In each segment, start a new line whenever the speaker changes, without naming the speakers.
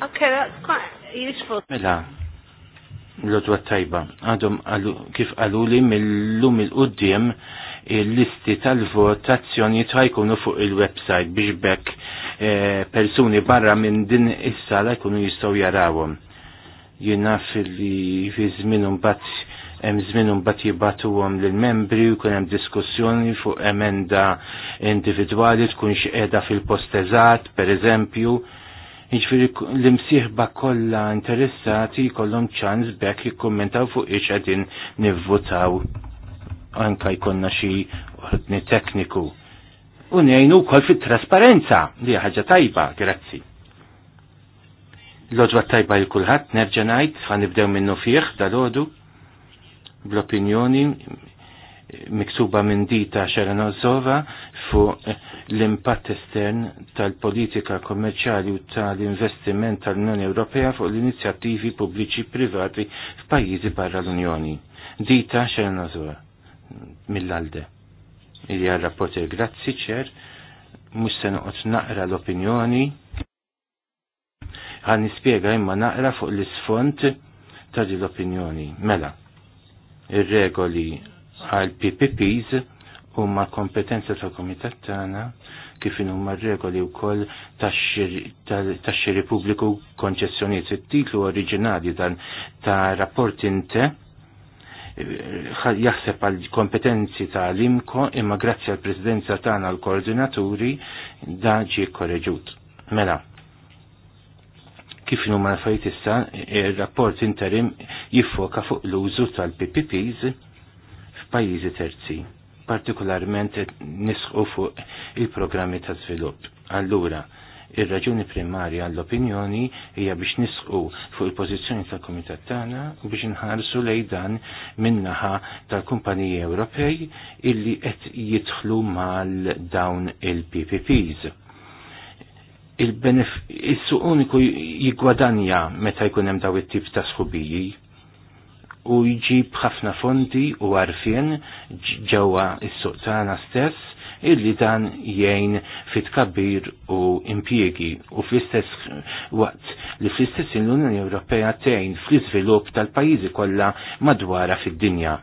Okay, that's quite useful. Mela,
l-odwa tajba. Għadhom kif għaluli mill-lum il-qoddim il-listi tal-votazzjoni jkunu fuq il-website biex bekk eh, persuni barra minn din is-sala jkunu jistgħu jarawhom. Jina fil-li fi żmien imbagħad hemm żmien imbagħad jibatuhom lill-membri u jkun hemm diskussjoni fuq emenda individwali tkun x'qiegħda fil postezat per pereżempju. eżempju Iġviri l-imsieħba kollha interessati jkollhom ċans bekk jikkummentaw fuq ix qegħdin nivvutaw anka jkollna xi ordni tekniku. U ngħinu wkoll fit-trasparenza li ħaġa tajba, grazzi l-odwa tajba il kulħat nerġanajt, għan nibdew minnu fieħ dal-ħodu, bl-opinjoni miksuba minn dita Xerenozova fuq l-impatt estern tal-politika kommerċjali u tal-investiment tal-Unjoni Ewropea fuq l-inizjattivi pubbliċi privati f'pajjiżi barra l-Unjoni. Dita Xerenozova mill-alde. Ilja rapporter grazzi ċer, mux se noqgħod naqra l-opinjoni għan nispiega imma naqra fuq l sfont ta' l-opinjoni. Mela, ir-regoli għal PPPs u ma kompetenza tal komitat tagħna kif huma regoli wkoll tax-xiri pubbliku konċessjonijiet it-titlu oriġinali dan ta' rapport inte eh, jaħseb għal kompetenzi ta' l-imko imma grazzi għal presidenza tagħna l-koordinaturi dan ġie korreġut. Mela, kif huma l issa, ir rapport interim jiffoka fuq l-użu tal-PPPs f'pajjiżi terzi, partikolarment nisħu fuq il-programmi ta' svilupp. Allura, il raġuni primarja għall-opinjoni hija biex nisqu fuq il-pożizzjoni tal-Kumitat tagħna u biex inħarsu lejn dan min-naħa tal-kumpaniji Ewropej illi qed jidħlu mal dawn il-PPPs. Il-suq uniku jiggwadanja meta jkun hemm daw it-tip ta' sħubiji u jġib ħafna fondi u għarfien ġewwa s sultana stess illi dan jgħin fit kabbir u impjiegi u fl-istess waqt li fl-istess l-Unjoni Ewropea tgħin fl-iżvilupp tal-pajjiżi kollha madwara fid-dinja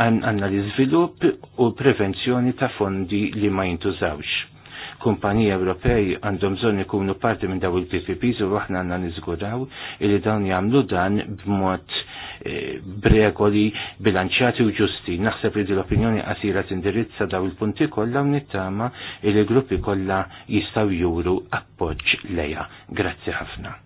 għanna l-iżvilupp u prevenzjoni ta' fondi li ma jintużawx kumpaniji Ewropej għandhom bżonn ikunu parti minn daw il ppp u aħna għandna niżguraw li dawn jagħmlu dan b'mod eh, bregoli bilanċjati u ġusti. Naħseb li l-opinjoni qasira tindirizza daw il-punti kollha u nittama li gruppi kollha jistgħu juru appoġġ leja. Grazzi ħafna.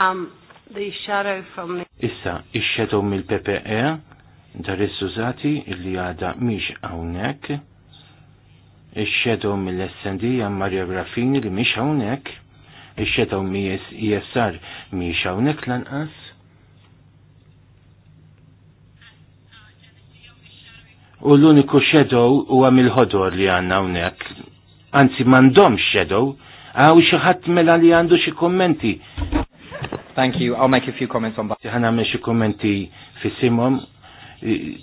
Um,
the shadow from the...
Issa, ix-shadow mill-PPE Dar Suzati illi għada miex għawnek, ix-xedow mill-SND għam Mario Grafini li miex għawnek, ix-xedow mill-ISR miex għawnek lanqas, u l-uniku xedow u għam il-ħodor li għanna unek. anzi mandom xedow, għaw xaħat mela li għandu xie kommenti. Thank you, I'll make a few comments on that. Għanna me xie kommenti fissimom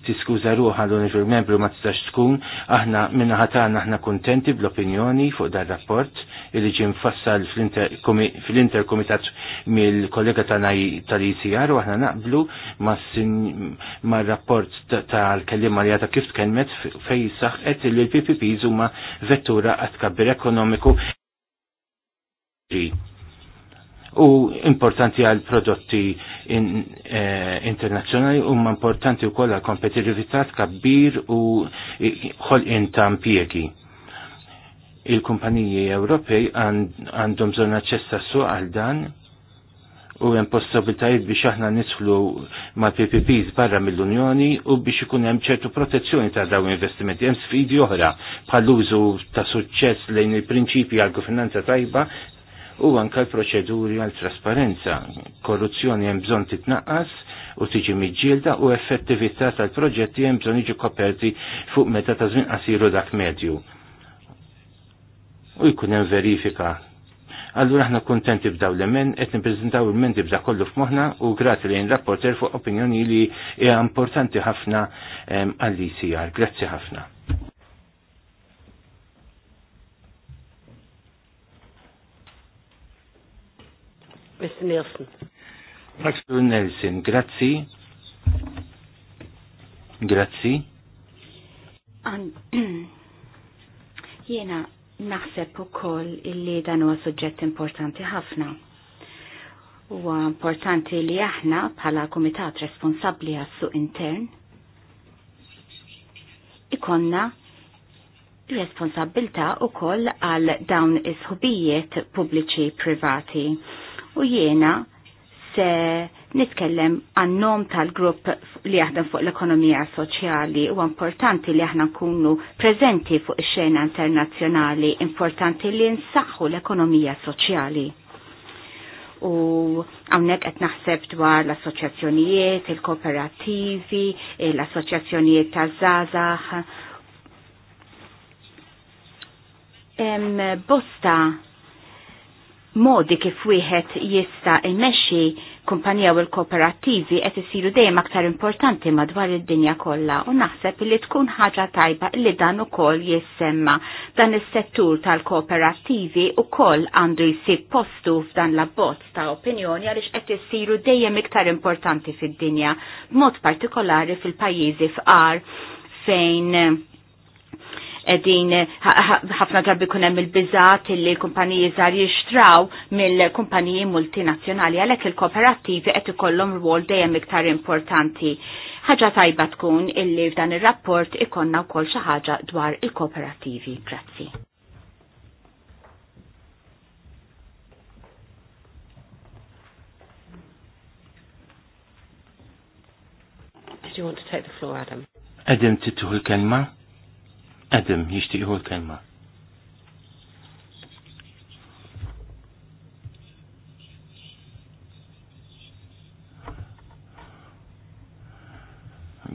tiskuża ruħa l-Unifil Membru ma tistax tkun, aħna minna ħatana aħna kontenti bl-opinjoni fuq dar rapport li ġim fassal fl-interkomitat mill-kollega tal-ICR u aħna naqblu ma' rapport tal-kellima li għata kif tkelmet fej saħqet illi l-PPPs huma vettura għat ekonomiku u importanti għal prodotti in, eh, internazzjonali u ma importanti u kolla kompetitività kabbir u ħolqin ta' pieki. Il-kumpaniji Ewropej għandhom and, zona ċessa su għal dan u hemm possibilitajiet biex aħna nidħlu ma' PPPs barra mill-Unjoni u biex ikun hemm ċertu protezzjoni ta' dawn investimenti. Hemm sfidi oħra bħall-użu ta' suċċess lejn il-prinċipji għal gufinanza tajba u anka l-proċeduri għal trasparenza. Korruzzjoni hemm bżonn titnaqqas u tiġi miġġielda u effettività tal-proġetti hemm bżonn jiġu koperti fuq meta ta' żmien qasiru dak medju. U jkun hemm verifika Allura aħna kuntenti b'daw l-emen, qed nippreżentaw il-mendi b'da kollu f'moħħna u grati lejn rapporter fuq opinjoni li hija importanti ħafna ehm, għall-ICR. Grazzi ħafna.
Mr. Nielsen.
Mr. Nielsen, grazzi. Grazzi.
Jena naħseb ukoll illi dan huwa suġġett importanti ħafna. Huwa importanti li aħna bħala kumitat responsabbli għas-suq intern ikonna responsabilta u koll għal dawn isħubijiet pubbliċi privati u jiena se nitkellem għannom tal-grupp li jaħdem fuq l-ekonomija soċjali u importanti li aħna nkunu prezenti fuq ix-xena internazzjonali, importanti li nsaħħu l-ekonomija soċjali. U għamnek qed naħseb dwar l-assoċjazzjonijiet, il-kooperativi, l-assoċjazzjonijiet tal żazax Bosta modi kif wieħed jista' immexxi kumpanija u l-kooperattivi qed isiru dejjem aktar importanti madwar id-dinja kollha u naħseb li tkun ħaġa tajba li dan ukoll jissemma dan is-settur tal-kooperattivi ukoll għandu jsib postu f'dan l-abbozz ta' opinjoni għaliex qed isiru dejjem iktar importanti fid-dinja b'mod partikolari fil-pajjiżi fqar fejn din ħafna drabi kunem il-bizat li kumpaniji zar jixtraw mill-kumpaniji multinazzjonali għalek il-kooperativi għet ikollom rwol dejjem iktar importanti. ħaġa tajba tkun illi f'dan il-rapport ikonna wkoll xi ħaġa dwar il-kooperativi. Grazzi.
Do you want to take the floor, Adam?
Adam, tittuħu l-kelma? Adam jishtiqu l-kelma.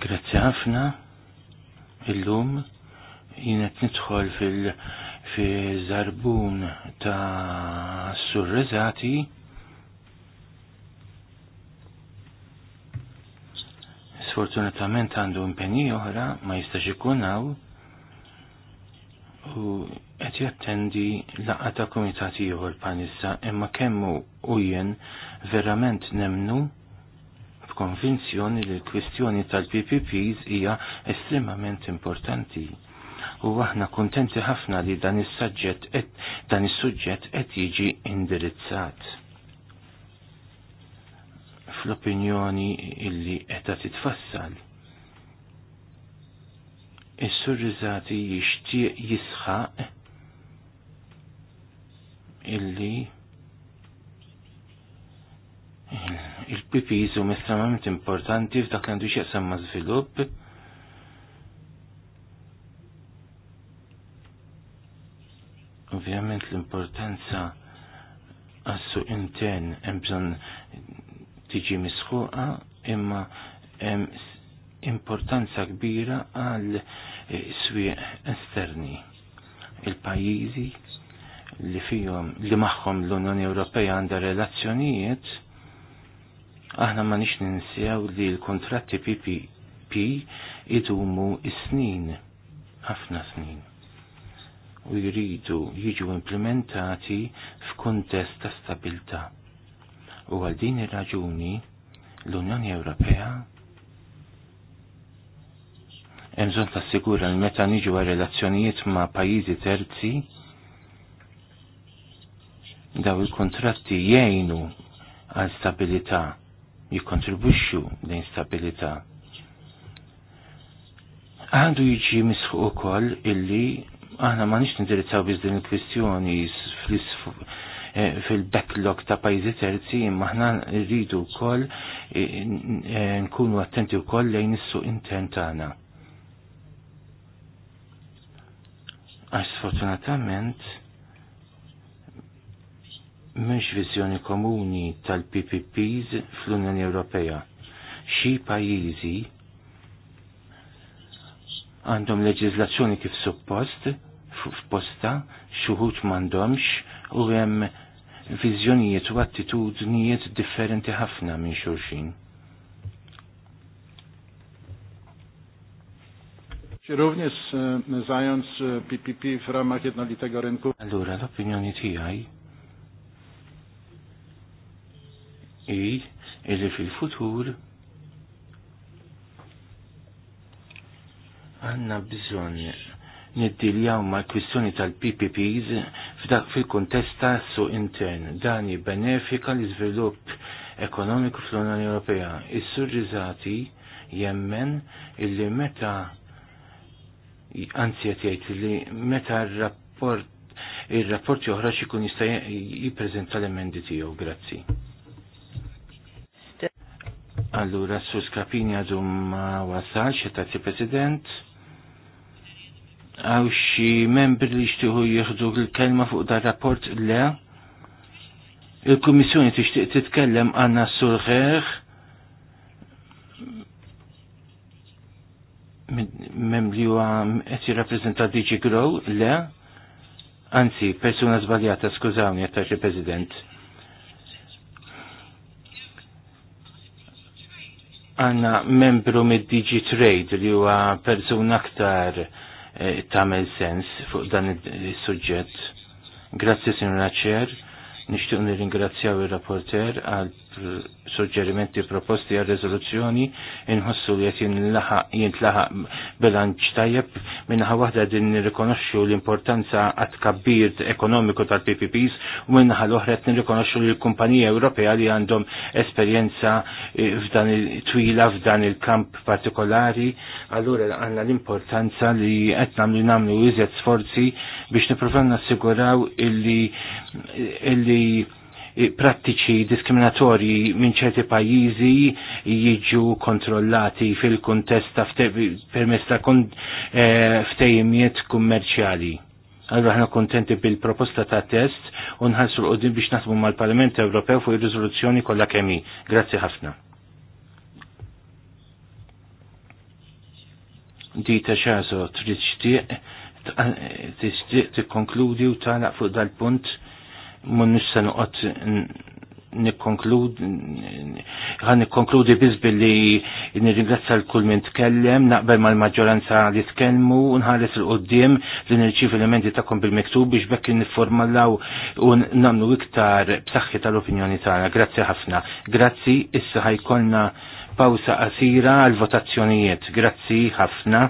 Grazzi ħafna illum jienet nidħol fil- żarbun ta' surrezati sfortunatament għandu impenji oħra ma jistax ikun hawn u qed jattendi laqgħa ta' kumitat l-Panissa, imma kemmu u jien verament nemnu b'konvinzjoni li l-kwistjoni tal-PPPs hija estremament importanti. U aħna kuntenti ħafna li dan is-saġġett dan is-suġġett qed jiġi indirizzat fl-opinjoni illi qed titfassal Is-surriżati jixtieq jisħaq illi il-PPs huma estremament importanti f'dak li għandu x'jaqsam ma' żvilupp ovvjament l-importanza għassu intern hemm bżonn tiġi misħuqa imma hemm importanza kbira għal eh, swieq esterni. Il-pajjiżi li fihom li magħhom l-Unjoni Ewropea għandha relazzjonijiet aħna ma nix ninsew li l-kontratti PPP idumu snin ħafna snin u jridu jiġu implementati f'kuntest ta' stabilta. U għal din ir-raġuni l-Unjoni Ewropea hemm bżonn tassigura li meta niġu għal relazzjonijiet ma' pajjiżi terzi daw il-kontratti jgħinu għal stabilità, jikkontribwixxu lejn stabilità. Għandu jiġi misħu koll illi aħna ma nix nindirizzaw biz din il-kwistjoni eh, fil-backlog ta' pajzi terzi imma aħna rridu wkoll eh, eh, nkunu attenti wkoll lejn is-suq intern tagħna Għax sfortunatament mhux viżjoni komuni tal-PPPs fl-Unjoni Ewropea. Xi pajjiżi għandhom leġiżlazzjoni kif suppost f'posta xuħut m'għandhomx u hemm viżjonijiet u attitudnijiet differenti ħafna minn xulxin. Również e, zając PPP e, w ramach jednolitego rynku. Allora, l-opinjoni tiegħi i illi fil-futur għanna bżonn niddiljaw ma' kwistjoni tal-PPPs f'dak fil-kontesta su intern dan jibbenefika l-iżvilupp ekonomiku fl-Unjoni Ewropea. Is-surriżati jemmen illi meta anzi qed jgħid li meta r-rapport ir-rapport joħra ikun jista' jippreżenta l-emendi tiegħu. Grazzi. Allura Sus Kapini għadu ma wasalx, President. Għaw xi membri li xtiħu jieħdu l-kelma fuq dar rapport le. Il-Kummissjoni tixtieq titkellem għandna Sur surħeħ. membri u għessi jirrapprezenta Digi Grow, le, anzi, persuna zbaljata, skużawni, għattax il-President. Għanna membru mid digi Trade li huwa persuna aktar eh, tamel sens fuq dan il-sujġett. Grazzi, Sinjora Ċer, nishtiq nirringrazzjaw il-rapporter għal suġġerimenti proposti għal rezoluzzjoni inħossu li qed jintlaħaq bilanċ tajjeb minnaħa waħda din nirrikonoxxu l-importanza għat kabbir ekonomiku tal-PPPs u minnaħa l-oħra qed nirrikonoxxu li l-kumpanija Ewropea li għandhom esperjenza eh, f'dan il-twila f'dan il-kamp partikolari, allura għandna l-importanza li qed nagħmlu nagħmlu iżjed sforzi biex nippruvaw nassiguraw illi illi prattiċi diskriminatorji minn ċerti pajjiżi jiġu kontrollati fil-kuntest ta' permess ta' eh, ftejimiet kummerċjali. Allora ħna kontenti bil-proposta ta' test u nħassu l-qoddim biex naħdmu mal-Parlament Ewropew fuq ir-riżoluzzjoni kollha kemm Grazzi ħafna. Dita xazo trid tixtieq tikkonkludi u tagħlaq fuq dal-punt mun nix se noqgħod għan ħan biss billi nirringrazzja l kull min tkellem, naqbel mal-maġġoranza li tkellmu, nħares il qoddim li nirċiv elementi tagħkom bil-miktub biex bekk nifformallaw u nagħmlu iktar b'saħħi tal-opinjoni tagħna. Grazzi ħafna. Grazzi, issa ħajkolna pawsa qasira għal votazzjonijiet. Grazzi ħafna.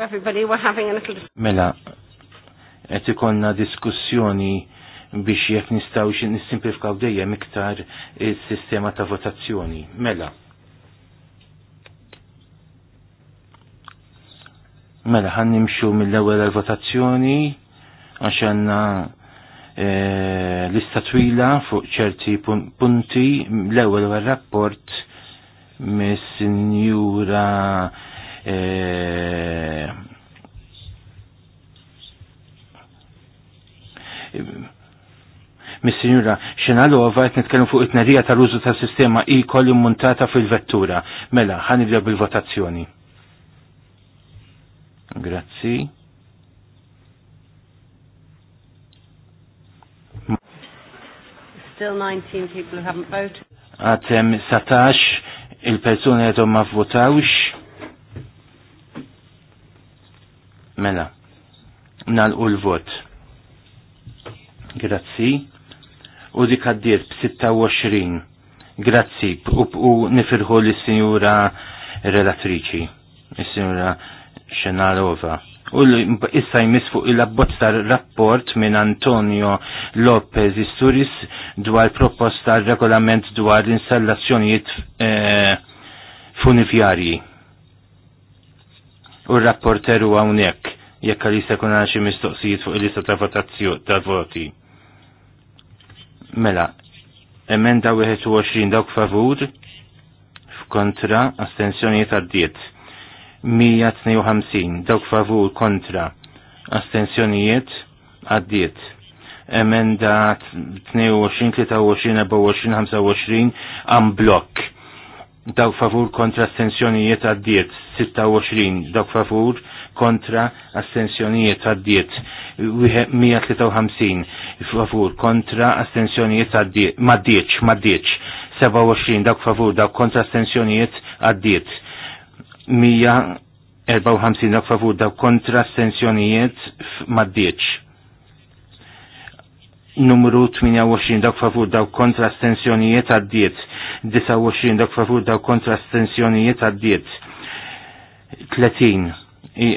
Everybody were having a little
Mela, qed ikollna diskussjoni biex jekk nistgħu nissimplifkaw dejjem iktar is-sistema ta' votazzjoni. Mela. Mela ħan nimxu mill-ewwel votazzjoni għax għandna e, lista twila fuq ċerti punti l-ewwel għal-rapport mis-Sinjura E, Mis-sinjura, xena xinalova qed nitkellem fuq it-nerija tal-użu ta' sistema i ikoll immuntata fil-vettura. Mela, ħan ħanibdew bil-votazzjoni. Grazzi.
Still 19 people who haven't voted.
Għatem 17 il-persuni għedhom ma votawx. Mela, nalqu l-vot. Grazzi. U dik għaddiet b-26. Grazzi, u nifirħu l-Sinjura Relatriċi, l-Sinjura Xenarova. U issa jmiss fuq il-abbozz tar-rapport minn Antonio Lopez Isturis dwar proposta regolament dwar l-installazzjonijiet eh, funivjarji u r-rapporteru hawnhekk jekk għalissa kun għal xi mistoqsijiet fuq il-lista ta' votazzju ta' voti. Mela, emenda 21 dawk favur, kontra, astensjoni ta' diet. 152 dawk favur kontra, astensjonijiet għaddiet. Emenda 22, 23, 24, 25 għan blok. Dawk favur kontra astensjonijiet għaddiet. 26 dawk favur kontra astensjonijiet għaddiet 153 favur kontra astensjonijiet għaddiet ma' diet 27 dok favur dok kontra astensjonijiet għaddiet 154 dok favur dok kontra astensjonijiet diet numru 28 dok favur dok kontra astensjonijiet għaddiet 29 dok favur dok kontra astensjonijiet diet 30 li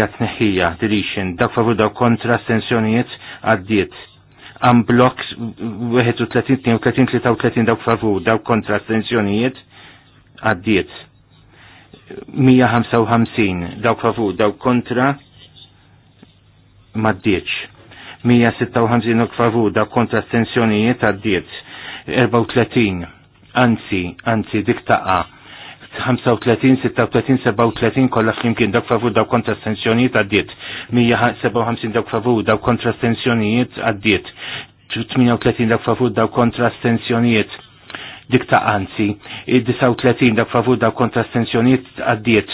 għat neħija deletion dak favur daw kontra as-stensjonijiet għaddiet għan blok 31-32-33 dak favur daw kontra stensjonijiet għaddiet 155 daw favur daw kontra maddieċ. 156 favur daw kontra astensjonijiet għaddiet 34 anzi, anzi dik taqa' 35, 36, 37 kollha flimkien dawk favur daw kontra stensjonijiet għaddiet. 157 dawk favur daw kontra għaddiet. 38 dawk favur daw kontra stensjonijiet dik ta' anzi. 39 dawk favur daw kontra għaddiet.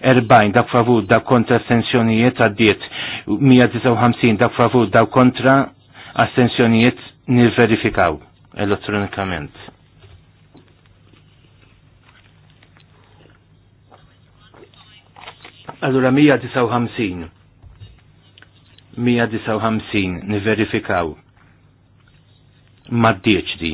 40 dak favur daw kontra astensjonijiet għaddiet, 159 dak favur daw e, kontra astensjonijiet nirverifikaw elettronikament. Allura 159. 159 niverifikaw. Maddiċ di.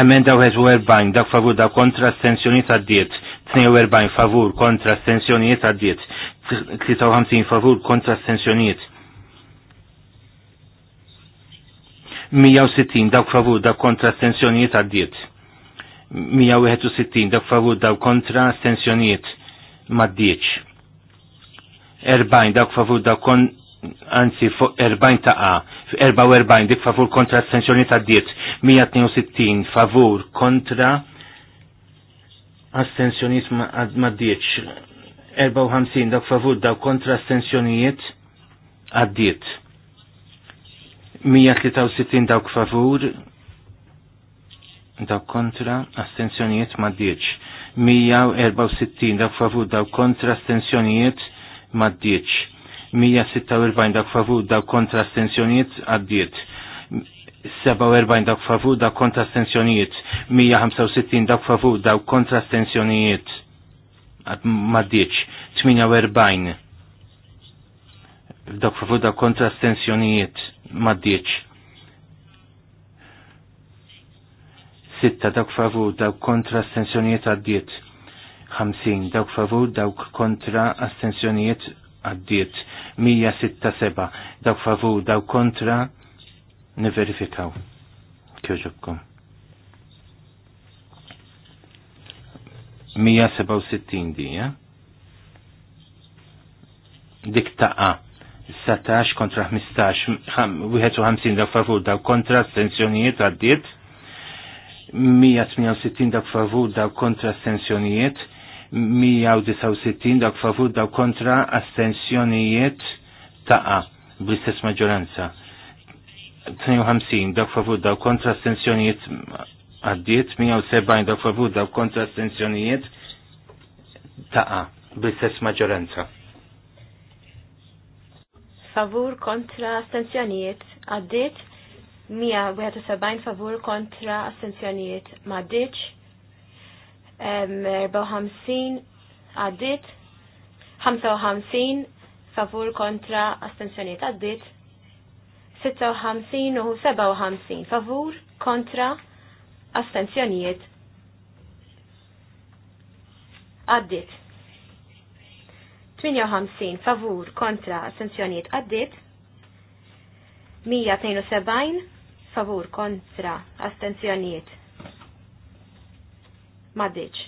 Emenda 41 dak favur dak kontra astensjoniet għaddiet. 42 favur kontra astensjoniet għaddiet. 53 favur kontra astensjoniet 160 dawk favur dawk kontra stensjonijiet għaddiet. 161 dawk favur dawk kontra astensjonijiet maddiċ. 40 dawk favur dawk kon anzi 40 ta' A, 44 dik favur kontra astensjonijiet għaddiet, 162 favur kontra astensjonijiet maddiċ. 54 dawk favur dawk kontra astensjonijiet għaddiet. 163 dawk favur, dawk kontra, astenzjonijiet ma ddiċ. 164 dawk favur, dawk kontra, astenzjonijiet ma ddiċ. 146 dak favur dawk kontra ma' għaddiet. 47 dak favur dak kontra astensjonijiet, 165 dak favur dawk kontra ma' maddiċ, 48 dak favur dak kontra astensjonijiet maddiċ. Sitta dawk favur dawk kontra astensjonijiet għaddiet. 50 dawk favur dawk kontra astensjonijiet għaddiet. 167 dawk favur dawk kontra niverifikaw. Kjoġobkom. 167 di, ja? Dik taqa' 19 kontra 15, 51 dak favur daw kontra stensjonijiet għaddiet, 168 dak favur daw kontra stensjonijiet, 169 dak favur daw kontra astensjonijiet taqa bl-istess maġġoranza. 52 dak favur daw kontra stensjonijiet għaddiet, 170 dak favur daw kontra stensjonijiet taqa bl-istess maġġoranza
favur kontra astenzjonijiet għaddit, 171 favur kontra astenzjonijiet maddiċ, 54 għaddit, 55 favur kontra astenzjonijiet għaddit, 56 u 57 favur kontra astenzjonijiet għaddit. 58 favur kontra assenzjoniet għaddit, 172 favur kontra astenzjoniet maddiċ.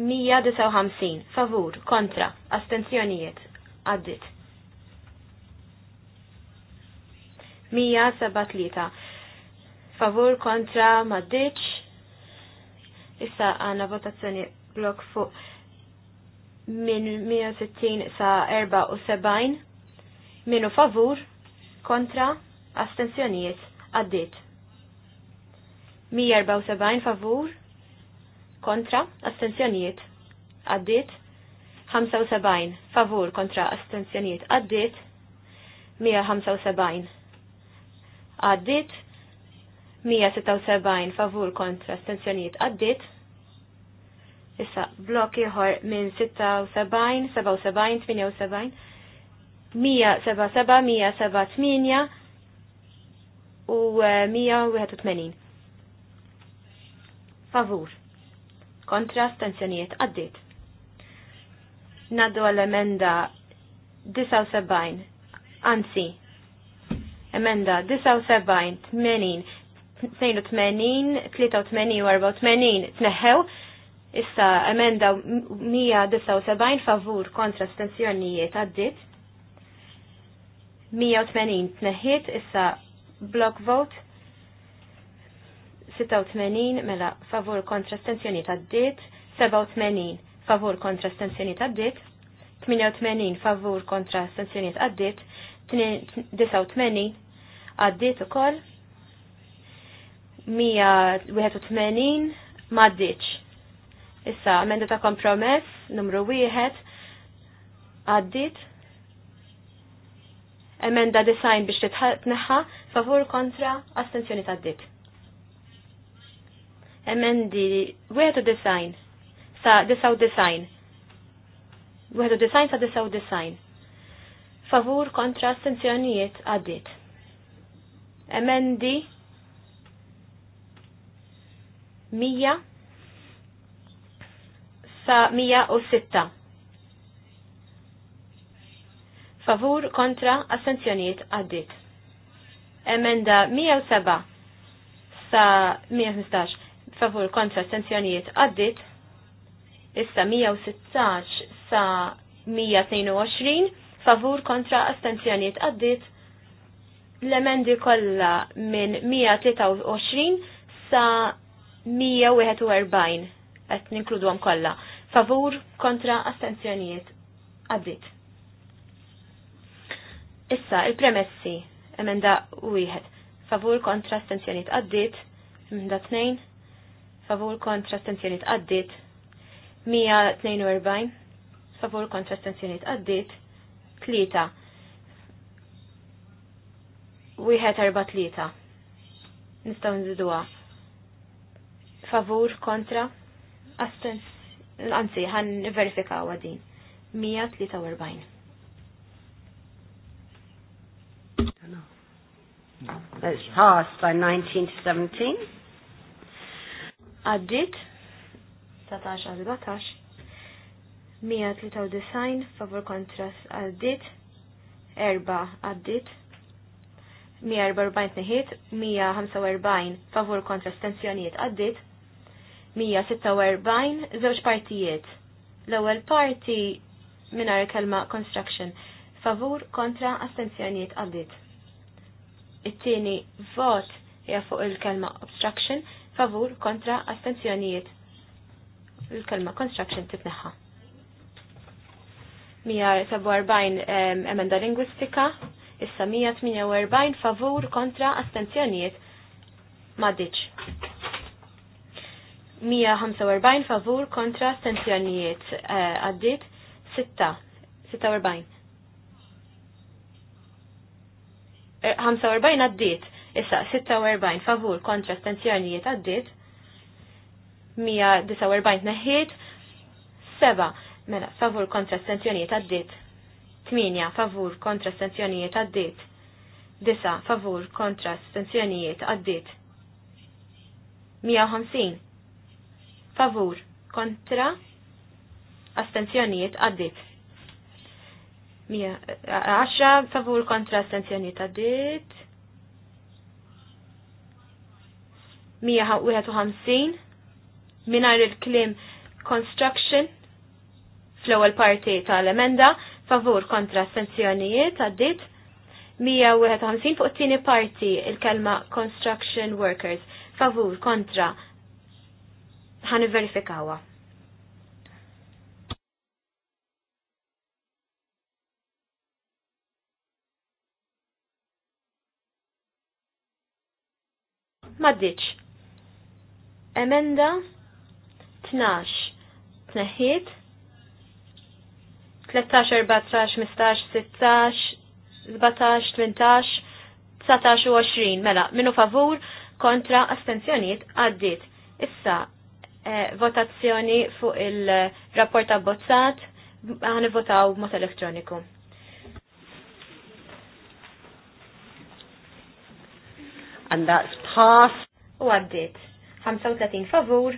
159 favur kontra astenzjoniet għaddit. 173 favur kontra maddiċ Issa għana votazzjoni blok fuq minn 160 sa 74 minu favur, kontra, astenzjonijiet, għaddit. 174 favur, kontra, astenzjonijiet, għaddit. 75 favur kontra astenzjonijiet għaddit 175 għaddit 176 favur kontra stenzjoniet għaddit. Issa blok ieħor minn 76, 77, 78, 177, 178 u 181. Eh, favur. Kontra astensjonijiet għaddit. Naddu għall-emenda 79, anzi, emenda 79, 80, tneħħew, issa emenda 179 favur kontra stenzjonijiet għaddit, 180 tneħħiet, issa block vote 86 mela favur kontra stenzjonijiet għaddit, 87 favur kontra stenzjonijiet għaddit, 88 favur kontra stenzjonijiet għaddit, 89 għaddit u koll, 181 maddiċ. Issa, amenda ta' kompromess, numru 1, għaddit. Emenda design biex titneħħa, favur kontra, astenzjoni ta' għaddit. Emendi, wieħed design, sa' disaw design. Wieħed design sa' disaw design. Favur kontra, astenzjonijiet għaddit. Emendi, mija sa sitta. Favur kontra assenzjoniet għaddit. Emenda 107 sa 115. Favur kontra assenzjoniet għaddit. Issa 116 sa 122. Favur kontra assenzjoniet għaddit. L-emendi kollha minn 123 sa 141 qed ninkludu għam kollha. Favur kontra astenzjonijiet għaddit. Issa il-premessi emenda wieħed. Favur kontra astenzjonijiet għaddit. Emenda tnejn. Favur kontra astenzjonijiet għaddit. 142. Favur kontra astenzjonijiet għaddit. 3. Wieħed erba' tlieta. Nistgħu nżiduha favur kontra astens anzi ħan verifika għadin 143 That's passed by 19 to 17. Għaddit 19 għal 17 193 favor kontra għaddit 4 għaddit 144 neħiet 145 favur kontra stenzjonijiet għaddit 146 żewġ partijiet. L-ewwel parti mingħajr kelma construction favur kontra astenzjonijiet għaddit. It-tieni vot hija fuq il-kelma obstruction favur kontra astenzjonijiet. Il-kelma construction titneħħa. 147 emenda lingwistika, issa 148 favur kontra astenzjonijiet ma' ditx. 145 favur kontra stenzjonijiet eh, għaddit 6 45 eh, għaddit issa 46 favur kontra stenzjonijiet għaddit 149 neħħiet 7 mela favur kontra stenzjonijiet għaddit 8 favur kontra stenzjonijiet għaddit 9 favur kontra stenzjonijiet għaddit 150 favur kontra astenzjoniet, għaddit. 10 favur kontra astenzjoniet, għaddit. 151 minar il-klim construction fl-ewwel parti tal-emenda favur kontra astenzjonijiet għaddit. 151 fuq it-tieni parti il-kelma construction workers favur kontra ħan
verifikawa.
Maddiċ. Emenda 12. Tneħħit. 13, 14, 15, 16, 17, twintax, 19 u 20. Mela, minu favur kontra astenzjoniet għaddit. Issa, Eh, votazzjoni fuq il-rapport abbozzat għan votaw mot elettroniku. And that's passed. U għaddit. 35 favur,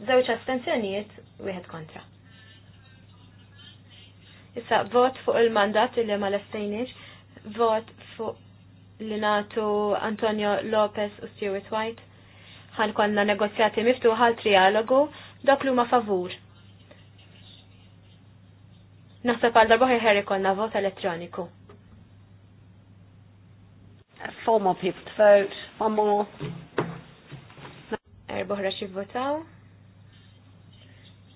stenzjoniet, u wieħed kontra. Issa vot fuq il-mandat li ma l-estejniex, vot fuq li natu Antonio Lopez u Stuart White konna negozjati miftuħa trialogu dak li huma favur. Naħseb għal darba ħer konna vot elettroniku. Four more people to vote, one more. Erboħra votaw.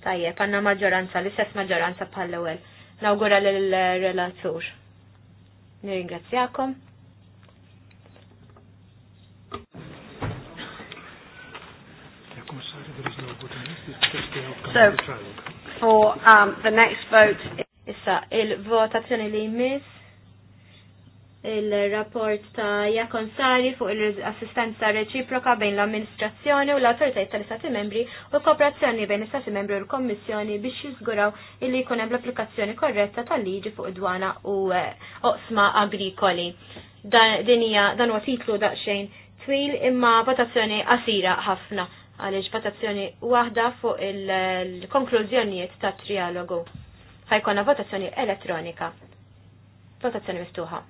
Tajjeb, għanna maġġoranza, l-istess maġġoranza bħall ewwel Nawgura l-relatur. Nirringrazzjakom.
So, for um, the next vote...
Issa, il-votazzjoni li jmiss il-rapport ta' Jakon Sari fuq il-assistenza reċiproka bejn l-amministrazzjoni u l autorità tal-Istati membri u l kooperazzjoni bejn l-Istati membri u l-Kommissjoni biex jiżguraw illi jkun hemm l-applikazzjoni korretta tal-liġi fuq id-dwanaq dwana u eh, oqsma agrikoli. Dan huwa titlu daqsxejn twil imma votazzjoni qasira ħafna għaliex votazzjoni waħda fuq il-konklużjonijiet ta' trialogu. Ħajkonna votazzjoni elettronika. Votazzjoni miftuħa.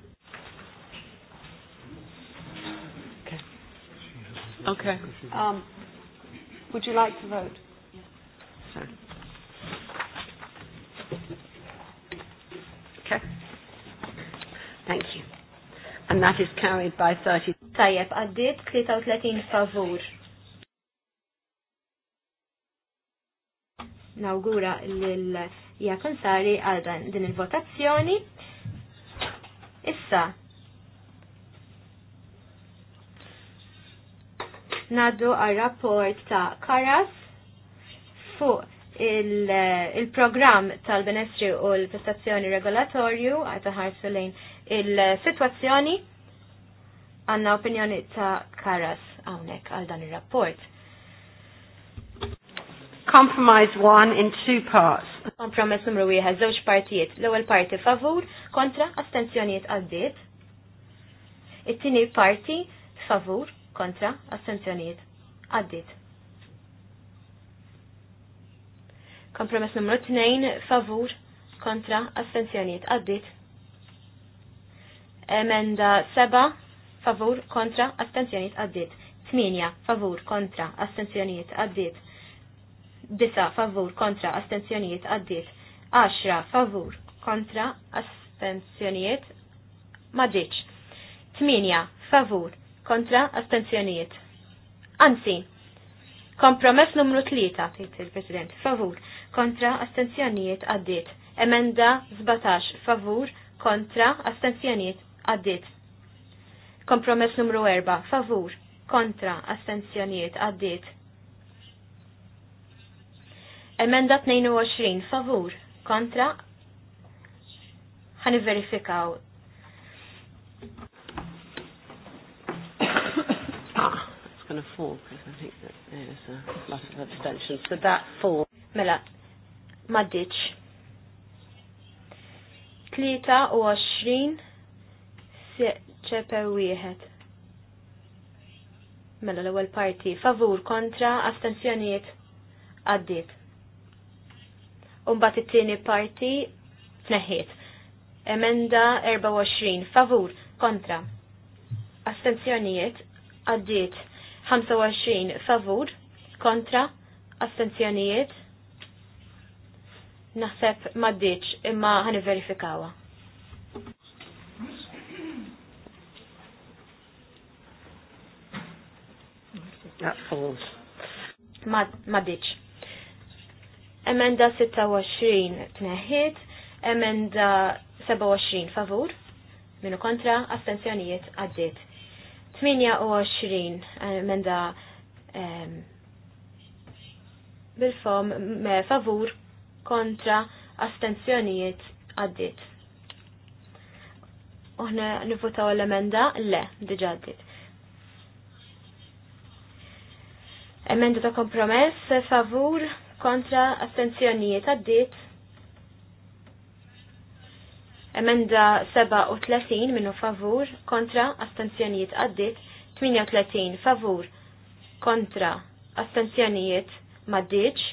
Okay. Um, would you like to vote? Yes. Sorry. Okay. Thank you. And that is
carried by 30. Tajjeb, għaddit 33 favur. nawgura l Konsari għal din il-votazzjoni. Issa, naddu għal rapport ta' Karas fuq il-program il program il tal benestri u l-prestazzjoni regolatorju għata ħarsu lejn il-situazzjoni għanna opinjoni ta' Karas għawnek għal dan il-rapport. Compromise one in two parts. Kompromess numru wieħed żewġ partijiet. L-ewwel parti favur, kontra, astenzjonijiet għaddiet. It-tieni parti favur, kontra, astenzjonijiet għaddiet. Kompromess numru 2 favur, kontra, astenzjonijiet għaddiet. Emenda 7 favur, kontra, astenzjonijiet għaddiet. 8 favur, kontra, astenzjonijiet għaddiet disa favur kontra astenzjonijiet għaddit. 10 favur kontra astenzjonijiet maġiċ. 8 favur kontra astenzjonijiet. Anzi, kompromess numru 3 tgħid il-President favur kontra astenzjonijiet għaddit. Emenda 17 favur kontra astenzjonijiet għaddit. Kompromess numru 4 favur kontra astenzjonijiet għaddit. Emenda 22, favur, kontra, ħan verifikaw.
ah, it's gonna fall because I think that there's a lot of abstentions. So that fall. Mela, maddiċ.
23 ċepe wieħed. Mela l-ewwel parti favur kontra astensjonijiet għaddiet. Umbat it-tieni parti tneħħiet. Emenda 24 favur kontra. Astenzjonijiet għaddiet 25 favur kontra astenzjonijiet naħseb maddiċ imma ħani verifikawa. Ma, ma Maddiċ. Emenda 26 tneħħit, emenda 27 favur, minu kontra, astenzjonijiet għaddit. 28 emenda em, bil-fom favur kontra astenzjonijiet għaddit. Uħna nifutaw l-emenda? Le, diġa għaddit. Emenda ta' kompromess, favur, kontra astenzjonijiet għaddit. Emenda 37 minnu favur kontra astenzjonijiet għaddit. 38 favur kontra astenzjonijiet maddiċ.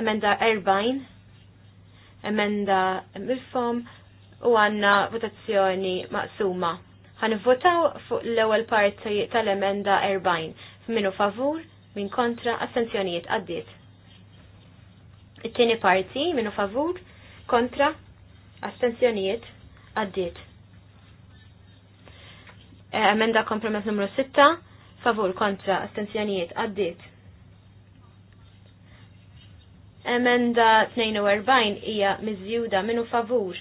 Emenda 40 emenda mifom u għanna votazzjoni maqsuma. Għan votaw fuq l-ewel parti tal-emenda 40 minu favur minn kontra assenzjonijiet għaddiet. It-tieni parti minnu favur kontra assenzjonijiet għaddiet. Eh, emenda kompromess numru 6 favur kontra astenzjonijiet għaddiet. Emenda 42 hija miżjuda minnu favur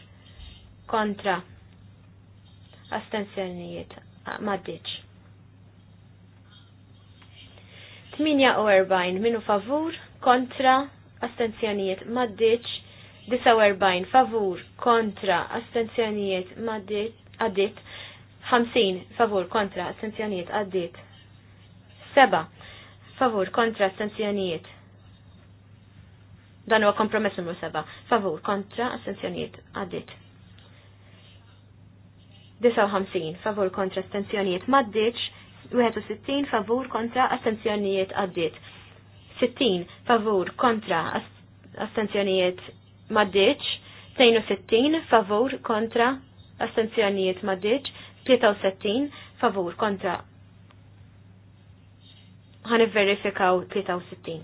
kontra astenzjonijiet maddiċ. 48 minu favur kontra astenzjonijiet maddiċ 49 favur kontra astenzjonijiet maddiċ għaddit 50 favur kontra astenzjonijiet għaddit 7 favur kontra astenzjonijiet dan huwa kompromess numru 7 favur kontra astenzjonijiet għaddit 59 favur kontra astenzjonijiet maddiċ 61 favur kontra astenzjonijiet għaddiet. 60 favur kontra astenzjonijiet maddiċ, 62 favur kontra astenzjonijiet maddiċ, 63 favur kontra ħan verifikaw 63.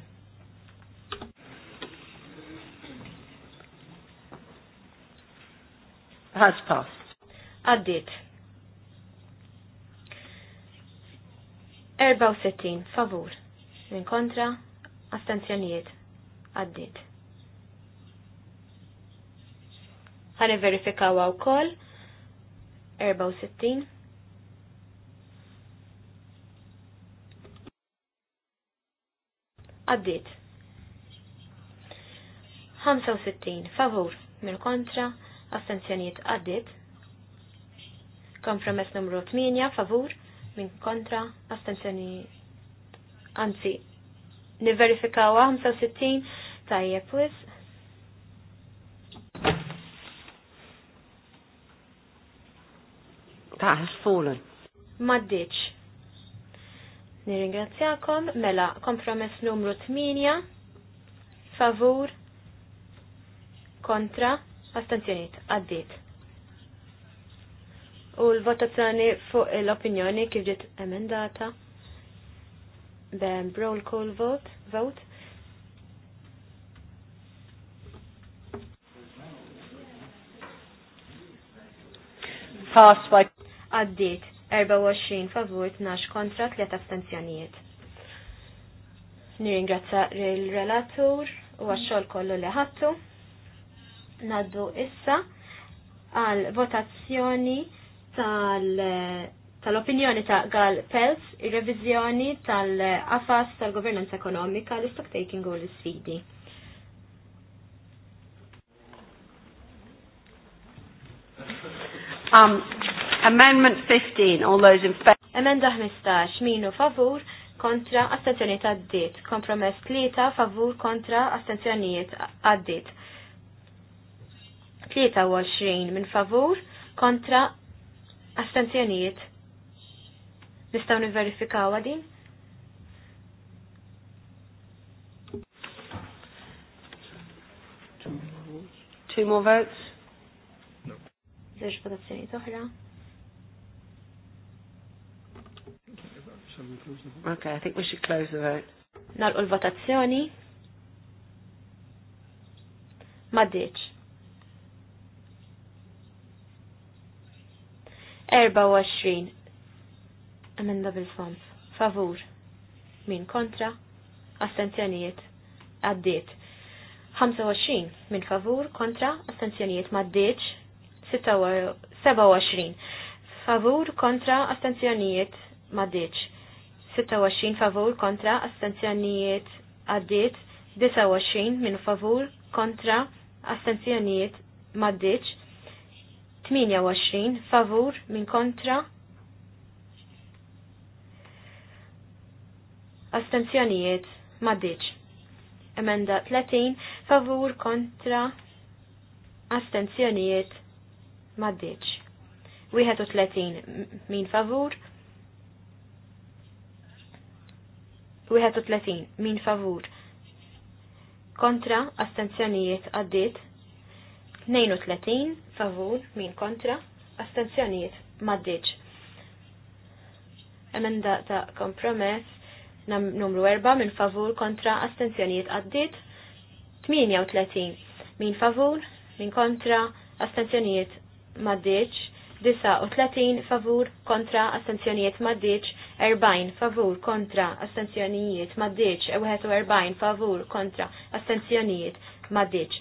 Has passed. Għaddit. 64 favur minn kontra astenzjonijiet għaddit. Għane verifikaw għaw kol 64 għaddit 65 favur minn kontra astenzjonijiet għaddit kompromess numru 8 favur Min kontra, astenzjoni, anzi, niverifikawa 65 tajjeb wis. Ta' fallen. Maddiċ. Nirringrazzjakom, mela kompromess numru 8, favur, kontra, astenzjoni, għaddit u l-votazzjoni fuq l-opinjoni kif ġiet emendata ben roll call vote vote Fast by Għaddit 24 favur 12 kontra 3 astenzjonijiet. Niringrazza il-relatur u għaxxol kollu li ħattu. Naddu issa għal votazzjoni tal-opinjoni ta' Gal Pels, ir-reviżjoni tal afas tal-governanza ekonomika, l-stock taking u l-sfidi.
Um, amendment
15, all those in favor. Emenda 15, minu favur, kontra astenzjoniet għaddit. Kompromess tlieta favur kontra astenzjoniet għaddit. 23 minn favur kontra Astenzjonijiet. Nistaw niverifikaw għadin? Two more votes. Zerġ votazzjoni toħra. Okay, I think we should close the vote. Nalqu votazzjoni Ma 24. Emenda bil-fom. Favur. Min kontra. Astenzjonijiet. Għaddiet. 25. Min favur kontra. Astenzjonijiet maddiċ. 27. Favur kontra. Astenzjonijiet maddiċ. 26 favur kontra astenzjonijiet għaddiet, 29 min favur kontra astenzjonijiet maddiċ, 28 favur minn kontra astenzjonijiet maddiċ. Emenda 30 favur kontra astenzjonijiet maddiċ. 31 min favur 31 min favur kontra astenzjonijiet għaddit 32 favur, min kontra, astenzjonijiet maddiċ. Emenda ta' kompromess numru 4 min favur kontra astenzjoniet għaddit 38 min favur, min kontra, astenzjonijiet maddiċ 39 favur kontra astenzjoniet maddiċ 40 favur kontra astenzjoniet maddiċ 41 favur kontra astenzjonijiet maddiċ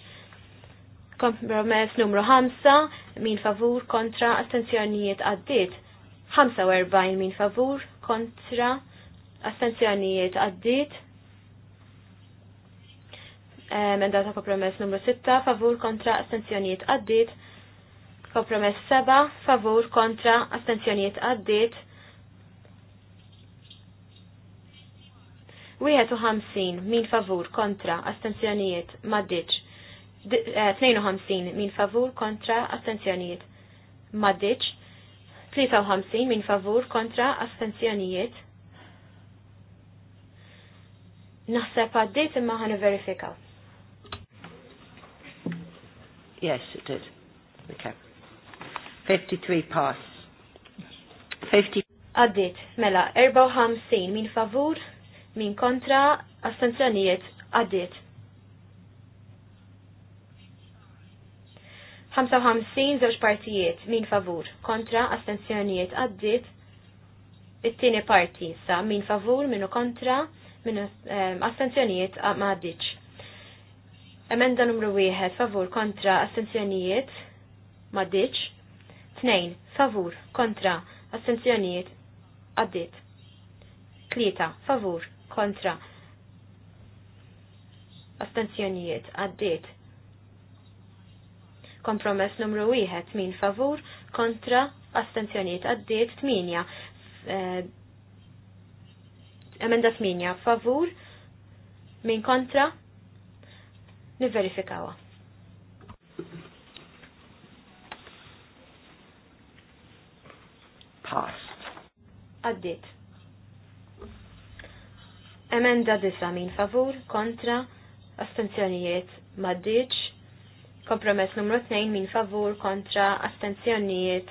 Kompromess numru 5, min favur kontra astenzjonijiet għaddit. 45 min favur kontra astenzjonijiet għaddit. Mendata ta' kompromess numru 6, favur kontra astenzjonijiet għaddit. Kompromess 7, favur kontra astenzjonijiet għaddit. 51 min favur kontra astenzjonijiet maddiċ. 52 eh, min favur kontra astenzjonijiet maddiċ 53 min favur kontra astenzjonijiet Naħseb għaddejt imma ħana verifikaw. Yes, it did. Okay. 53 pass. 50. Għaddit, mela, 54 min favur, min kontra, astenzjonijiet, għaddit. 55 żewġ partijiet, min favur, kontra, astenzjonijiet għaddit, it-tieni parti sa min favur, minu kontra, minu ehm, astenzjonijiet ma għaddiċ. Emenda numru 1, favur, kontra, astenzjonijiet ma għaddiċ. 2, favur, kontra, astenzjonijiet għaddit. 3, favur, kontra, astenzjonijiet għaddit. Kompromess numru 1 min favur kontra astenzjoniet għaddiet 8. Eh, emenda 8 favur min kontra niverifikawa.
Past.
Għaddit. Emenda disa min favur, kontra, astenzjonijiet maddiċ, Kompromess numru 2 min favur kontra astenzjonijiet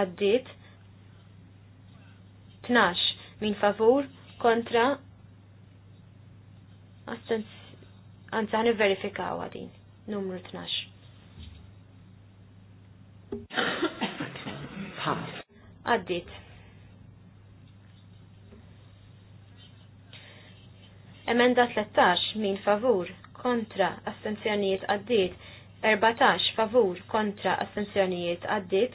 għaddit. 12 min favur kontra astenzjonijiet. Anza verifikaw għadin. Numru 12. Għaddit. Emenda 13 min favur kontra astenzjonijiet għaddit 14 favur kontra astensjonijiet għaddit.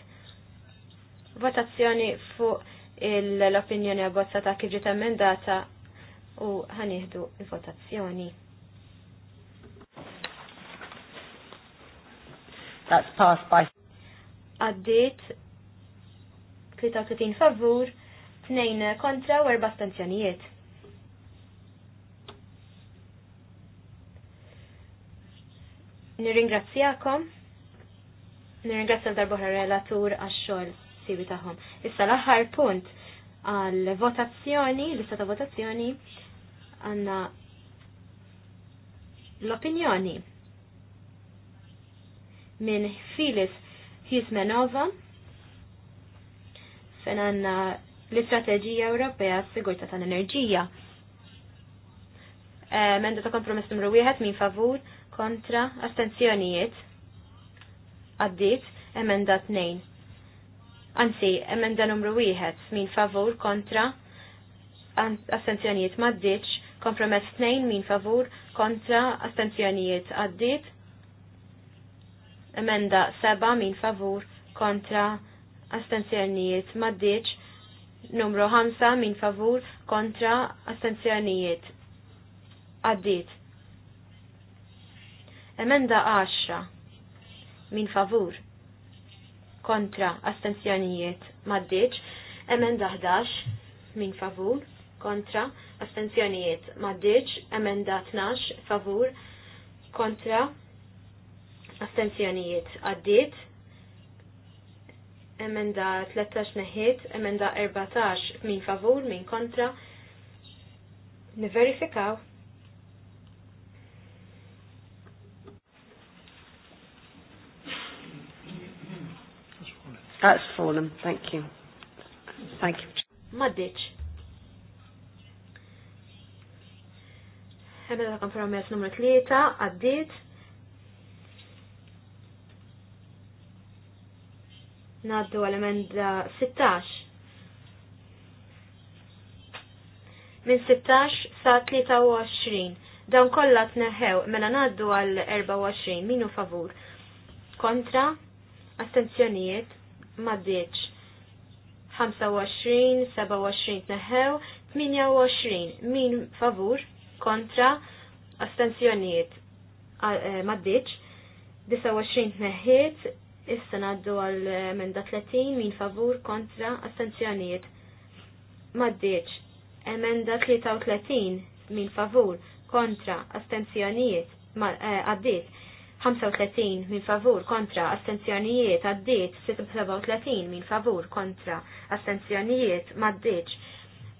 Votazzjoni fuq l-opinjoni abbozzata kif ġiet emendata u ħanieħdu il-votazzjoni.
That's passed by
għaddit 33 favur, 2 kontra u 4 stanzjonijiet. Nirringrazzjakom, nirringrazzja l-darbohra relatur għax-xogħol siwi tagħhom. Issa l-aħħar punt għal votazzjoni, lista ta' votazzjoni għandna l-opinjoni minn Filis Hismenova fejn għandna l-Istrateġija Ewropea s-Sigurtà tal-Enerġija. Eh, Menda ta' kompromess numru wieħed minn favur kontra astenzjonijiet għaddit emenda 2. Anzi, emenda numru 1 min favur kontra astenzjonijiet maddiċ, kompromess 2 min favur kontra astenzjonijiet għaddit, emenda 7 min favur kontra astenzjonijiet maddiċ, numru 5 min favur kontra astenzjonijiet għaddit. Emenda 10. Min favur. Kontra astenzjonijiet maddiċ. Emenda 11. Min favur. Kontra astenzjonijiet maddiċ. Emenda 12. Favur. Kontra astenzjonijiet għaddiet emenda 13 neħiet, emenda 14 min favur, min kontra. Niverifikaw.
That's fallen. Thank you. Thank you.
Maddiċ. Għamil ta' kompromess numru 3, għaddit. Naddu għal-emenda 16. Min 16 sa 23. Dawn kollha tneħħew, mela naddu għal 24. Minu favur? Kontra? Astenzjonijiet? maddiċ. 25, 27 tneħew, 28 min favur kontra astensjonijiet eh, maddiċ, 29 tneħħiet, issa naddu għal eh, emenda 30 min favur kontra astensjonijiet maddiċ, emenda 33 min favur kontra astensjonijiet eh, għaddiċ, 35 min favur kontra astenzjonijiet għaddiet 37 min favur kontra astenzjonijiet maddiċ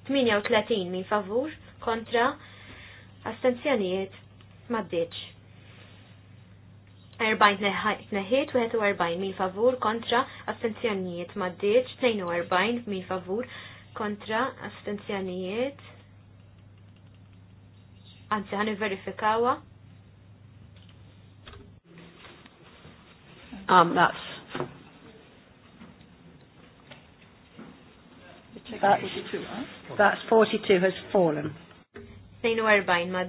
38 min favur kontra astenzjonijiet maddiċ 40 neħiet, 41 min favur kontra astenzjonijiet maddiċ, 42 min favur kontra astenzjonijiet. Anzi, għan verifikawa um, that's that's, 42 has fallen. 42 ma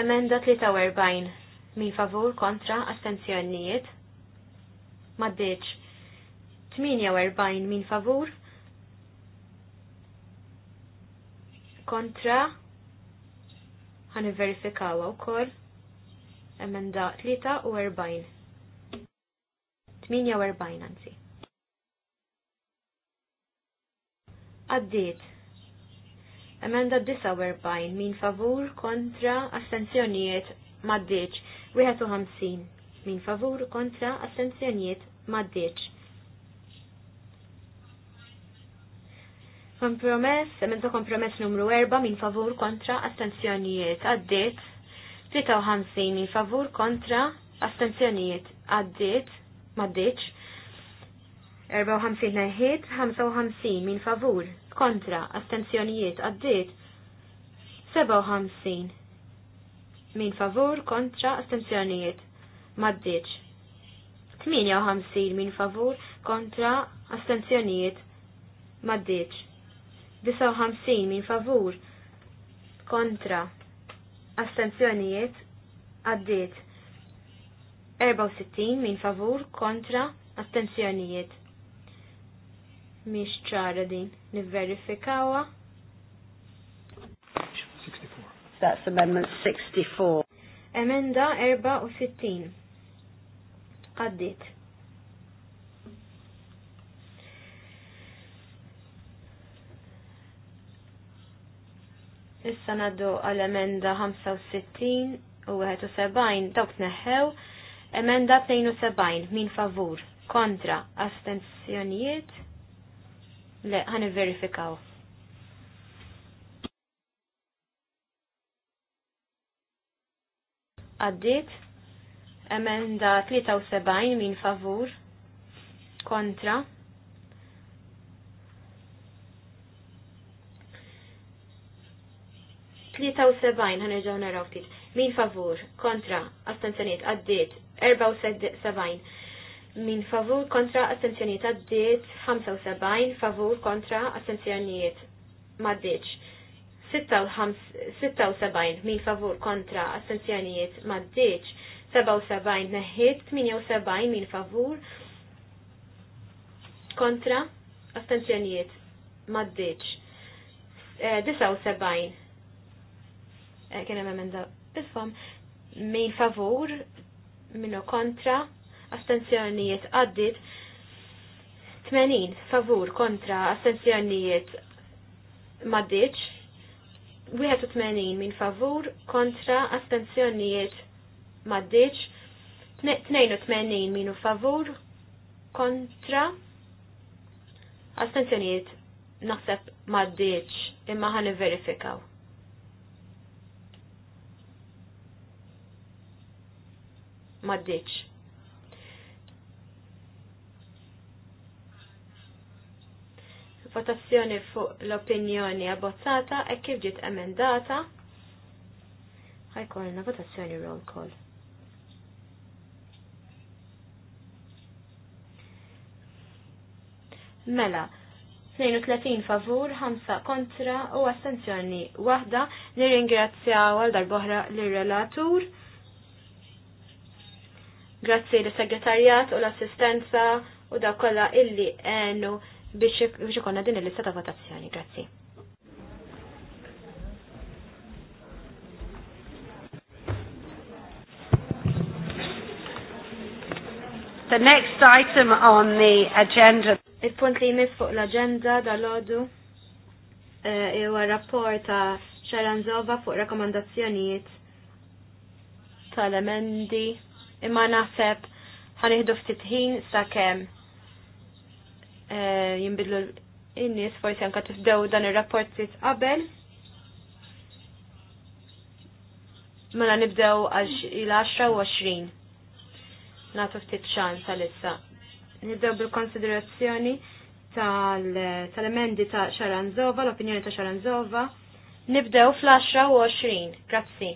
emenda 43 min favur kontra astenzjonijiet ma 48 min favur kontra ħan verifikawa u koll emenda 43. 48 anzi. Għaddiet. Emenda 49 min favur kontra astenzjonijiet maddiċ. 51 min favur kontra astenzjonijiet maddiċ. Kompromess, emenda kompromess numru 4 min favur kontra astenzjonijiet għaddiet. 53 min favur kontra astenzjonijiet għaddiet maddiċ. 54 neħiet, 55 min favur, kontra, astenzjonijiet, għaddit. 57 min favur, kontra, astenzjonijiet, maddiċ. 58 min favur, kontra, astenzjonijiet, maddiċ. 59 min favur, kontra, astenzjonijiet, għaddit. 64 min favur kontra attenzjonijiet. Mish ċara din, nivverifikawa. That's Amendment 64. Emenda 64. Qaddit. Issa naddu għal-emenda 65 u 71 dawk neħħew Emenda 72, min favur, kontra, astenzjonijiet, le, ħani verifikaw. Għaddit, emenda 73, min favur, kontra, Tlita u sebajn ħanerġaw naraw ftit. Min favur, kontra, astenzjoniet, għaddit, 74 min favur kontra astenzjonijiet għaddiet 75 favur kontra astenzjonijiet maddiċ 76 min favur kontra astenzjoniet maddiċ 77 neħħiet 78 min favur kontra astenzjonijiet maddiċ 79 eh, eh, kien hemm emenda isfam min favur minnu kontra, astenzjonijiet għaddit, 80 favur kontra astenzjonijiet maddiċ, 81 min favur kontra astenzjonijiet maddiċ, 82 minu favur kontra astenzjonijiet naħseb maddiċ imma ħan verifikaw. maddiċ. Votazzjoni fuq l-opinjoni abbozzata e kif ġiet emendata ħajkolna votazzjoni roll call. Mela, 32 favur, 5 kontra u astenzjoni wahda nirringrazzjaw għal darbohra l-relatur. Grazzi li segretarjat u l-assistenza u da kolla illi għenu biex ikonna din il-lista ta' votazzjoni. Grazzi. The next item on the agenda. Il-punt li jmiss fuq l-agenda dal-ħodu eh, huwa rapport ta' Xaranzova fuq rakomandazzjonijiet tal-emendi imma naħseb ħanieħdu ftit ħin sakemm eh, jinbidlu in-nies forsi anke tibdew dan ir-rapport sit qabel. Mela nibdew għal il-10 u 20. Nagħtu ftit ċans għalissa. Nibdew bil-konsiderazzjoni tal-emendi ta' Xaranzova, l-opinjoni ta' Xaranzova. Nibdew fl-10 u 20. Grazzi.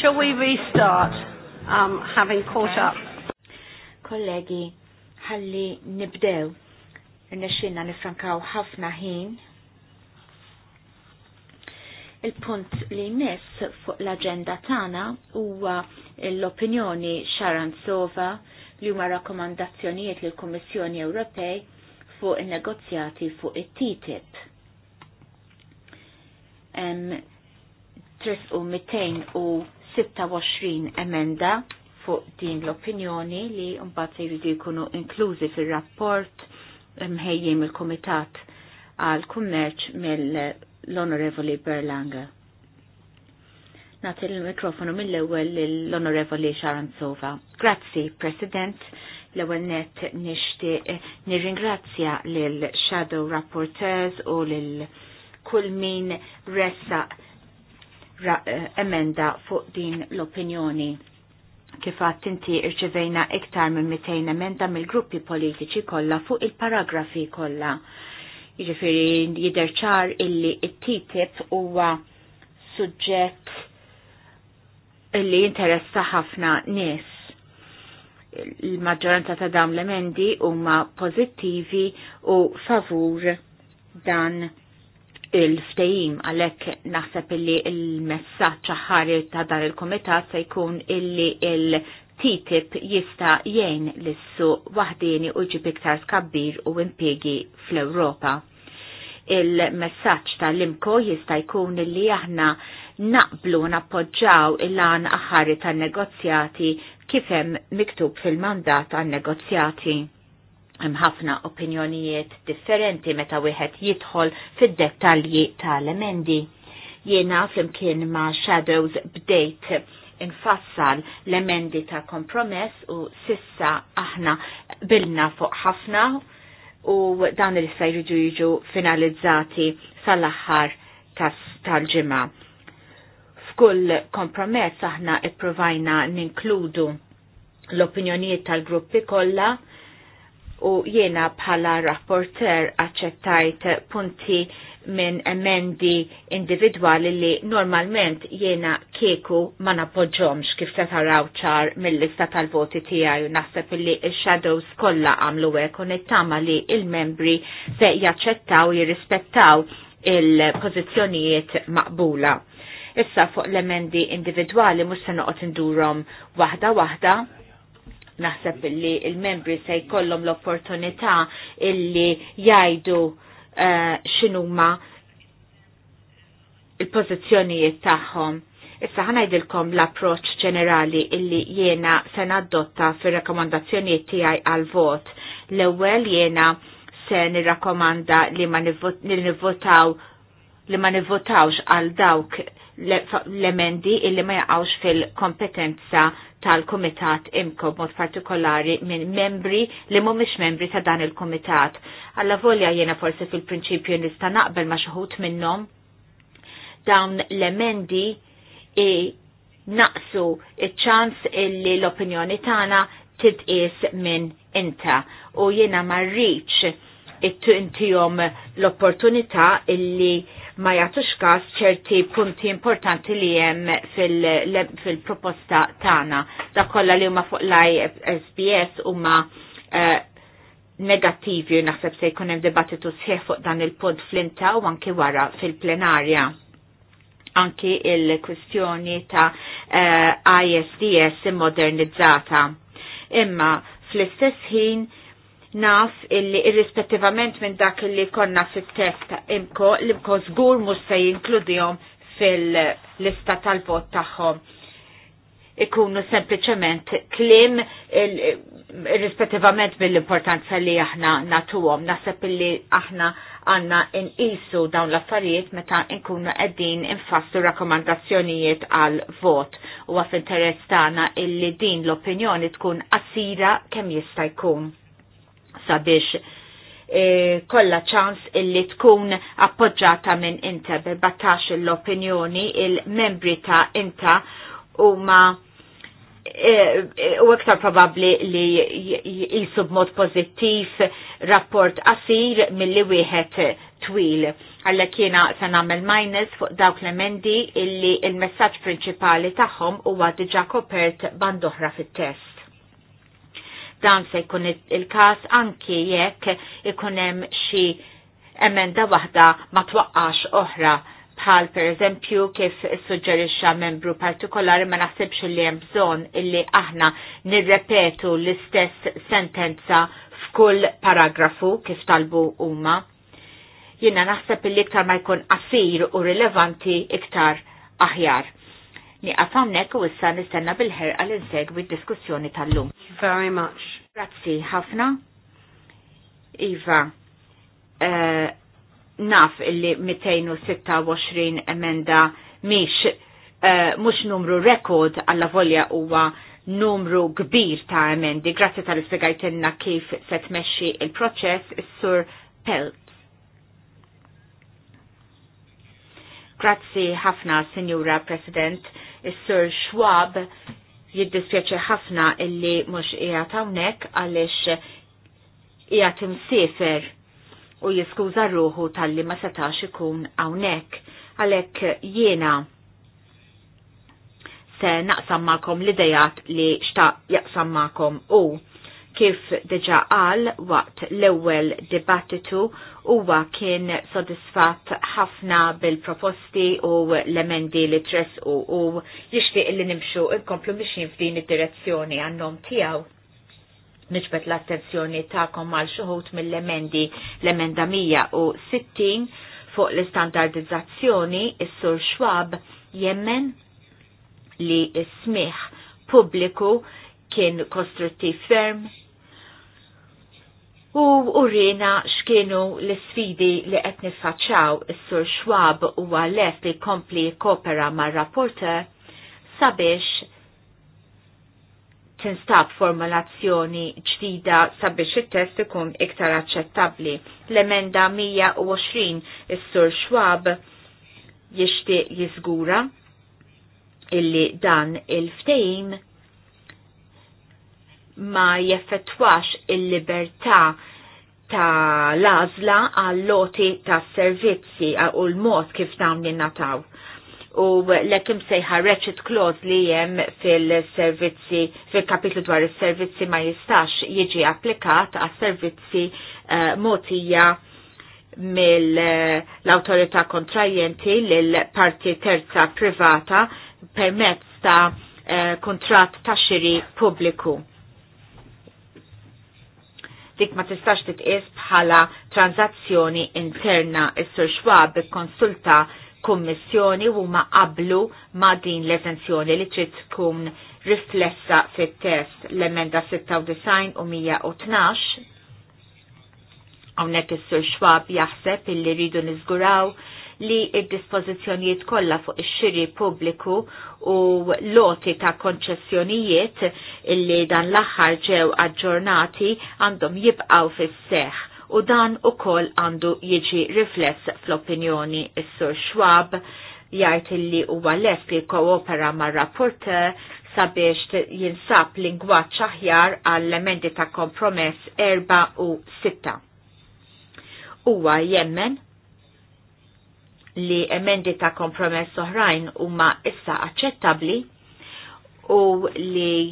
Shall we
restart um, having caught up? Kollegi, ħalli nibdew. Nexxinna nifrankaw ħafna ħin. Il-punt li jmiss fuq l-agenda tagħna huwa l-opinjoni Sova li huma rakkomandazzjonijiet lill kummissjoni Ewropej fuq in-negozjati fuq it-TTIP 226 emenda fuq din l-opinjoni li mbagħad se jridu jkunu inklużi fir-rapport mħejjim il-Kumitat għal kummerċ mill-Onorevoli Berlanga. Nati l-mikrofonu mill-ewwel l-Onorevoli Sharanzova. Grazzi, President. L-ewwel net nixtieq nirringrazzja l Shadow Rapporteurs u l kull min ressaq Eh, emenda fuq din l-opinjoni kif għat inti irċivejna iktar minn 200 emenda mill-gruppi politiċi kollha fuq il-paragrafi kollha. Jiġifieri jidher ċar illi t-TTIP huwa suġġett illi interessa ħafna nies. Il-maġġoranza ta' dawn l-emendi huma pożittivi u favur dan il-ftejim għalek naħseb illi il-messaċ ħari ta' dar il-komitat se jkun illi il-TTIP jista jgħin l-issu wahdini u ġib iktar skabbir u impiegi fl-Europa. Il-messaċ tal-imko jista jkun illi aħna naqblu nappoġġaw il-lan aħari tan-negozjati kifem miktub fil-mandat għan negozjati hemm ħafna opinjonijiet differenti meta wieħed jidħol fid-dettalji tal-emendi. Jiena flimkien ma' Shadows bdejt infassal l-emendi ta' kompromess u sissa aħna bilna fuq ħafna u dan li se jridu jiġu finalizzati sal-aħħar tal-ġimgħa. F'kull kompromess aħna ipprovajna ninkludu l-opinjonijiet tal-gruppi kollha u jiena bħala rapporter aċċettajt punti minn emendi individwali li normalment jiena kieku ma napoġġomx kif se taraw ċar mill-lista tal-voti tiegħi u naħseb li x-shadows kollha għamlu hekk u nittama li il-membri se jaċċettaw jirrispettaw il-pożizzjonijiet maqbula. Issa fuq l-emendi individwali mhux se noqgħod indurhom waħda waħda naħseb li il-membri se jkollhom l-opportunità illi jgħidu eh, x'inhuma il-pożizzjonijiet tagħhom. Issa ħanajdilkom l-approċ ġenerali illi jiena se nadotta fir-rakkomandazzjonijiet tiegħi għal vot. L-ewwel jiena se nirrakkomanda li ma nivvotaw li ma nivvotawx għal dawk l-emendi illi ma jaqgħux fil-kompetenza tal-Komitat imkom mod partikolari minn membri li mhumiex membri ta' dan il-Komitat. Alla volja jiena forse fil-prinċipju nista' naqbel ma' xaħut minnhom dawn l-emendi i naqsu iċ-ċans illi l-opinjoni tagħna titqies minn inta u jiena marriċ it-tintihom l-opportunità illi ma jagħtux każ ċerti punti importanti li hemm fil-proposta fil tagħna. Da kollha li huma fuq l-ISBS huma uh, negattivi naħseb se jkun hemm dibattitu sħiħ fuq dan il-punt flinta u anki wara fil-plenarja anki il-kwistjoni ta' uh, eh, ISDS immodernizzata. Imma fl-istess ħin naf illi irrispettivament minn dak illi konna fit-test imko l-imko zgur mus se jinkludihom fil-lista tal-vot tagħhom. Ikunu sempliċement klim irrispettivament mill-importanza li aħna natuwom. Naseb illi aħna għanna in-isu dawn l-affarijiet meta nkunu qegħdin infassu rakkomandazzjonijiet għal vot u għaf interess tagħna illi din l-opinjoni tkun qasira kemm jista' jkun sabiex e, kolla ċans illi tkun appoġġata minn inta batax l-opinjoni il-membri ta' inta u ma eh, u iktar probabli li jisub mod pozittiv rapport qasir mill-li wieħed twil għalla kiena se nagħmel minus fuq dawk l-emendi illi il-messaġġ prinċipali tagħhom huwa diġa' kopert bandoħra fit-test. Dan se jkun il-każ anki jekk ikun hemm xi emenda waħda ma twaqqax oħra bħal per eżempju kif suġġerixxa membru partikolari ma naħsibx li hemm bżonn illi aħna nirrepetu l-istess sentenza f'kull paragrafu kif talbu huma. Jiena naħseb li iktar ma jkun qasir u rilevanti iktar aħjar. Niqaf hawnhekk u issa nistenna bil ħer għal insegwi d-diskussjoni tal-lum. Very much. Grazzi ħafna. Iva, uh, naf illi 226 emenda miex uh, eh, mux numru rekord għalla volja huwa numru kbir ta' emendi. Grazzi tal-ispegajtenna kif set meċi il-proċess sur Pelt. Grazzi ħafna, Signora President. Is-Sur Schwab jiddispjaċi ħafna illi mhux qiegħed hawnhekk għaliex qiegħed imsiefer u jiskuża ruħu tal-li ma setax ikun hawnhekk għalhekk jiena se naqsam ma'kom l-idejat li xtaq jaqsam ma'kom u kif deġa qal waqt l-ewwel dibattitu huwa kien sodisfatt ħafna bil-proposti u l-emendi li tres u jixtieq li nimxu inkomplu mixin f'din id-direzzjoni għannom tiegħu. Niġbet l-attenzjoni ta'kom għal xuħut mill-emendi l-emenda 160 fuq l-istandardizzazzjoni is-sur Schwab jemmen li s-smiħ pubbliku kien kostruttiv ferm, u urrina xkienu l-sfidi li qed niffaċċaw is-Sur Schwab u għalef li kompli kopera mar rapporter sabiex tinstab formulazzjoni ġdida sabiex it-test ikun iktar aċċettabbli. L-emenda 120 is-Sur Schwab jixtieq jiżgura illi dan il-ftehim ma jeffettwax il-libertà ta' lażla għal loti ta' servizzi u l-mod kif dawn nataw. U l-ekim sejħa reċet kloz li jem fil-servizzi, fil-kapitlu dwar il-servizzi ma jistax jiġi applikat għal servizzi uh, motija mill-autorità eh, kontrajenti l-parti terza privata permezz ta' uh, kontrat ta' xiri pubbliku dik ma tistax titqis bħala tranzazzjoni interna is-Sur Schwab konsulta kummissjoni u ma qablu ma din l-esenzjoni li trid tkun riflessa fit-test l-emenda 96 u 112 Hawnhekk is-Sur Schwab jaħseb illi rridu niżguraw li id-dispożizzjonijiet kollha fuq ix-xiri pubbliku u loti ta' konċessjonijiet illi dan l-aħħar ġew aġġornati għandhom jibqgħu fis-seħħ u dan ukoll għandu jiġi rifless fl-opinjoni s-Sur Schwab jgħid illi huwa lest li koopera mar-rapporter sabiex jinsab lingwaċ aħjar għall-emendi ta' kompromess erba' u sitta. Huwa jemmen li emendi ta' kompromess oħrajn huma issa aċċettabbli u li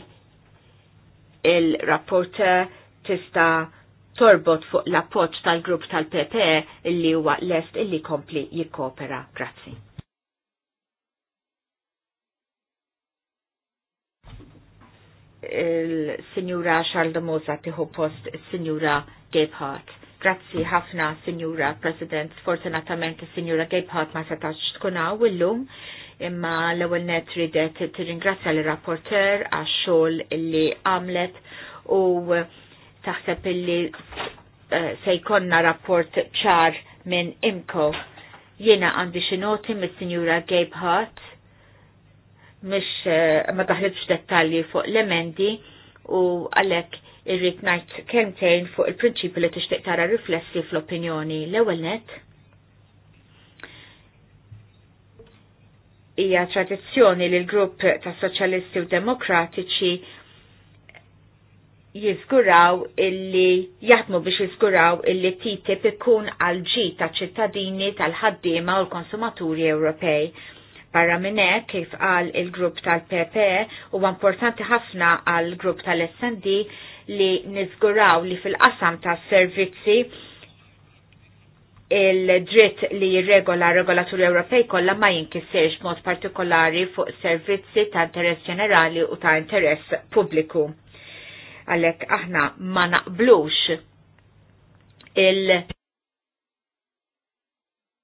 il-rapporter tista' torbot fuq l-appoġġ tal-grupp tal pp e li huwa lest illi kompli jikkopera. Grazzi. il-Sinjura Charles de Mosa tiħu post il-Sinjura Gebhardt. Grazzi ħafna, Sinjura President. Sfortunatament, Sinjura Gebhardt ma setax tkunaw illum imma l-ewwel net ridet tirringrazzja l-rapporter għax xogħol li għamlet u uh, taħseb illi uh, se jkollna rapport ċar minn imko. Jiena għandi xi noti mis-Sinjura Gabehart, mhix uh, ma daħlitx dettalji fuq l-emendi u għalhekk irrid ngħid kemtejn fuq il-prinċipi li tixtieq tara riflessi fl-opinjoni l-ewwel net. Hija tradizzjoni li l-grupp ta' Soċjalisti u Demokratiċi jizguraw illi jaħdmu biex jizguraw illi TTIP ikun għal ġi ta' ċittadini tal-ħaddiema u l-konsumaturi Ewropej. Barra minne, kif għal il-grupp tal-PP, e, u importanti ħafna għal grupp tal-SND li nizguraw li fil-qasam ta' servizzi il-dritt li jirregola regolaturi Ewropej kollha ma jinkisirx mod partikolari fuq servizzi ta' interess ġenerali u ta' interess pubbliku. Għalhekk aħna ma naqblux il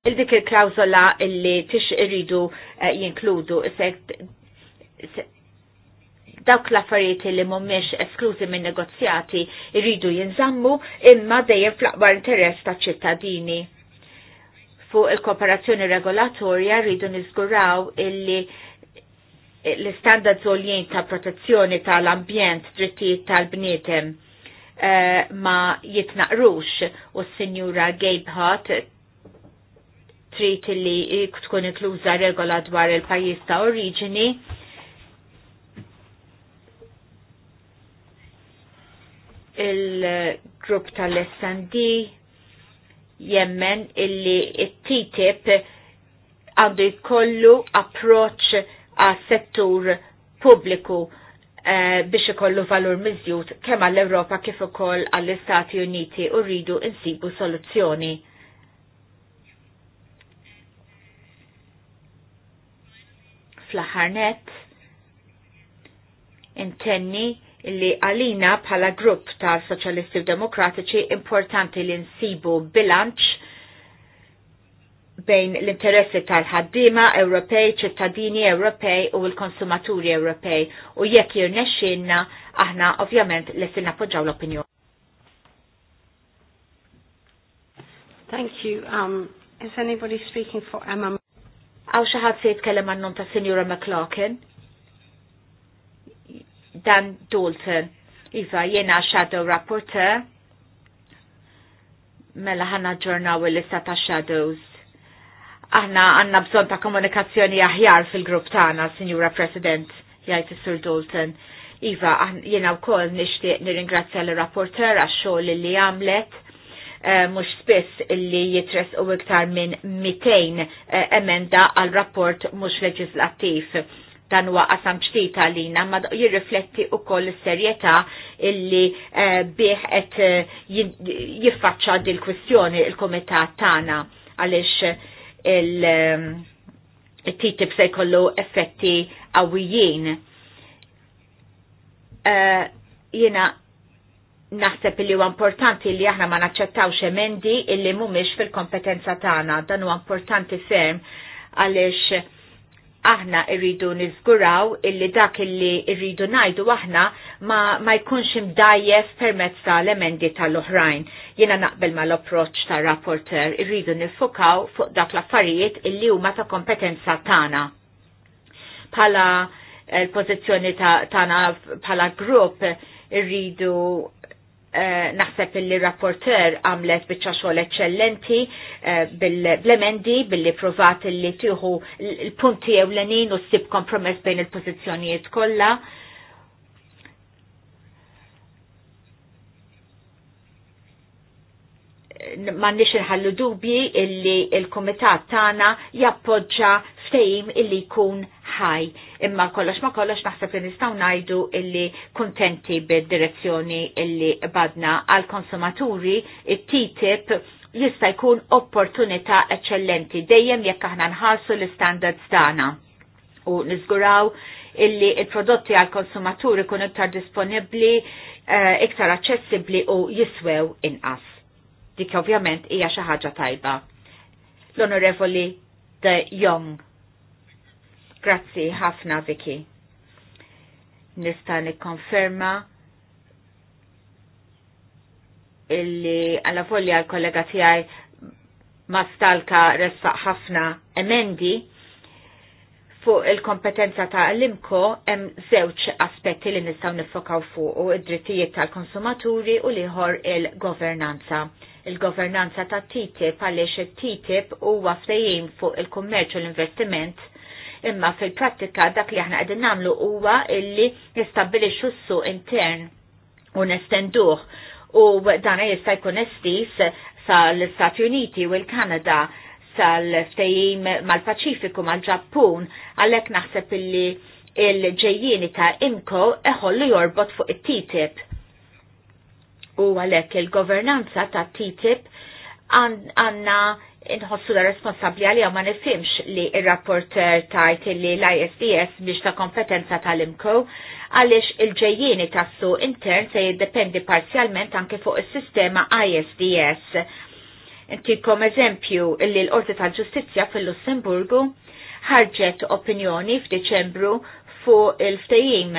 il-dik il-klawzola illi tix irridu eh, jinkludu dawk l-affarijiet li mhumiex esklużi minn negozjati jridu jinżammu imma dejjem fl-aqbar interess ta' ċittadini. Fuq il-kooperazzjoni regolatorja rridu niżguraw illi l istandard żoljin ta' protezzjoni tal-ambjent drittijiet tal-bnietem eh, ma jitnaqrux u s-sinjura Gabehart trit li tkun inkluża regola dwar il-pajjiż ta' oriġini il-grupp tal-SND jemmen illi il ttip għandu jkollu approċ għas settur pubbliku eh, biex ikollu valur miżjut kemm għall-Ewropa kif ukoll għall-Istati Uniti u rridu insibu soluzzjoni. Fl-aħħar intenni li għalina bħala grupp ta' soċjalisti u demokratiċi importanti li nsibu bilanċ bejn l-interessi tal-ħaddima Ewropej, ċittadini Ewropej u l-konsumaturi Ewropej u jekk jirnexxinna aħna ovvjament lesin appoġġaw l-opinjoni. Thank you. Um, is anybody speaking for Emma? Għaw xaħat se jitkellem għannum ta' Signora McLaughlin? Dan Dalton. Iva, jena Shadow Rapporteur. Mela ħana ġurnaw il-lista ta' Shadows. Aħna għanna bżon ta' komunikazzjoni aħjar fil-grupp tagħna, Sinjura President, jgħid is-Sur Dalton. Iva, jena u nixtieq nishtiq nir-ingrazzja l-rapporter għaxxol li għamlet eh, mux spiss li jitres u iktar minn 200 eh, emenda għal rapport mux leġislattiv dan huwa qasam ġdid għalina ma jirrifletti wkoll is-serjetà illi eh, bih qed eh, jiffaċċa dil kwistjoni il-kumitat tagħna għaliex il-TTIP eh, se jkollu effetti qawwijin. Jiena naħseb li huwa importanti li aħna ma naċċettawx emendi illi mhumiex fil-kompetenza tagħna. Dan huwa importanti ferm għaliex aħna irridu nizguraw illi dak illi irridu najdu aħna ma, ma jkunx imdajjef permezz tal-emendi tal-oħrajn. Jena naqbel ma l-approċ ta' rapporter irridu nifukaw fuq dak l-affarijiet illi huma ta' kompetenza tana. Pala eh, l-pozizjoni tana pala grupp irridu Eh, naħseb li rapporter għamlet bieċa xogħol eċċellenti eh, bil-blemendi billi provat li tieħu l-punti ewlenin u s-sib kompromess bejn il-pożizzjonijiet kollha. Eh, ma nix nħallu dubji illi il-komitat tana jappoġġa ftejim illi jkun ħaj. Imma kollox ma kollox naħseb li nistgħu ngħidu illi kuntenti bid-direzzjoni illi badna għal konsumaturi it-TTIP jista' jkun opportunità eċċellenti dejjem jekk aħna nħarsu l-istandards tagħna u niżguraw illi il-prodotti għal konsumaturi kun iktar disponibbli, eh, iktar aċċessibbli u jiswew inqas. Dik ovvjament hija xi ħaġa tajba. L-Onorevoli De Jong. Grazzi ħafna Viki. Nista' nikkonferma illi għalla volja għal kollega tijaj stalka resfaq ħafna emendi fuq il-kompetenza ta' l-imko hemm żewġ aspetti li nistgħu nifokaw fuq u id-drittijiet tal-konsumaturi u liħor il-governanza. Il-governanza ta' TTIP għaliex it-TTIP huwa fejjin fuq il-kummerċ u l-investiment imma fil-prattika dak li aħna qegħdin nagħmlu huwa illi nistabbilixxu s-suq intern u nestenduh u dan jista' jkun estis sal-Stati Uniti u l-Kanada sal-ftejim mal-Paċifiku mal-Ġappun għalhekk naħseb illi il ġejjini ta' imko eħollu jorbot fuq it-TTIP. U għalhekk il-governanza ta' TTIP għandna inħossu la responsabli għalija ma nifimx li il-rapporter tajt li l-ISDS biex ta' kompetenza tal-imko għalix il-ġejjini tassu intern se jiddependi parzjalment anke fuq il-sistema ISDS. Inti kom eżempju li l-Orti tal-Ġustizja fil-Lussemburgu ħarġet opinjoni f'Deċembru fuq il-ftejim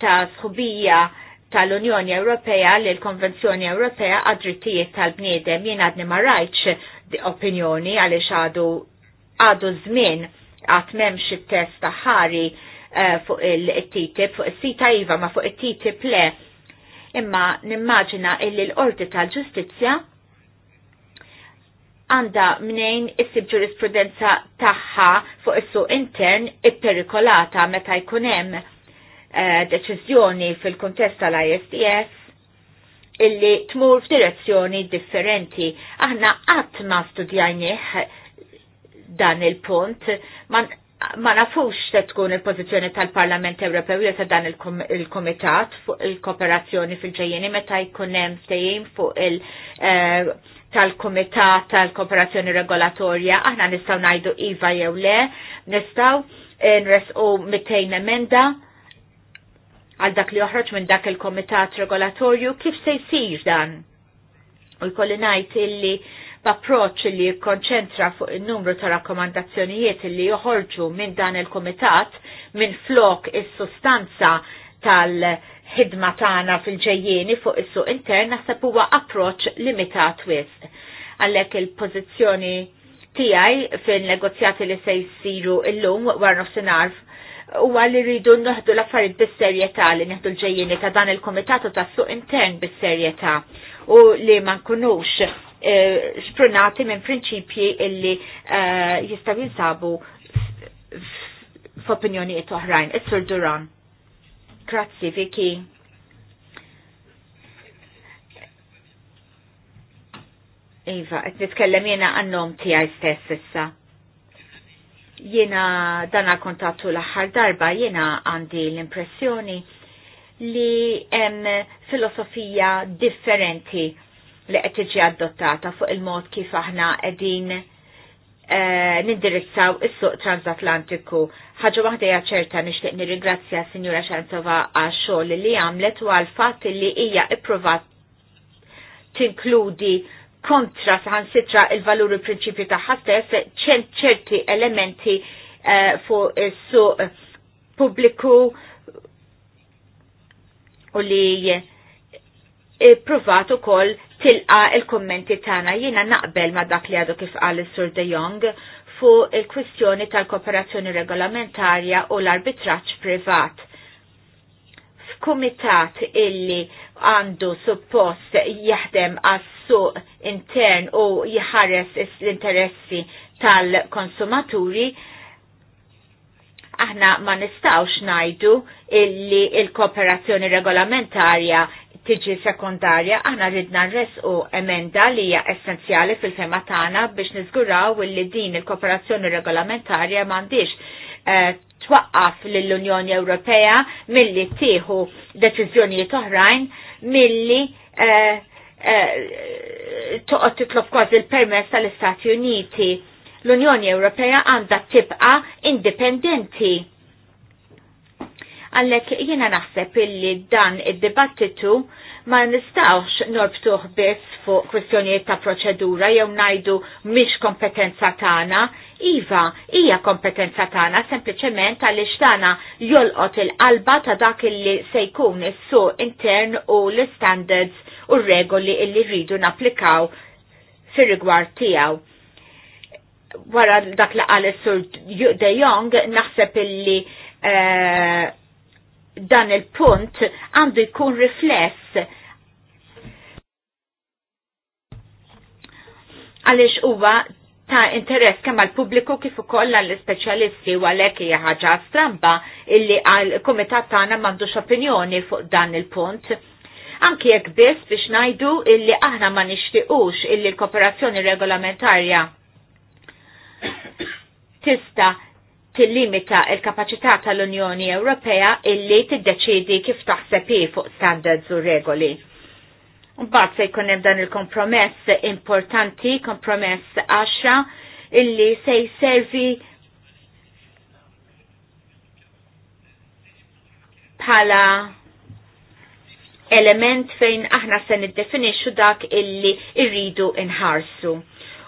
ta' sħubija tal-Unjoni Ewropea l konvenzjoni Ewropea għad-drittijiet tal-bniedem jien għadni ma rajtx opinjoni għaliex għadu għadu żmien għat memx it-test ħari eh, fuq il-TTIP, fuq il-sita IVA ma fuq il-TTIP le. Imma nimmaġina illi l-ordi tal-ġustizja għanda mnejn issib ġurisprudenza taħħa fuq is-suq intern i-perikolata meta jkunem hemm Eh, deċiżjoni fil-kontest tal-ISDS illi tmur f'direzzjoni differenti. Aħna qatt ma studjajnieh dan il-punt, ma nafux se tkun il-pożizzjoni tal-Parlament Ewropew jew ta' dan il-Komitat fuq il-kooperazzjoni fil-ġejjeni meta jkun hemm ftehim fuq il- eh, tal-Komitat tal-Kooperazzjoni Regolatorja, aħna nistgħu ngħidu iva jew le, nistgħu nresqu 200 emenda għal dak li joħroġ minn dak il-komitat regolatorju kif se jsir dan. U jkolli ngħid illi b'approċċ li jikkonċentra fuq in-numru ta' rakkomandazzjonijiet li joħorġu minn dan il-komitat minn flok is-sustanza tal-ħidma tagħna fil-ġejjieni fuq is-suq intern naħseb huwa approċċ limitat wisq. Għalhekk il-pożizzjoni tiegħi fin-negozjati li se jsiru illum war nofsinhar u għalli rridu nħdu l-affarijiet bis-serjetà li nħdu l-ġejjini ta' dan il-komitatu ta' suq intern bis-serjetà u li ma nkunux xprunati eh, sprunati minn prinċipji illi eh, jistaw jinsabu f'opinjonijiet oħrajn. Is-Sur Duran. Grazzi, Viki. Iva, qed nitkellem jiena għannom tiegħi stess issa. Jena dana kontattu l-axħar darba jena għandi l-impressjoni li hemm filosofija differenti li qed tiġi adottata fuq il-mod kif aħna qegħdin eh, nindirizzaw is-suq transatlantiku. Ħaġa waħda ċerta nixtieq nirringrazzja Sinjura Xanzova għal xogħol li għamlet u għal fatt li hija ipprovat tinkludi kontra saħansitra il-valuri prinċipju taħħa stess ċerti elementi fu eh, fuq is-suq pubbliku u li eh, provat kol tilqa il-kommenti tana jina naqbel ma dak li għadu kif għal sur de Jong fu il-kwistjoni tal-kooperazzjoni regolamentarja u l-arbitraċ privat. F'kumitat illi għandu suppost jaħdem għassu intern u jħares l-interessi tal-konsumaturi, aħna ma nistawx najdu illi il-kooperazzjoni regolamentarja tiġi sekundarja, aħna ridna nres u emenda li hija essenzjali fil-fema tagħna biex niżguraw illi din il-kooperazzjoni regolamentarja m'għandix eh, twaqqaf lill-Unjoni Ewropea milli tieħu deċiżjonijiet oħrajn milli eh, eh, toqgħod titlob kważi il-permess tal-Istati Uniti. L-Unjoni Ewropea għandha tibqa' indipendenti. Għallek jiena naħseb illi dan id-dibattitu ma nistawx norbtuħ biss fuq kwistjonijiet ta' proċedura jew ngħidu mhix kompetenza tagħna Iva, hija kompetenza tagħna sempliċement għaliex tagħna jolqot il-qalba ta' dak illi se jkun is-suq intern u l-standards u regoli illi rridu napplikaw fir-rigward tiegħu. Wara dak li qal is-sur De Jong naħseb illi uh, dan il-punt għandu jkun rifless għaliex huwa ta' interess kemm għal pubbliku kif ukoll għall speċjalisti u għalhekk hija ħaġa stramba illi għal kumitat tagħna m'għandux opinjoni fuq dan il-punt. Anki jekk biss biex ngħidu illi aħna ma nixtiequx illi l-kooperazzjoni regolamentarja tista' tillimita l-kapaċità tal-Unjoni Ewropea illi tiddeċidi kif taħseb fuq standards u regoli Mbagħad se jkun hemm dan il-kompromess importanti, kompromess għaxa, illi se jservi bħala element fejn aħna se niddefinixxu dak illi irridu inħarsu.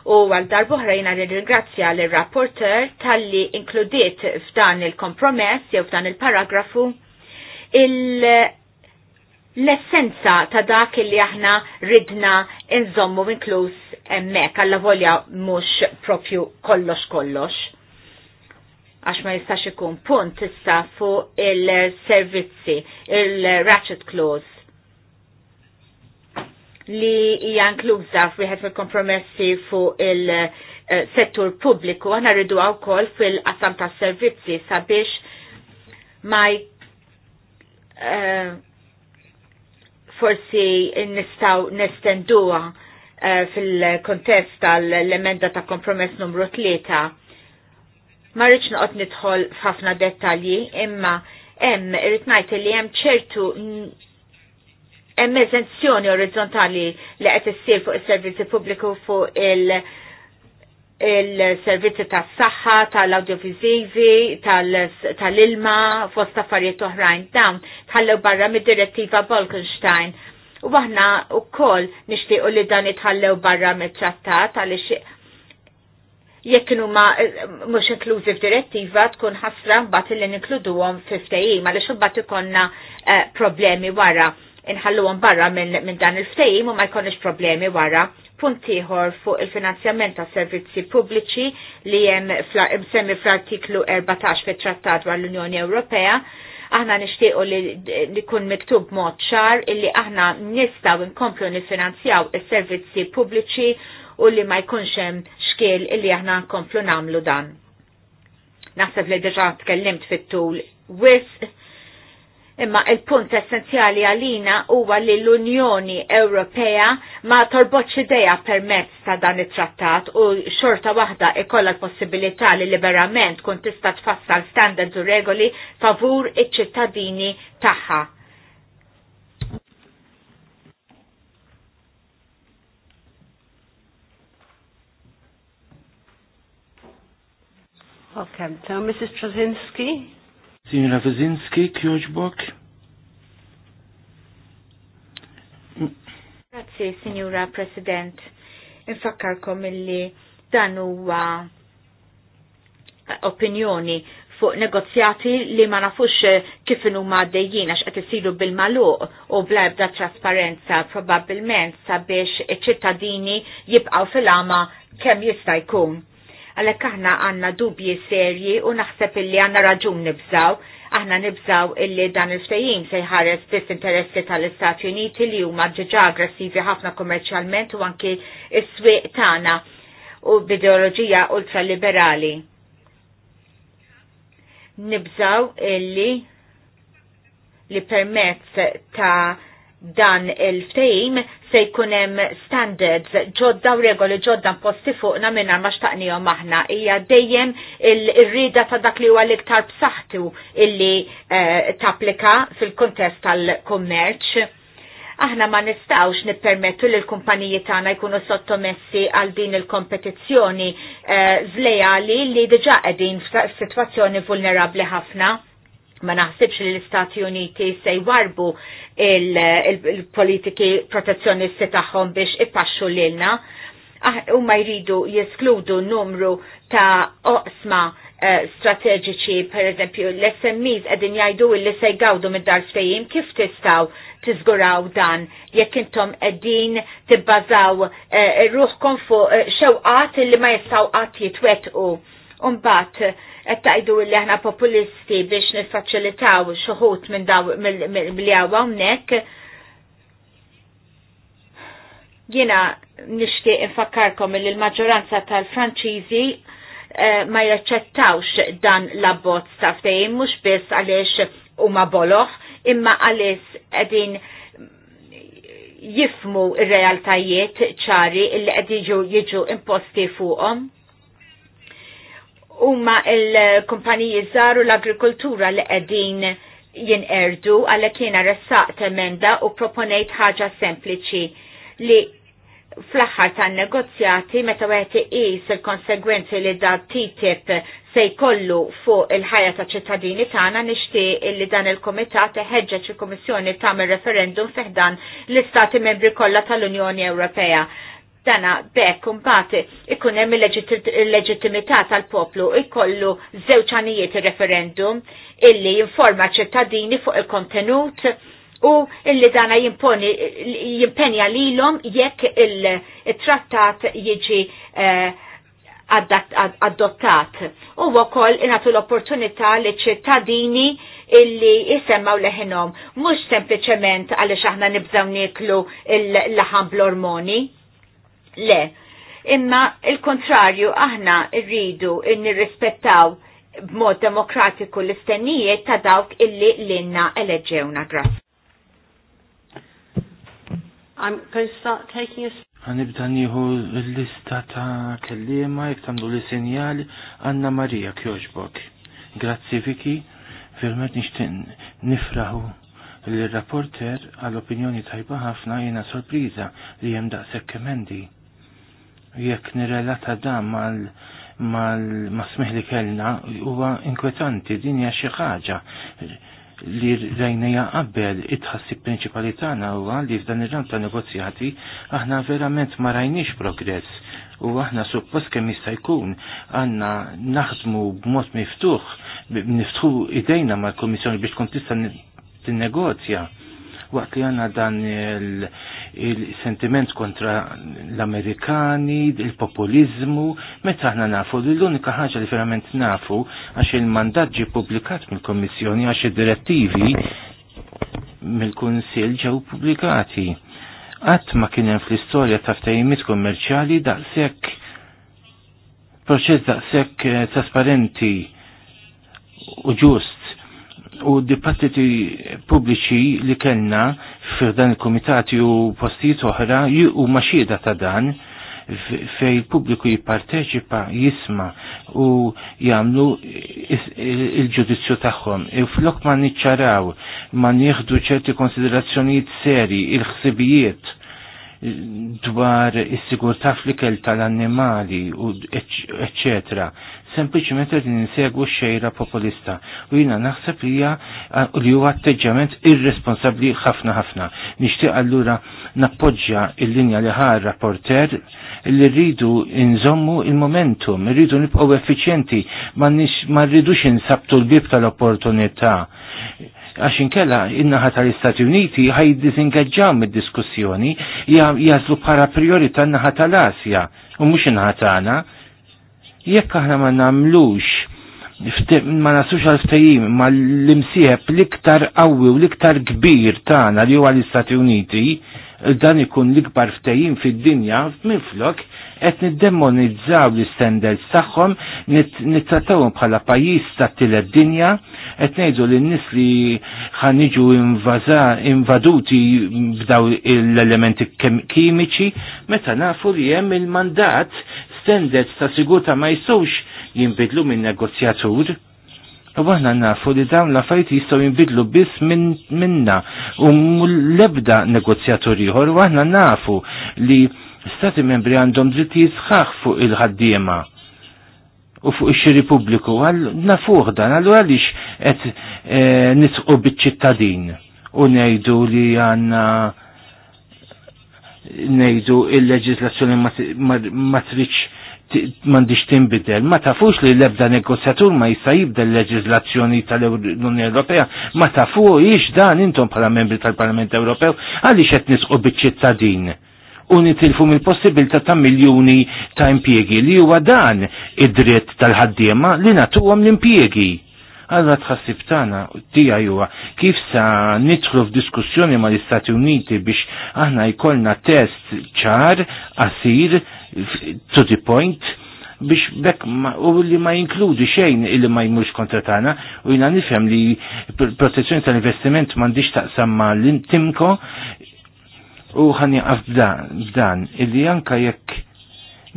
U għal darbohra jina ringrazzja l rapporter tal-li inkludiet f'dan il-kompromess jew f'dan il-paragrafu il l-essenza ta' dak li aħna ridna nżommu inkluż emmek, għalla volja mux propju kollox kollox. Għax ma jistax ikun punt issa fuq il-servizzi, il-ratchet clause li hija inkluża wieħed mill-kompromessi fuq il-settur pubbliku aħna rridu wkoll fil-qasam tas-servizzi sabiex ma eh, forsi nistaw nestenduwa uh, fil-kontest tal-emenda ta' kompromess numru 3. Ma rridx noqgħod nidħol f'ħafna dettalji, imma hemm irrid ngħid li hemm ċertu hemm eżenzjoni orizzontali li qed issir fuq is-servizzi pubbliku fuq il- il-servizzi tas saħħa tal-audiovisivi, tal-ilma, fost affarijiet oħrajn dawn, tħallew barra mid-direttiva Bolkenstein. U aħna u koll nishtiqu li dan itħallew barra mid-trattat għaliex jekk ma eh, mhux inklużi f'direttiva tkun ħasra mbagħad li ninkluduhom fil-ftehim għaliex imbagħad konna eh, problemi wara inħalluhom barra minn dan il-ftehim u ma jkollniex problemi wara puntiħor fuq il-finanzjament ta' servizzi pubbliċi li jem semmi fl-artiklu 14 fit trattat għall l-Unjoni Ewropea, aħna nishtiqu li, nikun miktub mod ċar illi aħna nistaw nkomplu nifinanzjaw il-servizzi pubbliċi u li ma jkunx hemm xkiel illi aħna nkomplu namlu dan. Naħseb li deġa tkellimt fit-tul wis Imma il-punt essenzjali għalina huwa li l-Unjoni Ewropea ma torboċ ideja permezz ta' dan it-trattat u xorta waħda ikolla l-possibilità li liberament kun tista' tfassal standards u regoli favur iċ-ċittadini tagħha.
Okay, so Mrs. Trzynski.
Signora Wyszynski, kjoġbok?
Grazie, Signora President. Infakkarkom illi dan huwa eh, opinjoni fuq negozjati li ma nafux eh, kif huma għaddejjin għax qed isiru bil-maluq u bl-ebda trasparenza probabbilment sabiex iċ-ċittadini jibqgħu fil-ama kemm jista' jkun għalhekk aħna għandna dubji serji u naħseb illi għandna raġun nibżaw aħna nibżaw illi dan il-fejjim se jħares biss interessi tal-Istati Uniti li huma ġeġa aggressivi ħafna kommerċjalment u anki s-swieq tagħna u b'ideoloġija ultraliberali. Nibżaw illi li permezz ta' dan il-ftejim se jkunem standards ġodda u regoli ġodda posti fuqna minna ma u aħna. Ija dejjem il-rida ta' dak li huwa l-iktar b'saħħtu illi eh, tapplika fil-kontest tal-kommerċ. Aħna ma nistawx nippermettu li l-kumpaniji tagħna jkunu sottomessi għal din il-kompetizzjoni eh, zlejali li diġa qegħdin f'sitwazzjoni vulnerabbli ħafna ma naħsibx li l-Istati Uniti se jwarbu il-politiki il, il protezzjonisti tagħhom biex ipaxxu lilna. Ah, U ma jridu jeskludu numru ta' oqsma strategiċi, eh, strateġiċi, per eżempju, l-SMEs għedin jajdu li se jgawdu mid-dar fejjim, kif tistaw tizguraw dan, jekk intom għedin tibbazaw eh, ruħkom fuq eh, xewqat illi ma jistaw qatt jitwetqu. Umbat, qed tgħidu li aħna populisti biex niffaċilitaw xuħut minn daw mill hawnhekk. Jiena nixtieq infakkarkom li l-maġġoranza tal-Franċiżi eh, ma jaċċettawx dan l-abbozz ta' ftehim mhux biss għaliex huma boloħ, imma għaliex qegħdin jifmu r realtajiet ċari li qed jiġu imposti fuqhom huma il-kumpaniji żaru l-agrikoltura li qegħdin jinqerdu għalhekk jiena ressaqt emenda u proponejt ħaġa sempliċi li fl-aħħar tan-negozjati meta wieħed iqis il-konsegwenzi li da TTIP se jkollu fuq il-ħajja ta' ċittadini tagħna nixtieq li dan il-Kumitat iħeġġeġ il-Kummissjoni tagħmel referendum fiħdan l-Istati Membri kollha tal-Unjoni Ewropea dana bekk mbagħad ikun hemm il-leġittimità tal-poplu jkollu żewġ għanijiet ir-referendum illi jinforma ċittadini fuq il-kontenut u illi dana jimponi jimpenja lilhom jekk il-trattat jiġi eh, adottat. U wkoll inatu l-opportunità li ċittadini illi jisemmaw leħinom, mux sempliciment għalli xaħna nibżaw niklu l-laħan bl-ormoni le. Imma il-kontrarju aħna rridu nirrispettaw b'mod demokratiku l-istennijiet ta' dawk illi l-inna eleġewna. Grazie. I'm going to start taking a
Għanibda nieħu l-lista ta' kellima jek tamlu li sinjali Anna Marija Kjoġbok. Grazzi Viki, vermet nixtieq nifraħu l-rapporter għall-opinjoni tajba ħafna jiena sorpriża li hemm daqshekk kemendi jekk nirrelata da mal mal ma li kellna huwa inkwetanti din hija xi ħaġa li rajnija qabel it tħassib prinċipali tagħna huwa li f'dan ir-ram ta' negozjati aħna verament ma rajniex progress u aħna suppost kemm jista' jkun għandna naħdmu b'mod miftuħ niftħu idejna mal-Kummissjoni biex tkun tista' tinnegozja waqt li għandna dan il-sentiment kontra l-Amerikani, il-populizmu, meta aħna nafu li l-unika ħaġa li verament nafu għax il-mandat ġi publikat mill-Kommissjoni għax id-direttivi mill-Kunsil ġew publikati. Qatt ma kien hemm fl-istorja ta' ftehimiet kummerċjali daqshekk proċess daqshekk eh, trasparenti u ġust u dibattiti pubbliċi li kellna f'dan il-komitati u postijiet oħra u maxieda ta' dan fej il-pubbliku jipparteċipa, jisma u jamlu il-ġudizzju tagħhom. E flok ma niċċaraw, ma nieħdu ċerti konsiderazzjonijiet seri, il-ħsibijiet dwar is-sigurtà fl-ikel tal-annimali u eċċetra sempliċement qed ninsegwu xejra populista. U jiena naħseb li hija li huwa atteġġament irresponsabbli ħafna ħafna. Nixtieq allura nappoġġja l-linja li ħar rapporter li rridu nżommu il-momentum, rridu nibqgħu effiċjenti, ma rridux insabtu l-bib tal-opportunità għax inkella innaħat tal-Istati Uniti ħaj dizingaġġaw mid-diskussjoni jazlu para priorita naħa tal-Asja u mux innaħat tagħna Jekk aħna ma nagħmlux ma nasux għal ftehim ma l-imsieħeb l-iktar qawwi u l-iktar kbir tagħna li huwa l-Istati Uniti, dan ikun l-ikbar ftehim fid-dinja minflok qed niddemonizzaw l-standards tagħhom, nittrattawhom bħala pajjiż ta' tielet dinja, qed ngħidu lin nies li ħan invaduti b'daw l-elementi kimiċi meta nafu li hemm il-mandat standards ta' sigurta ma jistgħux jinbidlu minn negozjatur. U aħna nafu li dawn la fajti jistgħu jinbidlu biss minna u l-ebda negozjatur ieħor u aħna nafu li stati membri għandhom dritti jisħax fuq il-ħaddiema u fuq ix-xiri pubbliku għal nafuh dan għal għaliex qed e, nisqu biċ-ċittadin u ngħidu li għandna nejdu il-leġislazzjoni matriċ mandiġ timbidel. Ma tafux li l-ebda negozjatur ma jista' jibdel leġizlazzjoni tal-Unjoni Ewropea, ma tafux dan intom bħala membri tal-Parlament Ewropew għaliex qed nisqu biċ-ċittadin u nitilfu mill possibilta ta' miljoni ta' impiegi li huwa dan id-dritt tal-ħaddiema li għam l impiegi Għalla tħassib tagħna tija juwa kif sa nidħlu f'diskussjoni mal istati Uniti biex aħna jkollna test ċar, asir, to the point biex bekk u li ma jinkludi xejn illi ma jmurx kontra tagħna u jina nifhem li protezzjoni tal-investiment m'għandix taqsam ma l-timko u ħani jaqaf b'dan illi anka jekk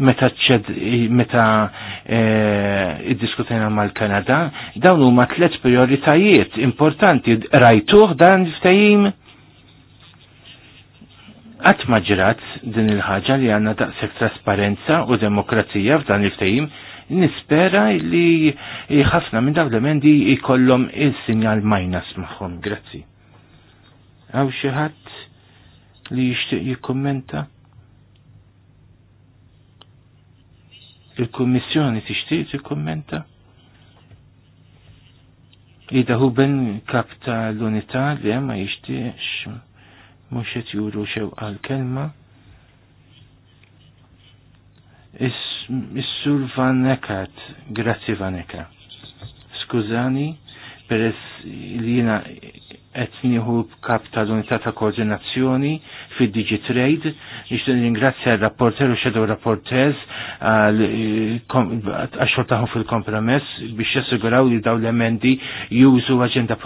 meta ċed meta e, iddiskutejna mal-Kanada dawn huma tliet prioritajiet importanti rajtuh dan f'tajim. Qatt ma ġrat din il-ħaġa li għandna daqshekk trasparenza u demokrazija f'dan il-ftehim, nispera li ħafna minn dawn l-emendi jkollhom il-sinjal majnas magħhom. Grazzi. Għaw xi ħadd li jixtieq jikkummenta? Il-Kummissjoni tixtieq tikkummenta? Ida hu ben kap ta' l-unità li ma jixtieqx mhux qed juru xew għal kelma Is-sur vanekat, grazzi vaneka. Skużani, peress li jina qed nieħu ta' tal-unità ta' koordinazzjoni fid digitrade nixtieq ringrazzja r-rapporter u xedew rapporters eh, għax tagħhom fil-kompromess biex jassiguraw li daw l-emendi jużu agenda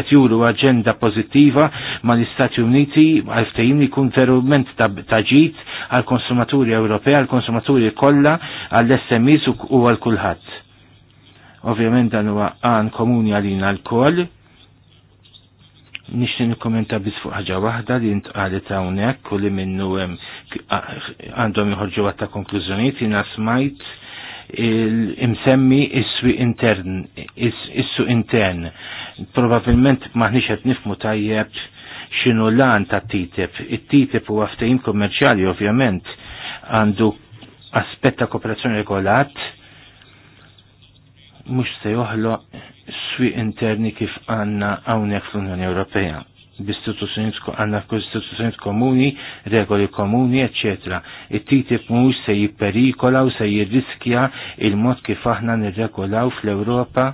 et juru aġenda pożittiva mal-Istati Uniti għal li jkun verument ta' ġid għall konsumaturi Ewropea, għall konsumaturi kollha, għall smis u għal kulħadd. Ovvjament dan huwa għan komuni għalina l-koll, nixtin kommenta bis fuq ħaġa waħda li ta' hawnhekk u li minnu għandhom jħorġu għatta konklużjonijiet jina smajt imsemmi is su intern, is su intern. Probabilment maħniex qed nifmu tajjeb xinu lan ta' TTIP. It-TTIP huwa għaftajim kommerċjali ovvjament għandu aspett ta' kooperazzjoni regolat mhux se joħloq swieq interni kif għandna hawnhekk fl-Unjoni Ewropea b'istituzzjonijiet għandna kostituzzjonijiet komuni, regoli komuni, eċetera. It-TTIP mhux se jipperikola u se jirriskja il-mod kif aħna nirregolaw fl-Ewropa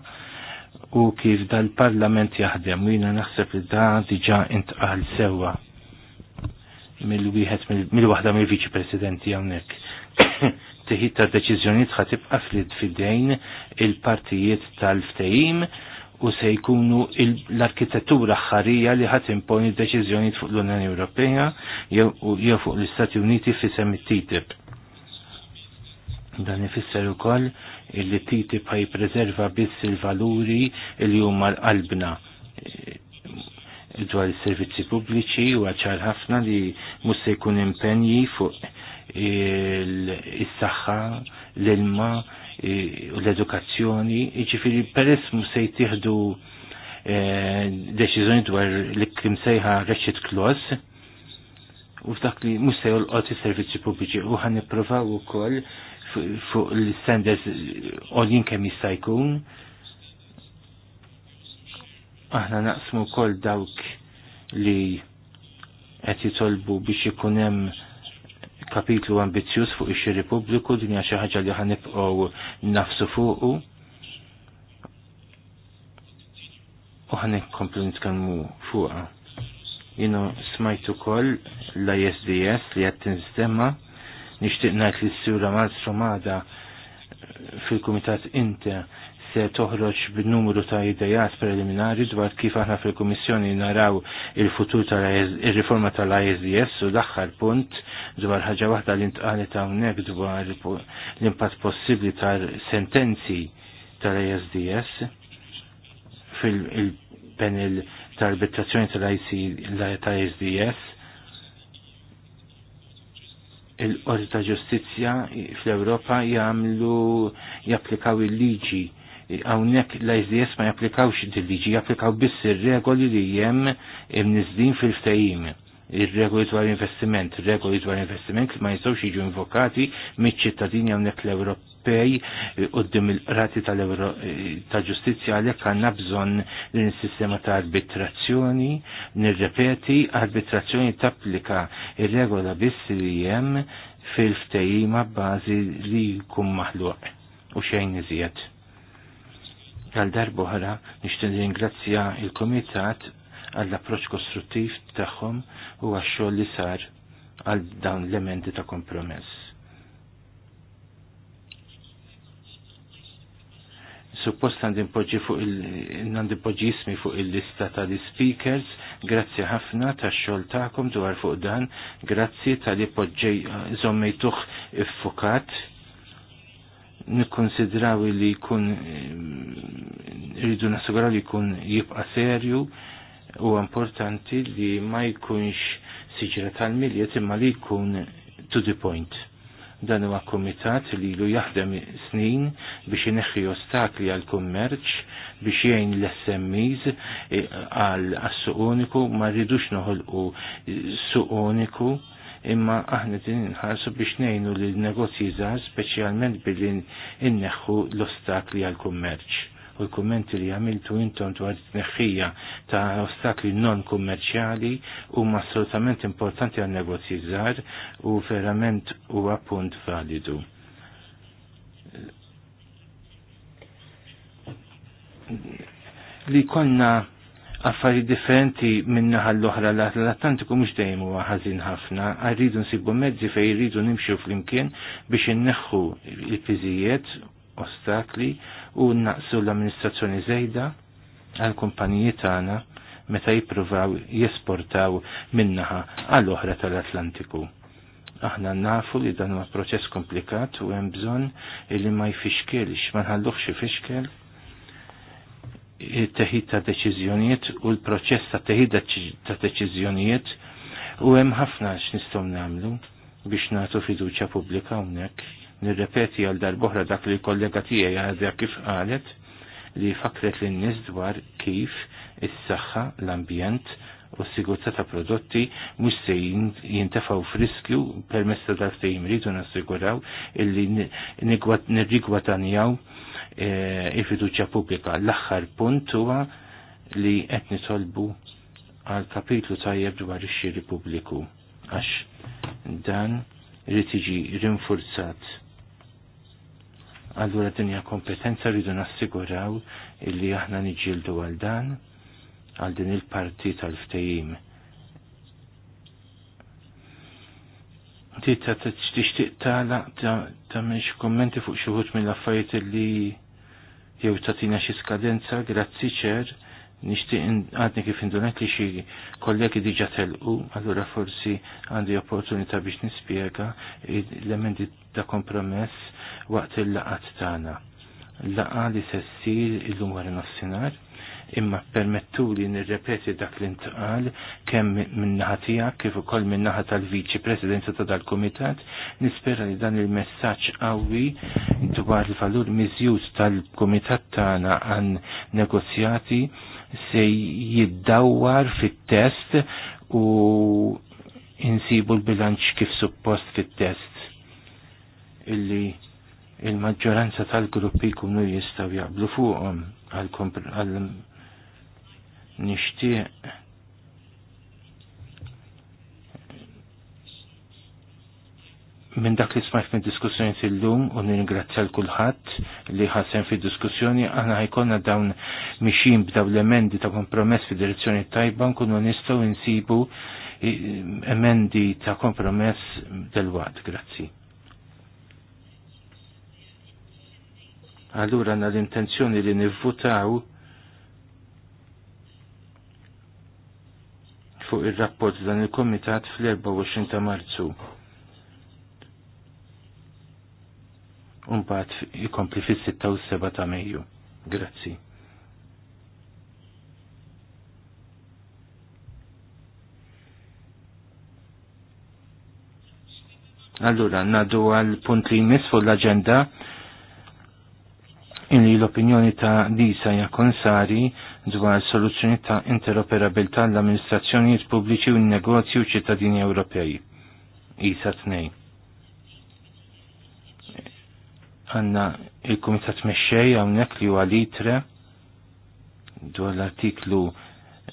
u kif dal-Parlament jaħdem u naħseb li da diġà intqal sewwa mill-wieħed mill wahda mill-Viċi Presidenti hawnhekk. tiħid ta' deċiżjonijiet ħa tibqa' fid-dejn il-partijiet tal-ftehim u se jkunu l-arkitettura ħarija li ħat imponi deċiżjonijiet fuq l-Unjoni Ewropea jew fuq l-Istati Uniti fi it TTIP. Dan ifisser ukoll li TTIP ħaj preserva biss il-valuri li huma l-qalbna eh, dwar is-servizzi pubbliċi u għaċar ħafna li mhux se jkun impenji fuq il-saxħa, l-ilma u l-edukazzjoni, ġifiri peress musej se deċizjoni eh, deċiżjoni dwar li krim sejħa reċit klos u f'dak li mhux se l is-servizzi pubbliċi u ħan u ukoll fuq l-standards għolin kemm jista' jkun. Aħna naqsmu wkoll dawk li qed jitolbu biex ikun hemm kapitlu ambizjuż fuq ix-xiri pubbliku din hija xi ħaġa li ħanibqgħu nafsu fuqu. U ħanikomplu nitkellmu fuqha. Jienu smajt ukoll l-ISDS li qed tinstemma nixtieq ngħid li s-sura Malstrom Mada fil-Kumitat Inter se toħroġ numru ta' idejat preliminari dwar kif aħna fil-Kummissjoni naraw il-futur tal-riforma tal-ISDS u l-aħħar punt dwar ħaġa waħda li ntqalet hawnhekk dwar l-impatt possibbli tal-sentenzi tal-ISDS fil-panel tal-arbitrazzjoni tal-ISDS il-Qorti ta' Ġustizzja fl-Ewropa jagħmlu japplikaw il-liġi hawnhekk l-ISDS ma japplikawx il liġi japplikaw biss ir-regoli li hemm imniżdin fil-ftehim ir-regoli dwar investiment, regoli dwar investiment li ma jistgħux jiġu invokati miċ-ċittadini hawnhekk l-Ewropej eh, d-dim il rati eh, tal-ġustizzja għalhekk għandna bżonn din is-sistema ta' arbitrazzjoni, nirrepeti arbitrazzjoni tapplika ir-regola biss li hemm fil ftajima bażi li jkun maħluq u xejn iżjed Għal darbohra nixtieq ingrazzja il-Kumitat għall-approċċ kostruttiv tagħhom u għax-xogħol li sar għal dawn l-elementi ta' kompromess. Suppost għandi poġġi ismi fuq il-lista ta' di speakers, grazzi ħafna ta' xol ta'kom dwar fuq dan, grazzi ta' li poġġej zommejtuħ iffukat nikkonsidraw li jkun rridu nassiguraw li jkun jibqa' serju u importanti li ma jkunx siġra tal-miljet imma li jkun to the point. Dan huwa komitat li lu jaħdem snin biex ineħħi ostakli għal kummerċ biex jgħin l-SMEs eh, għal suq uniku ma rridux noħolqu suq uniku imma aħna din inħarsu biex nejnu li l-negozji żgħar speċjalment billi inneħħu l-ostakli għal kummerċ u l-kummenti li għamiltu intom dwar t tneħħija ta' ostakli non kummerċjali u assolutament importanti għal negozji żgħar u verament huwa punt validu. Li konna affari differenti minna għall-oħra l-Atlantiku mux dejjem huwa ħażin ħafna, għarridu nsibu mezzi fej rridu nimxu flimkien biex inneħħu il-piżijiet, ostakli u naqsu l-amministrazzjoni żejda għal-kumpaniji tagħna meta jippruvaw jesportaw minnaħa għall-oħra tal-Atlantiku. Aħna nafu li dan huwa proċess komplikat u hemm bżonn li ma jfixkelx, ma nħalluħx ifixkel teħid ta' deċiżjonijiet u l-proċess ta' teħid ta' deċiżjonijiet u hemm ħafna x'nistgħu nagħmlu biex nagħtu fiduċja pubblika hawnhekk. Nirrepeti għal darbohra dak li kollega tiegħi għadha kif qalet li fakret lin nies dwar kif is-saħħa, l-ambjent u s-sigurtà ta' prodotti mhux se jintefgħu friskju permezz ta' dak se jimridu nassiguraw illi nirrigwatanjaw il-fiduċja pubblika. L-aħħar punt huwa li qed nitolbu għal kapitlu tajjeb dwar ix-xiri pubbliku għax dan li tiġi rinforzat. Allura din hija kompetenza rridu nassiguraw illi aħna niġġieldu għal dan għal din il-parti tal ftehim Tita tixtiq tala ta' miex kommenti fuq xuħut mill-affarijiet li jew tatina xi skadenza, grazzi ċer, nixtieq għadni kif indunek li xi kollegi diġa telqu, allura forsi għandi opportunità biex nispjega l-emendi ta' kompromess waqt il-laqat tagħna. Laqa li sessir illum wara nofsinhar imma li nirrepeti dak li ntqal kemm minnaħa tiegħek kif ukoll minnaħa tal-Viċi Presidenza ta' dal-Kumitat nispera li dan il-messaġġ qawwi dwar il-valur miżjud tal-Kumitat tagħna għan negozjati se jiddawwar fit-test u insibu l-bilanċ kif suppost fit-test illi il-maġġoranza tal-gruppi kunu jistaw jaqblu fuqhom għal nixtieq minn dak li smajt minn diskussjoni illum u nirringrazzja l kulħadd li ħassem fi diskussjoni aħna ħajkonna dawn mixin b'daw l-emendi ta' kompromess fi direzzjoni tajba nkunu nistgħu insibu emendi ta' kompromess del-waqt. Grazzi. Allura għandna l-intenzjoni li nivvutaw fuq ir-rapport dan il-Komitat fl-24 ta' Marzu. Umbat jikompli fis-6 u 7 ta' Mejju. Grazzi. Allura, nadu għal punt li jmiss fuq l-agenda li l-opinjoni ta' Disa Jakonsari dwar soluzzjoni ta' interoperabilità l-amministrazzjonijiet pubbliċi u n-negozju u ċittadini Ewropej. Isa tnej. Għanna il-Kumitat Mexxej hawnhekk li huwa litre dwar l-artiklu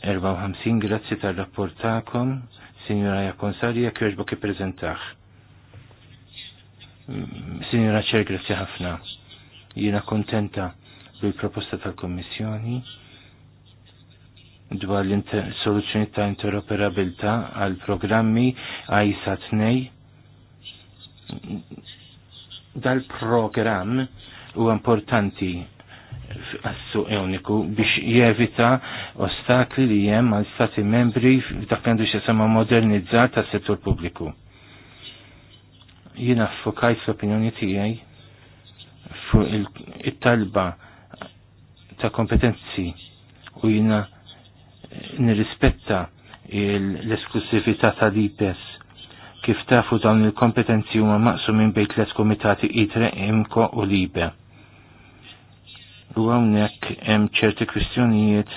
54 grazzi tar rapportakom Sinjora Jakonsari jekk jogħġbok prezentax mm, Sinjora Ċer, grazzi ħafna Jiena kontenta bil-proposta tal-Kommissjoni dwar l-soluzzjoni ta' interoperabilità għal programmi ISA 2 dal-programm u importanti għassu uniku biex jevita ostakli li jem għal stati membri f'dak għandu xesama modernizzata tas settur pubbliku. Jina fokajt l-opinjoni tijaj fuq it-talba ta' kompetenzi u jina nirrispetta l-esklusivita ta' dipes kif tafu dawn il-kompetenzi huma minn bejt tliet komitati ITRE, imko u LIBE. U hawnhekk hemm ċerti kwistjonijiet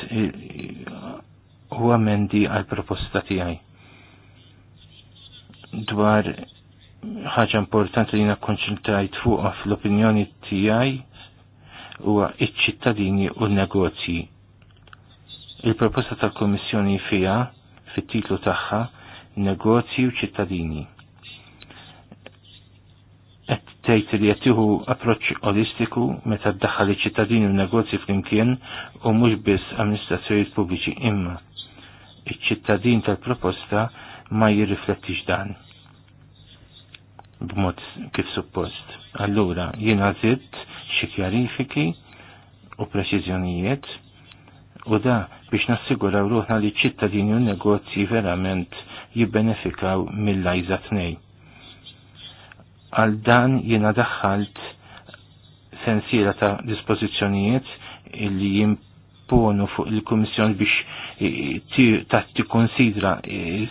u amendi għal proposta tiegħi dwar ħaġa importanti li nakkonċentrajt fuq fl-opinjoni tiegħi huwa iċ-ċittadini u l negozji Il-proposta tal kummissjoni fija fit-titlu tagħha negozji u ċittadini. Qed tgħid li qed tieħu approċċ olistiku meta ddaħħal iċ-ċittadini u negozji flimkien u mhux biss amministrazzjonijiet pubbliċi imma iċ-ċittadin tal-proposta ma jirriflettix dan b'mod kif suppost. Allura, jina zitt xi kjarifiki u preċiżjonijiet u da biex nassiguraw ruħna li ċittadini u negozji verament jibbenefikaw mill-lajza tnej. Għal dan jiena daħħalt sensira ta' dispożizzjonijiet illi jimponu fuq il-Kummissjoni biex ta' tikkonsidra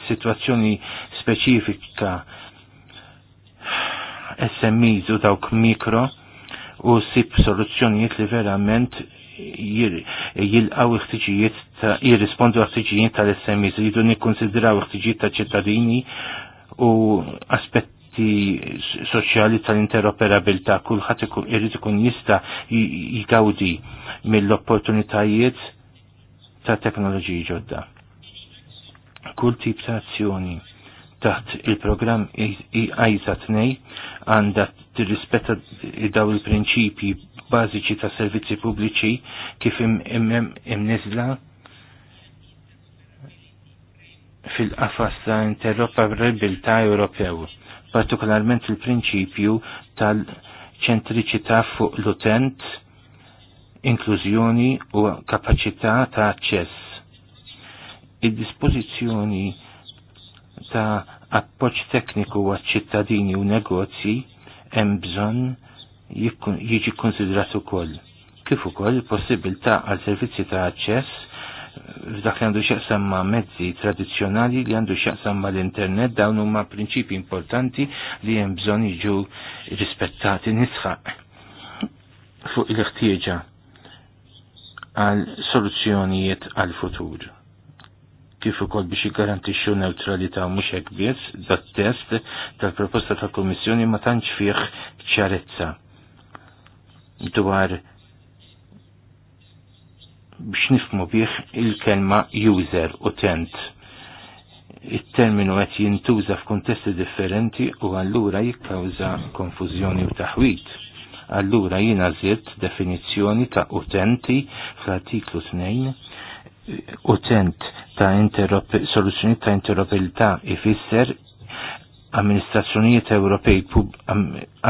situazzjoni speċifika SMEs u dawk mikro u sib soluzzjonijiet li verament jilqaw iħtiġijiet ta' jirrispondu iħtiġijiet tal-SMEs li jidun nikkonsidraw iħtiġijiet ta' ċittadini u aspetti soċjali tal-interoperabilta kulħadd irid ikun jista' jgawdi mill-opportunitajiet ta' teknoloġiji ġodda. Kull tip ta' azzjoni taħt il-programm għanda e t għandha tirrispetta daw il-prinċipji bażiċi ta' servizzi pubbliċi kif imnizla fil-qafas ta' interoperabilta' Ewropew, partikolarment il-prinċipju tal-ċentriċità fuq l-utent, inklużjoni u kapacità ta' aċċess. Id-dispożizzjoni ta' appoċ tekniku għat-ċittadini u negozji hemm bżonn jiġi konsidrat ukoll. Kif ukoll possibilità għal servizzi ta' aċċess f'dak li għandu xaqsam ma' mezzi tradizjonali li għandu xaqsam ma' l-internet dawn huma prinċipi importanti li hemm bżonn jiġu rispettati nisħaq fuq il-ħtieġa għal soluzzjonijiet għal futur kif ukoll biex jiggarantixxu neutralità mhux hekk biss dat-test tal-proposta tal-Kummissjoni ma tantx fih ċarezza dwar biex nifmu bih il-kelma user, utent. Il-terminu għet jintuża f'kuntesti differenti u allura jikkawża konfużjoni u taħwit. Allura jina zirt definizjoni ta' utenti fl-artiklu 2 utent ta' soluzzjoni ta' interoperabilità ifisser amministrazzjonijiet Ewropej,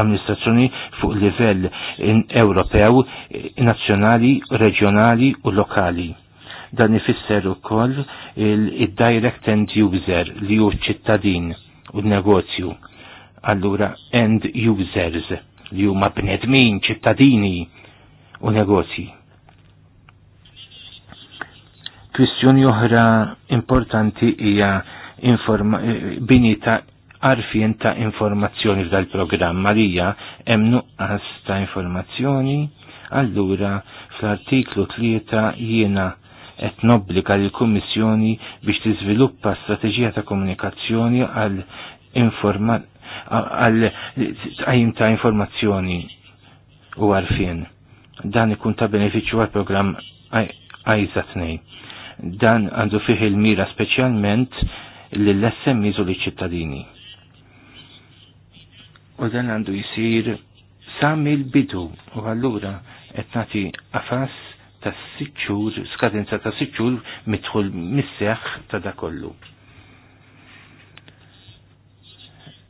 amministrazzjoni fuq livell Ewropew, nazzjonali, reġjonali u lokali. Dan ifisser ukoll il-direct end user li hu ċittadin u negozju. Allura end users li huma bnedmin, ċittadini u negozji Kwistjoni oħra importanti hija eh, bini ta' arfien ta' informazzjoni f'dal programm għalija hemm nuqqas ta' informazzjoni, allura fl-artiklu 3 jiena qed nobbliga lill kummissjoni biex tiżviluppa strateġija ta' komunikazzjoni għal għal tqajjim ta' informazzjoni u għarfien. Dan ikun ta' benefiċċju għal programm għajza Dan għandu fih il-mira speċjalment lill lessem u li ċittadini U dan għandu jisir sam l bidu u għallura etnati għafas ta' s-sicċur, skadenza ta' s-sicċur mitħul misseħ ta' da' kollu.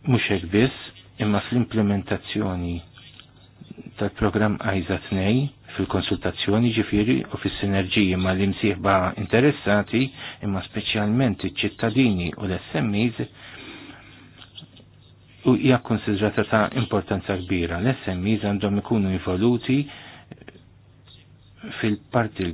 Mux biss, imma fl-implementazzjoni tal-programm ISA fil-konsultazzjoni ġifiri u fil-sinerġiji ma l-imsieħba interessati imma speċjalment iċ-ċittadini u l-SMEs u hija konsidrata ta' importanza kbira. L-SMEs għandhom ikunu involuti fil-parti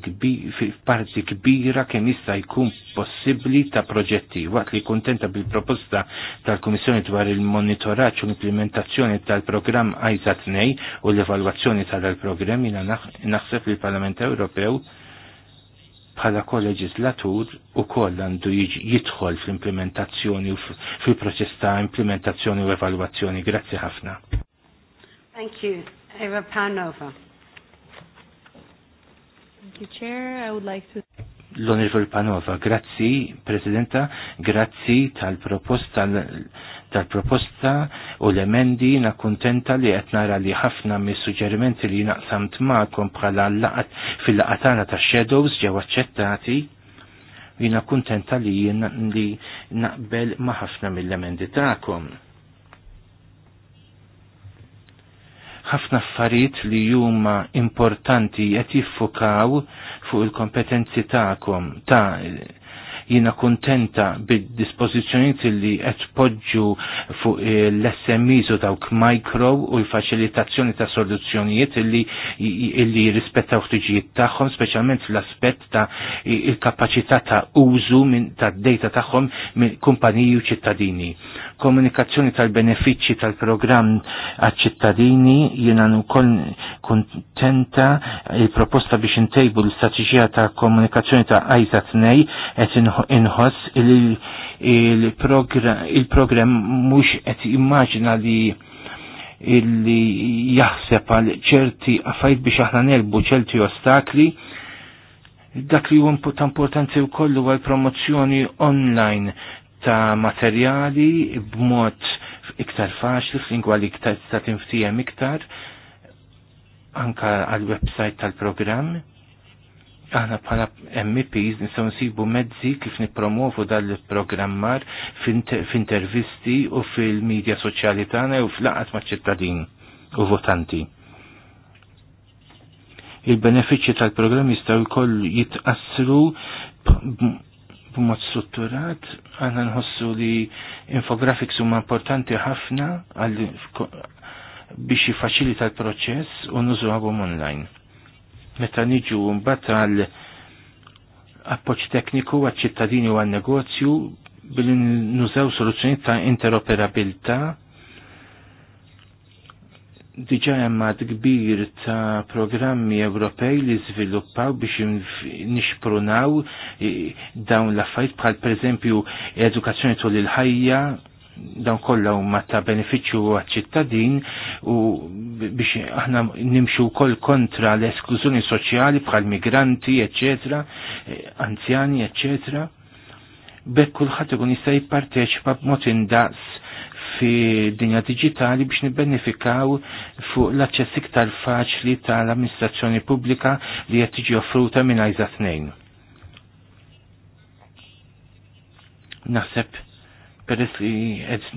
kbira kemm jista' jkun possibbli ta' proġetti. Waqt li kuntenta bil-proposta tal-Kummissjoni dwar il-monitoraġġ u l-implementazzjoni tal-programm ISA 2 u l-evalwazzjoni tal-programm jiena naħseb li l-Parlament Ewropew bħala kol-leġislatur u koll għandu jidħol fl-implementazzjoni u fil-proċess ta' implementazzjoni u evalwazzjoni. Grazzi ħafna.
Thank you. Eva Panova. Thank you, Chair. I would like to...
l Panova, grazzi, Presidenta, grazzi tal-proposta tal-proposta u l-emendi na kontenta li qed nara li ħafna mis suġġerimenti li naqsamt magħkom bħala laqat fil-laqatana ta' shadows ġew aċċettati jina kontenta li jien li naqbel ma' ħafna mill-emendi tagħkom. ħafna affarijiet li huma importanti qed jiffukaw fuq il-kompetenzi tagħkom ta' jina kontenta bid dispożizzjonijiet li qed poġġu fuq l-SMEs u dawk micro u l-faċilitazzjoni ta' soluzzjonijiet li jirrispettaw ħtiġijiet tagħhom, speċjalment fl-aspett ta' il-kapaċità ta' użu ta' data tagħhom minn kumpaniji u ċittadini komunikazzjoni tal-benefiċċji tal-programm għaċ-ċittadini jiena wkoll kuntenta il-proposta biex intejbu l-istrateġija ta' komunikazzjoni ta' għajza tnej qed inħoss il-programm mhux qed immaġina li illi jaħseb għal ċerti affajt biex aħna nelbu ċerti ostakli dak li huwa importanti wkoll huwa l-promozzjoni online ta' materjali b'mod iktar faċli f'lingwa li iktar ta' tinftijem iktar anka għal-website tal-programm. Aħna bħala MPs nistgħu nsibu mezzi kif nippromovu dan il programmar f'intervisti u fil-medja soċjali tagħna u fl-laqat ma' ċittadin u votanti. Il-benefiċċji tal-programm jistgħu jkoll jitqassru b'mod strutturat, għanna nħossu li infografiks huma importanti ħafna biex jifaċilita l-proċess u nużu għabhom online. Meta niġu mbagħad għal appoġġ tekniku għal ċittadini u għal negozju billi nużaw soluzzjoni ta' interoperabilità diġa jemmad kbir ta' programmi Ewropej li sviluppaw biex nixprunaw e, dawn l-affajt bħal per eżempju edukazzjoni tul il-ħajja dawn kollha huma ta' benefiċċju għaċ-ċittadin u biex aħna nimxu wkoll kontra l-esklużjoni soċjali bħal migranti, eċetera, e, anzjani, eccetera. bekk kulħadd ikun jista' jipparteċipa b'mod indaqs fi dinja digitali biex nibbenefikaw fuq l-aċċess iktar faċli tal-amministrazzjoni pubblika li qed tiġi offruta minn ajza tnejn. Naħseb peress li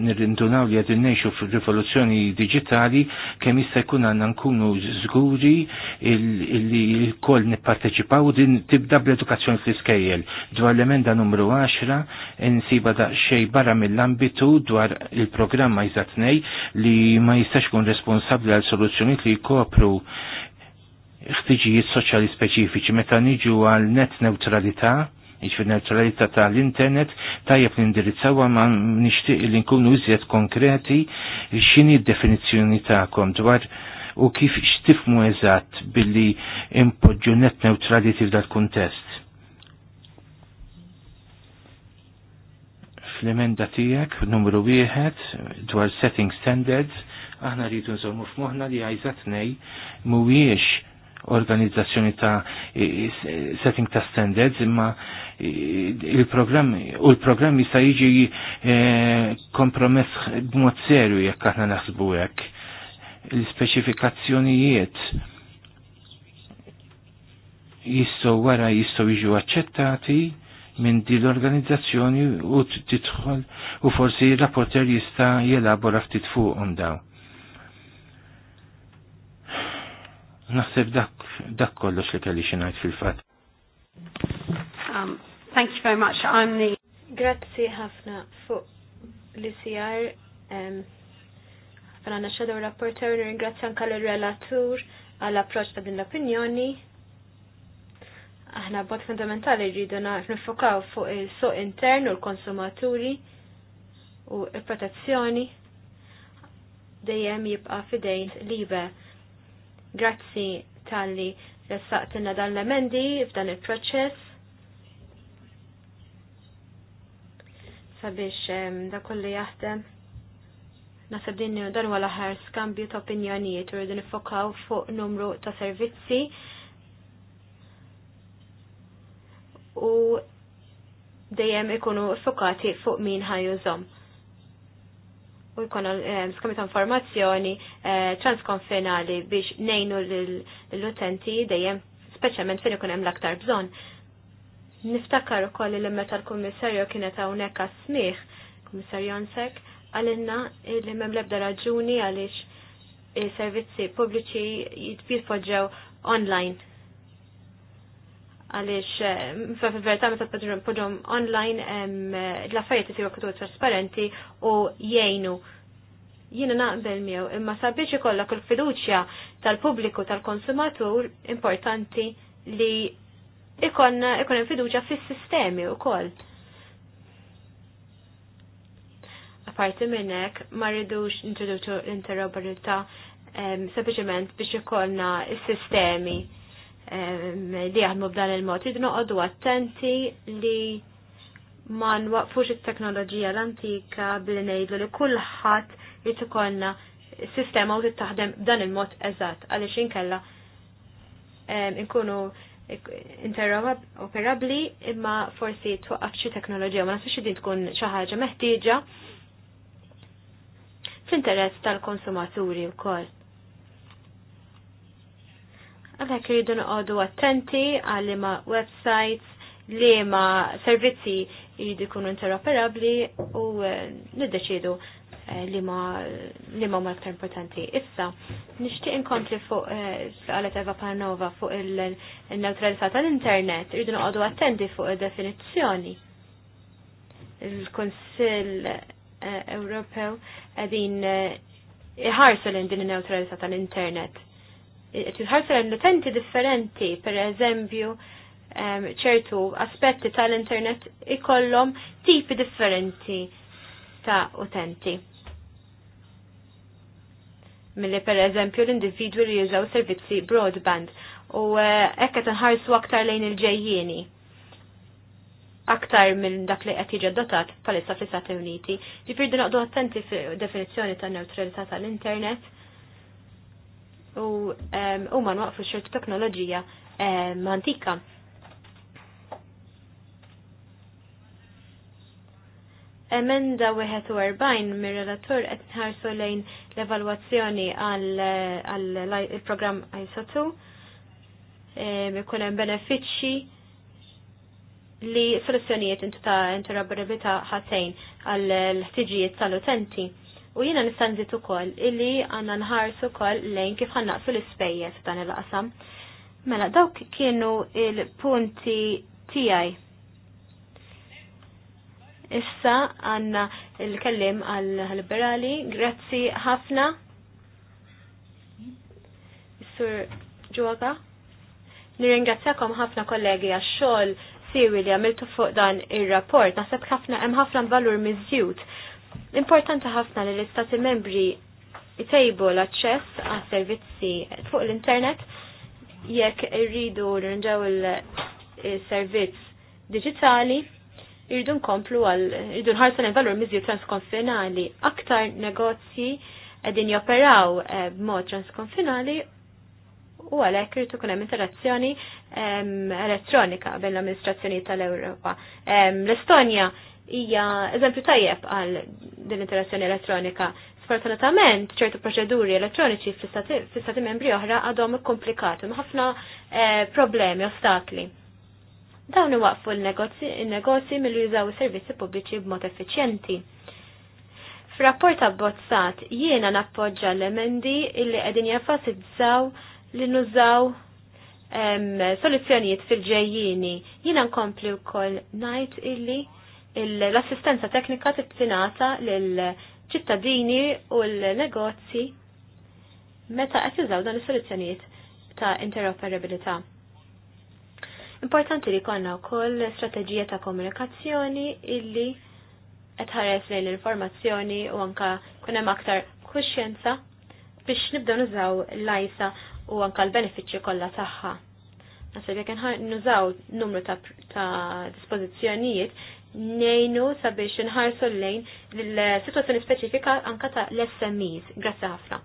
li qegħdin ngħixu fir-rivoluzzjoni digitali kemm jista' jkun għandna nkunu żguri li kol nipparteċipaw din tibda bl-edukazzjoni fl-iskejjel. Dwar l-emenda numru 10 insiba xej barra mill-ambitu dwar il-programma jżatnej li ma jistax kun responsabbli għal soluzzjonijiet li jkopru ħtiġijiet soċjali speċifiċi meta niġu għal net neutralità neutralita ta' tal-internet tajjeb l-indirizzawa ma nixtieq li nkunu iżjed konkreti x'inhi d-definizzjoni tagħkom dwar u kif x'tifmu eżatt billi impoġġu net neutraliti f'dal kuntest. Fl-emenda tiegħek numru wieħed dwar setting standards aħna rridu nżommu f'moħħna li għajżat nej mhuwiex organizzazzjoni ta' setting ta' standards imma il-programm u l-programm jista' jiġi eh, kompromess b'mod serju jekk aħna naħsbu hekk. L-ispeċifikazzjonijiet jistgħu wara jistgħu jiġu aċċettati minn di l-organizzazzjoni u titħol u forsi il-rapporter jista' jelabora ftit fuqhom daw. Naħseb dak, dak kollox li kelli ngħid fil fatt
Um, thank you very much. I'm the... Grazzi ħafna fuq l-ICR. Ħafna um, xadow rapporter, ringrazzja anka l-relatur għall-approċ ta' din l-opinjoni. Aħna bot fundamentali rridu naf nifokaw fuq il-suq intern u l-konsumaturi u l-protezzjoni dejjem jibqa' fidejn libe Grazzi tal-li ressaqtina dan l-emendi f'dan il-proċess. Sabiex da kulli jaħdem. Nasab din dan huwa l-aħħar skambju ta' opinjonijiet u rridin fokaw fuq numru ta' servizzi. U dejjem ikunu fokati fuq min ħajużom u jkun eh, skomita informazzjoni eh, transkonfinali biex nejnu l-utenti dejjem speċjalment fejn ikun hemm l-aktar bżonn. Niftakar ukoll li meta l-Kummissarju kienet hawnhekk għas-smih, Kummissarju Ansek, għalinna li m'hemm l-ebda raġuni għaliex servizzi pubbliċi jitpoġġew online għaliex eh, fil-verità meta tpoġġhom online l-affarijiet isiru kitu trasparenti u jgħinu jiena naqbel miegħu imma sabiex ikollok il-fiduċja tal-pubbliku tal-konsumatur importanti li ikon ikon fiduċja fis-sistemi wkoll. Aparti minn hekk ma rridux introduċu l-interoperabilità sempliċement biex ikollna s-sistemi li jaħdmu b'dan il-mod. Idu noqogħdu attenti li ma nwaqfux it-teknoloġija l-antika billi ngħidlu li kulħadd jrid ikollna sistema u tittaħdem b'dan il-mod eżatt għaliex inkella inkunu interoperabbli imma forsi twaqqaf xi teknoloġija ma nafx din tkun xi ħaġa meħtieġa fl-interess tal-konsumaturi wkoll. Għalhekk iridu noqogħdu attenti għal liema websites li ma servizzi jridu jkunu interoperabbli u eh, niddeċidu eh, li ma l-aktar importanti. Issa, nixtieq inkompli fuq eh, għalet Eva Panova fuq il-neutralità tal-internet, irridu noqogħdu attenti fuq id-definizzjoni. Il-Kunsill Ewropew qegħdin iħarsu l din in neutralizzata tal-internet qed għandu l-utenti differenti, per eżempju, ċertu aspetti tal-internet ikollhom tipi differenti ta' utenti. Milli per eżempju l-individwi li jużaw servizzi broadband u eh, hekk qed aktar lejn il-ġejjieni aktar minn dak li qed jiġi adottat bħalissa fl-Istati Uniti. Ġifier din noqdu attenti fi definizzjoni ta' neutralità tal-internet u huma nwaqfu xorti teknoloġija antika. Emenda 41 mir-relatur qed nħarsu lejn l-evalwazzjoni għal il-programm ISO 2 ikun hemm benefiċċji li soluzzjonijiet intu ta' interoperabilità ħatejn għall ħtiġijiet tal-utenti. U jina nistandit ukoll illi għanna nħarsu koll lejn kif ħannaqsu l-ispejjeż dan il-qasam. Mela dawk kienu il-punti tiegħi. Issa għanna il-kellim għal-liberali, grazzi ħafna. Sur Ġuaka, Niringrazzjakom ħafna kollegi għax-xogħol siwi li għamiltu fuq dan ir-rapport. Naħseb ħafna hemm ħafna valur miżjud Importanti ħafna li l-Istati membri jtejbu l-aċċess għas servizzi fuq l-internet jekk irridu rinġaw il-servizz digitali irridu nkomplu għal irridu nħarsu l-valur miżju transkonfinali aktar negozji qegħdin joperaw eh, b'mod transkonfinali u għalhekk irid kunem hemm interazzjoni ehm, elettronika bejn l-amministrazzjoni tal-Ewropa. Ehm, L-Estonja hija eżempju tajjeb għal din interazzjoni elettronika. Sfortunatament, ċertu proċeduri elettroniċi fl-istati membri oħra għadhom komplikati, ma ħafna eh, problemi, ostakli. Dawn iwaqfu l-negozji mill jużaw servizzi pubbliċi b'mod effiċjenti. F'rapport abbozzat jiena nappoġġa l-emendi illi qegħdin jenfasizzaw li nużaw ehm, soluzzjonijiet fil-ġejjini. Jiena nkompli wkoll ngħid illi l-assistenza teknika tittinata l-ċittadini u l-negozji meta qed jużaw dan is-soluzzjonijiet ta' interoperabilità. Importanti li konna wkoll strateġija ta' komunikazzjoni illi qed ħares lejn l-informazzjoni u anka kun hemm aktar kuxjenza biex nibdew nużaw l-lajsa u anka l-benefiċċji kollha tagħha. Nasib jekk nużaw numru ta', ta dispożizzjonijiet nejnu sabiex nħarsu l-lejn l-situazzjoni speċifika anka ta' l-SMEs. Grazzi ħafna.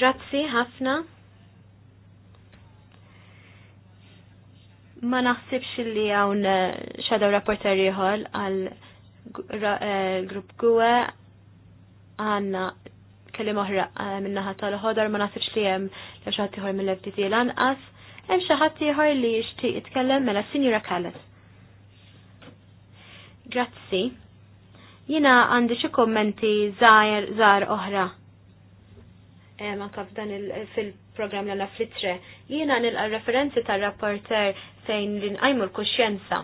Grazzi ħafna. Ma naħsibx li hawn xadaw eh, rapporter ieħor għal eh, grupp Gwe għanna kellim oħra eh, minnaħa tal-ħodar ma naħsibx li hemm xi ħadd mill-FTT lanqas Hemm xi ħadd ieħor li jixtieq jitkellem mela Sinjura Kallas. Grazzi. Jina għandi xi kommenti żgħar żgħar oħra. E, eh, ma dan fil-programm l flitre. Jina nilqa referenzi tar-rapporter fejn li nqajmu l-kuxjenza.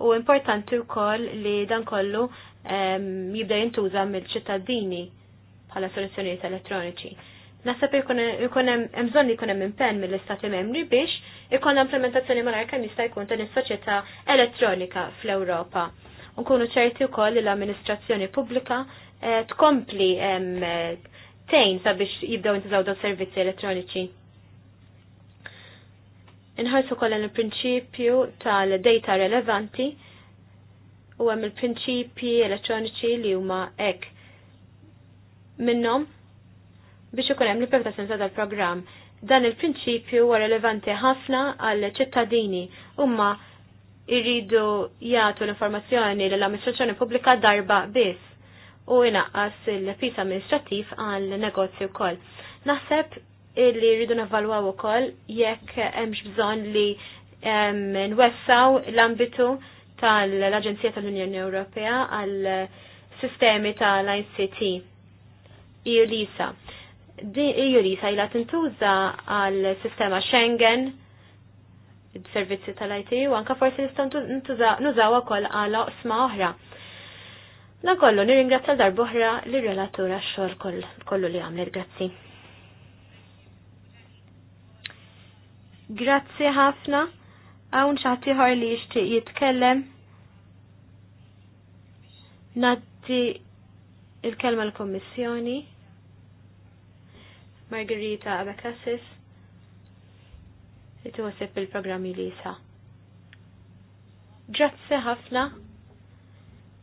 U importanti wkoll li dan kollu jibda jintuża mill-ċittadini bħala soluzzjonijiet elettroniċi Nasab ikonem emżon ikonem impen mill-istati membri biex ikon implementazzjoni malar kemm jista' jkun din is-soċjetà elettronika fl-Ewropa. Nkunu ċerti wkoll li l-amministrazzjoni pubblika eh, tkompli tejn sabiex jibdew intużaw daw servizzi elettroniċi. Inħarsu kollha il-prinċipju tal-data relevanti u hemm il-prinċipji elettroniċi li huma hekk minnhom biex ikun hemm l-implementazzjoni ta' dal-programm. Dan il-prinċipju huwa relevanti ħafna għal ċittadini huma jridu jagħtu l-informazzjoni lill amministrazzjoni pubblika darba biss u inaqqas il-pis amministrattiv għal negozju wkoll. Naħseb illi jridu navalwaw ukoll jekk hemmx bżonn li nwessaw l-ambitu tal-Aġenzija tal-Unjoni Ewropea għal sistemi tal-ICT. ILISA juri sajla tintuża għal sistema Schengen, servizzi tal-IT, u anka forsi nistgħu nużaw ukoll għal oqsma oħra. Dan kollu nirringrazzja darbohra lir relatura xor xogħol kollu li għamlet grazzi. Grazzi ħafna. Hawn xaħti ħor li jixtieq jitkellem. Naddi il-kelma l-Kommissjoni. Margarita Abacassis li tuħseb il-programmi li jisa. Grazzi ħafna.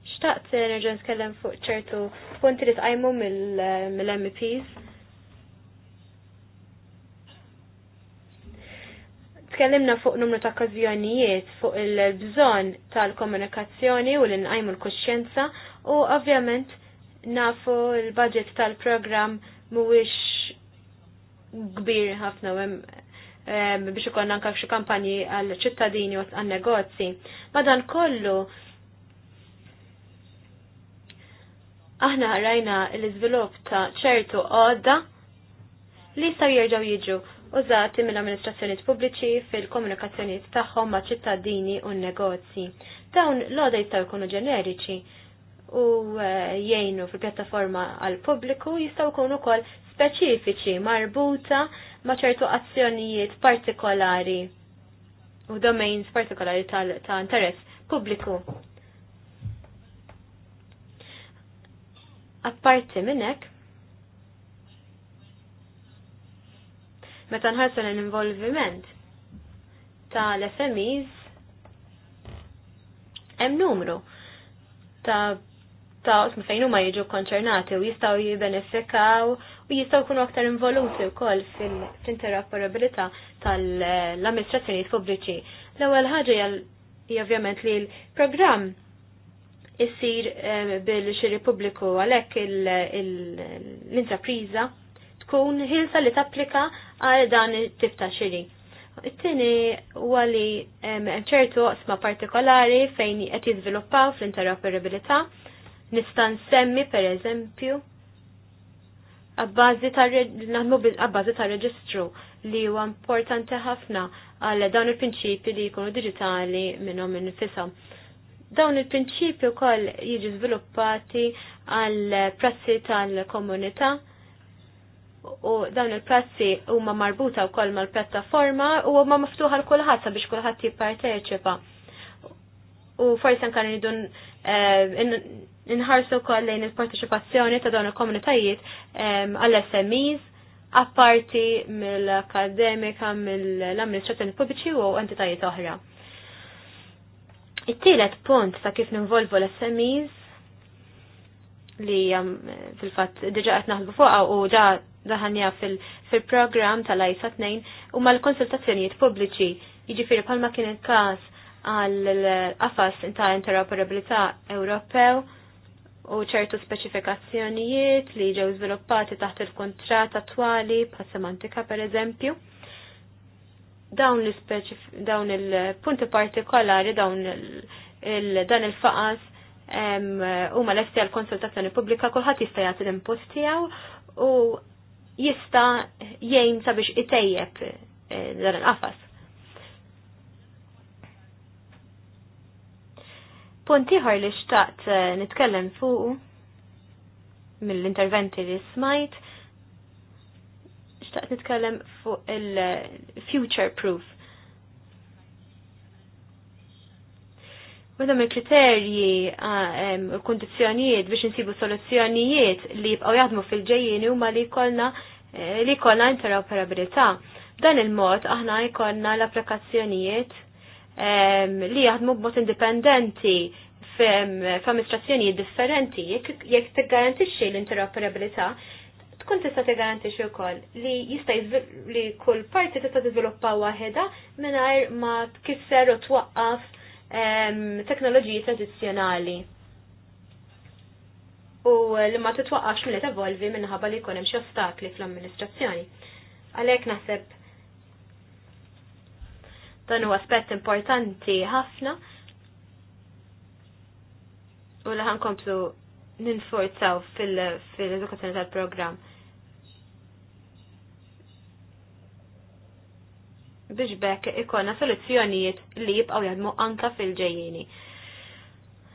Xtaqt nerġa' nitkellem fuq ċertu punti li tqajmu mill-MPs. Tkellimna fuq numru ta' okkażjonijiet fuq il-bżonn tal-komunikazzjoni u li nqajmu l kosċenza u ovvjament nafu l-budget tal-programm mhuwiex kbir ħafna biex ikon anka xi kampanji għal ċittadini u għan negozji. Madan kollu aħna rajna l-iżvilupp ta' ċertu għodda li sa jerġgħu jiġu użati mill-amministrazzjonijiet pubbliċi fil-komunikazzjonijiet tagħhom ma' ċittadini u negozji. Dawn l-għoda jistgħu jkunu ġeneriċi u eh, jgħinu fil-pjattaforma għal pubbliku jistgħu jkunu ukoll speċifiċi marbuta ma' ċertu azzjonijiet partikolari u domains partikolari ta' interess pubbliku. Apparti minnek, meta nħarsu l-involviment ta' l-FMEs hemm numru ta' ta' fejn huma jiġu konċernati u jistgħu jibbenefikaw u jistgħu jkunu aktar involuti wkoll fil-interoperabilità tal-amministrazzjonijiet pubbliċi. L-ewwel ħaġa hija ovvjament li l-programm jissir eh, bil-xiri pubbliku għalhekk l-intrapriża tkun ħilsa li tapplika għal dan it-tip ta' xiri. It-tieni huwa li eh, ċertu osma partikolari fejn qed jiżviluppaw fl-interoperabilità. Nista' nsemmi pereżempju għabbażi ta' reġistru li huwa importanti ħafna għal dawn il-prinċipi li jkunu digitali minnhom infisom. Dawn il-prinċipi wkoll jiġu żviluppati għal prassi tal-komunità u dawn il-prassi huma marbuta wkoll mal-pjattaforma u huma miftuħa l kulħadd sabiex kulħadd jipparteċipa. U forsi anke nidu eh, Inħarsu wkoll lejn il-parteċipazzjoni ta' dawn il-komunitajiet għall-SMEs, apparti mill-akademika, mill-amministrazzjoni pubbliċi u entitajiet oħra. It-tielet punt ta' kif ninvolvu l-SMEs li fil-fatt diġa qed naħdmu fuqha u ġa daħanja fil programm tal-ISA 2 u mal konsultazzjonijiet pubbliċi jiġifieri bħalma kien il-każ għall qafas ta' interoperabilità Ewropew u ċertu speċifikazzjonijiet li ġew żviluppati taħt il-kontrat attwali bħal semantika per eżempju. Dawn, dawn il-punti partikolari, dawn il dan il-faqas huma lesti għal konsultazzjoni pubblika kulħadd jista' jagħti l impost tiegħu u jista' jgħin sabiex itejjeb eh, dan il-qafas. Punt ieħor li xtaqt eh, nitkellem fuq mill-interventi li smajt, xtaqt nitkellem fuq il-future eh, proof. Meta mill kriterji u eh, kondizjonijiet biex nsibu soluzzjonijiet li jibqgħu jaħdmu fil-ġejjini huma li jkollna li jkollna interoperabilità. Dan il-mod aħna jkollna l-applikazzjonijiet li jaħdmu b'mod indipendenti f'amministrazzjonijiet differenti, jekk tiggarantixxi l-interoperabilità, tkun tista' tiggarantixxi wkoll li jista' li kull parti tista' t-izviluppa waħedha mingħajr ma tkisser u twaqqaf teknoloġiji tradizzjonali. U li ma titwaqqax mill evolvi minħabba li jkun hemm xi ostakli fl-amministrazzjoni. Għalhekk naħseb Dan huwa aspett importanti ħafna u li komplu ninforzaw fil-edukazzjoni fil tal-programm. biex bekk ikonna soluzzjonijiet li jibqaw jadmu anka fil-ġejjini.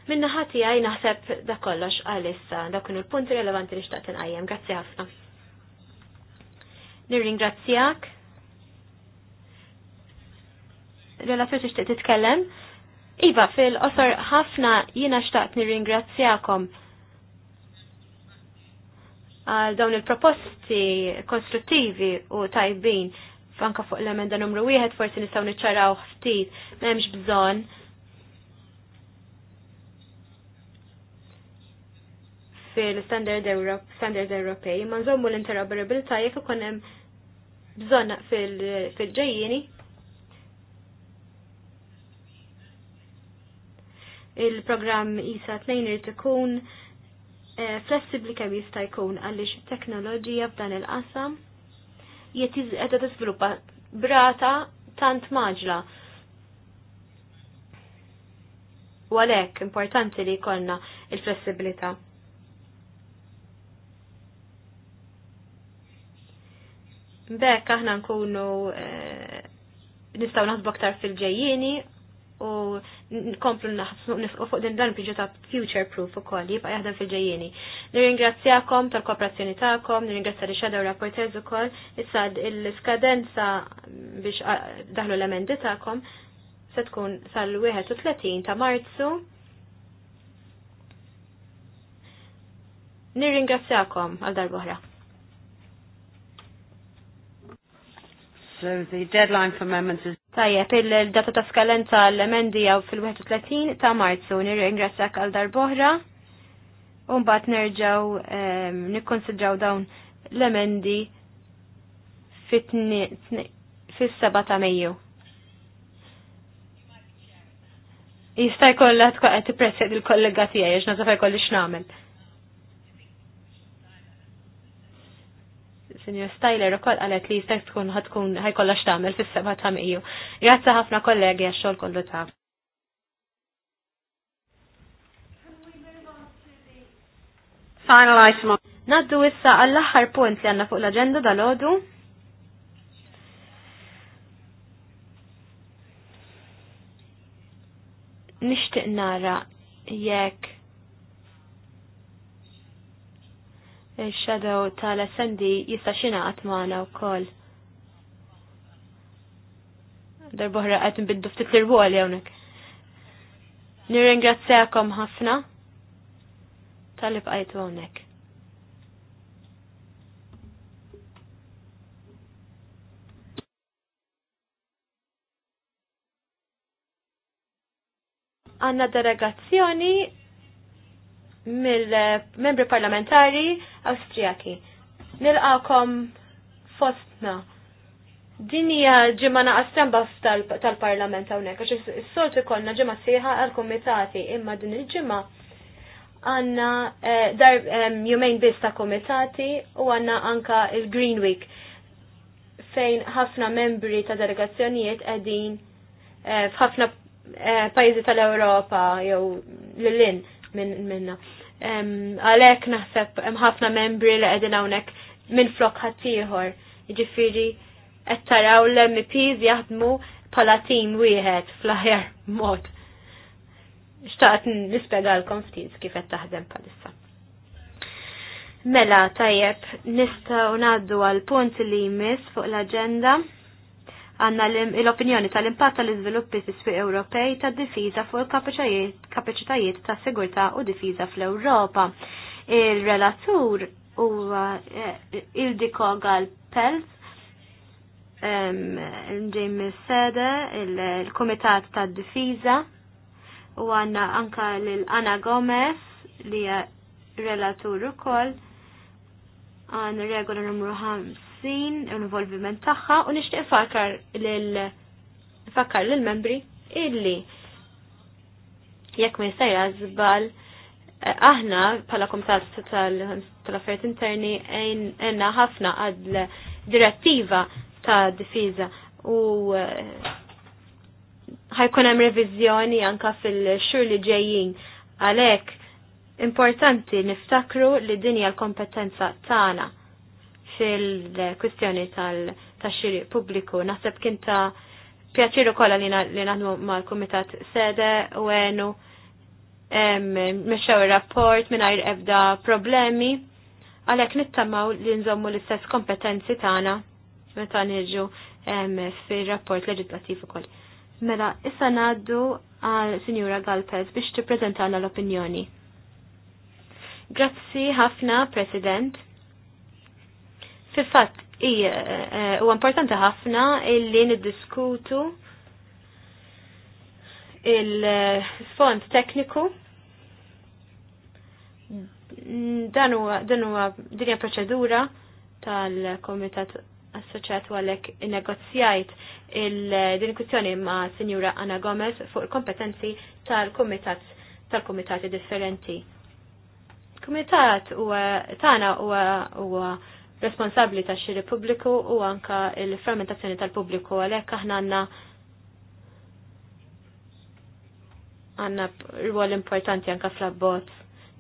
Minna ħati għaj naħseb da kollox għal-issa, da kunu l-punti relevanti li xtaqt għajem. Grazzi ħafna. Nirringrazzjak relatur tixtieq titkellem. Iva, fil-qosor ħafna jiena xtaqt nirringrazzjakom għal dawn il-proposti konstruttivi u tajbin fanka fuq l-emenda numru wieħed forsi nistgħu niċċaraw ftit m'hemmx bżonn fil-standard Europe, standard Ewropej, ma nżommu l-interoperabilità jekk ikun hemm bżonn fil-ġejjieni. Fil il-programm t 2 irid ikun eh, flessibli kemm jista' jkun għaliex teknoloġija f'dan il-qasam qed qiegħda tiżviluppa brata tant maġla. U għalhekk importanti li jkollna il-flessibilità. Bekk aħna nkunu eh, nistgħu naħsbu aktar fil-ġejjieni u nkomplu naħsnu nifqu fuq din dan biġu ta' future proof ukoll jibqa' jaħdem fil-ġejjieni. Nirringrazzjakom tal-kooperazzjoni tagħkom, nirringrazzja li xadew rapporters ukoll, issa l-iskadenza biex daħlu l-emendi tagħkom se tkun sal-31 ta' Marzu. Nirringrazzjakom għal darbohra. So the deadline for amendments is... Tajjeb, il-data ta' skalenza l-emendi għaw fil-31 ta' marzu, nir-ingressak għal darboħra, un-bat nerġaw nikkonsidraw dawn l-emendi fil-7 ta' Mejju. Jista' jkollha tkun qed tippressja il-kollega tiegħi għax nagħżaf kolli xnamel. Senior Styler ukoll qalet li jista' tkun ħatkun ħajkolla xtamil fis-seba' ta' Miju. Grazzi ħafna kollegi għax-xogħol kollu ta' Finalize ma. Naddu issa għall-aħħar punt li għandna fuq l-aġenda dal-għodu. Nixtieq nara jekk il-shadow tal-SND jista' xinaqat magħna wkoll. Darbohra qed nbiddu ftit l-irwol hawnhekk. Nirringrazzjakom ħafna tal-li hawnhekk. Għanna delegazzjoni mill-membri parlamentari Awstrijaki. Nilqakom fostna. Din hija ġimgħa naqas tembas tal-Parlament hawnhekk għax is-soltu ikollna ġimgħa sieħa għall-kumitati imma din il-ġimgħa għanna eh, dar jumejn biss ta' kumitati u għanna anka il-Green Week fejn ħafna membri ta' delegazzjonijiet qegħdin eh, f'ħafna eh, pajjiżi tal-Ewropa jew l-lin minna. Għalek naħseb hemm ħafna membri li qegħdin hawnhekk minn flok ħaddieħor. Ġifiri, qed taraw l-MPs jaħdmu palatin tim wieħed fl-aħjar mod. Xtaqt nispjegalkom ftit kif qed taħdem bħalissa. Mela, tajjeb, nistgħu ngħaddu għal punt li jmiss fuq l-aġenda għanna l-opinjoni tal-impatt tal-iżviluppi fis-swieq Ewropej tad difiża fuq il-kapaċitajiet ta' sigurtà u difiża fl-Ewropa. Il-relatur huwa eh, Ildiko Galpels James Sede, il-Komitat tad difiża u għanna anka l-Ana Gomez li relatur ukoll għan regola numru 5 l involviment tagħha u nixtieq fakar lil lil membri illi jekk ma jista' żbal eh, aħna bħala komitat tal-affarijiet interni għenna ħafna għad direttiva ta' difiża u eh, ħajkun hemm reviżjoni anka fil-xhur li ġejjin għalhekk importanti niftakru li dinja l-kompetenza tagħna il-kwistjoni tal-xiri pubbliku. Naħseb kien ta' pjaċiru kolla li naħdmu mal-Kumitat Sede u għenu mexxew ir-rapport mingħajr ebda problemi għalhekk nittamaw li nżommu l-istess kompetenzi tagħna meta nħiġu fir-rapport leġislattiv ukoll. Mela, issa ngħaddu għal Sinjura Galpez biex tippreżentana l-opinjoni. Grazzi ħafna, President. Fil-fatt, eh, u importanti ħafna illi niddiskutu il-fond tekniku dan huwa din hija dinja proċedura tal-Komitat Assoċjat għalhekk innegozjajt il-din kwistjoni ma' Sinjura Anna Gomez fuq il-kompetenzi tal-Komitat tal-Komitati differenti. Komitat u tagħna huwa responsabbli tax-xiri pubbliku u anka l-fermentazzjoni tal-pubbliku għalhekk aħna għandna għanna rwol importanti anka fl-abbot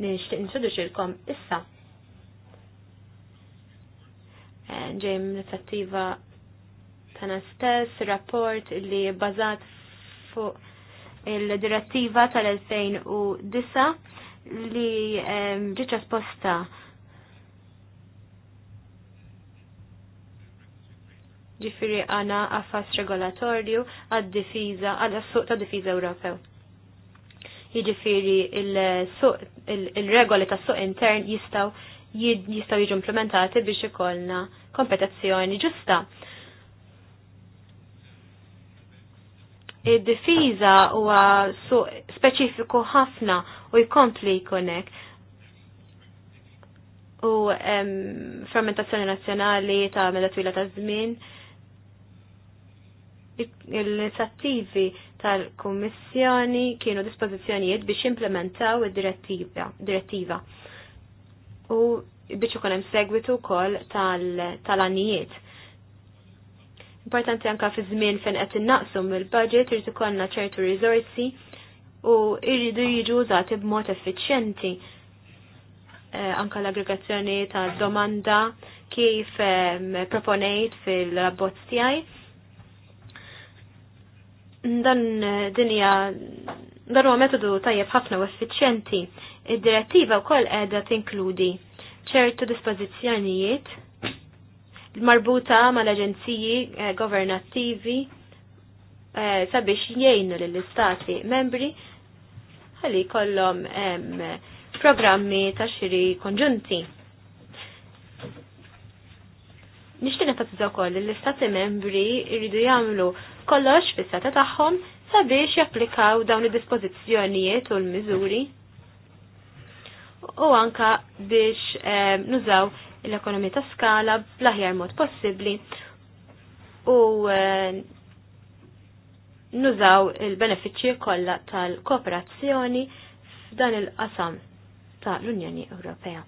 nixtieq introduċilkom issa. Eh, Ġejm inizjattiva ta' stess, rapport li bazat fuq il-direttiva tal-2009 li ehm, ġiċa sposta ġifiri għana għafas regolatorju għad-difiza, għal-suq ta' difiza Ewropew. Jiġifiri il-regoli ta' suq intern jistaw jistaw jiġu implementati biex ikollna kompetizzjoni ġusta. Id-difiża huwa suq speċifiku ħafna u jkompli jkunek u fermentazzjoni nazzjonali ta' meda twila ta' żmien l-inizjattivi tal-Kummissjoni kienu dispożizzjonijiet biex implementaw id-direttiva. U biex ikun hemm segwitu wkoll tal-anijiet. Importanti anka fi żmien fejn qed innaqsu mill-budget irid ikollna ċertu riżorsi u jridu jiġu użati b'mod effiċjenti. Eh, anke anka l-aggregazzjoni ta' domanda kif eh, proponejt fil rabbozz tiegħi dan dinja dan huwa metodu tajjeb ħafna u effiċjenti. Id-direttiva wkoll qiegħda tinkludi ċertu dispożizzjonijiet marbuta mal-aġenziji eh, governattivi eh, sabiex jgħinu lill-istati membri ħalli kollom programmi ta' xiri konġunti. Nixtieq ta' t-zokoll, l-istati membri jridu jagħmlu kollox fis-seta tagħhom sabiex japplikaw dawn id-dispożizzjonijiet u l-miżuri u anka biex eh, nużaw l-ekonomija ta' skala bl-aħjar mod possibbli u eh, nużaw il-benefiċċji kollha tal-kooperazzjoni f'dan il-qasam ta' l-Unjoni Ewropea.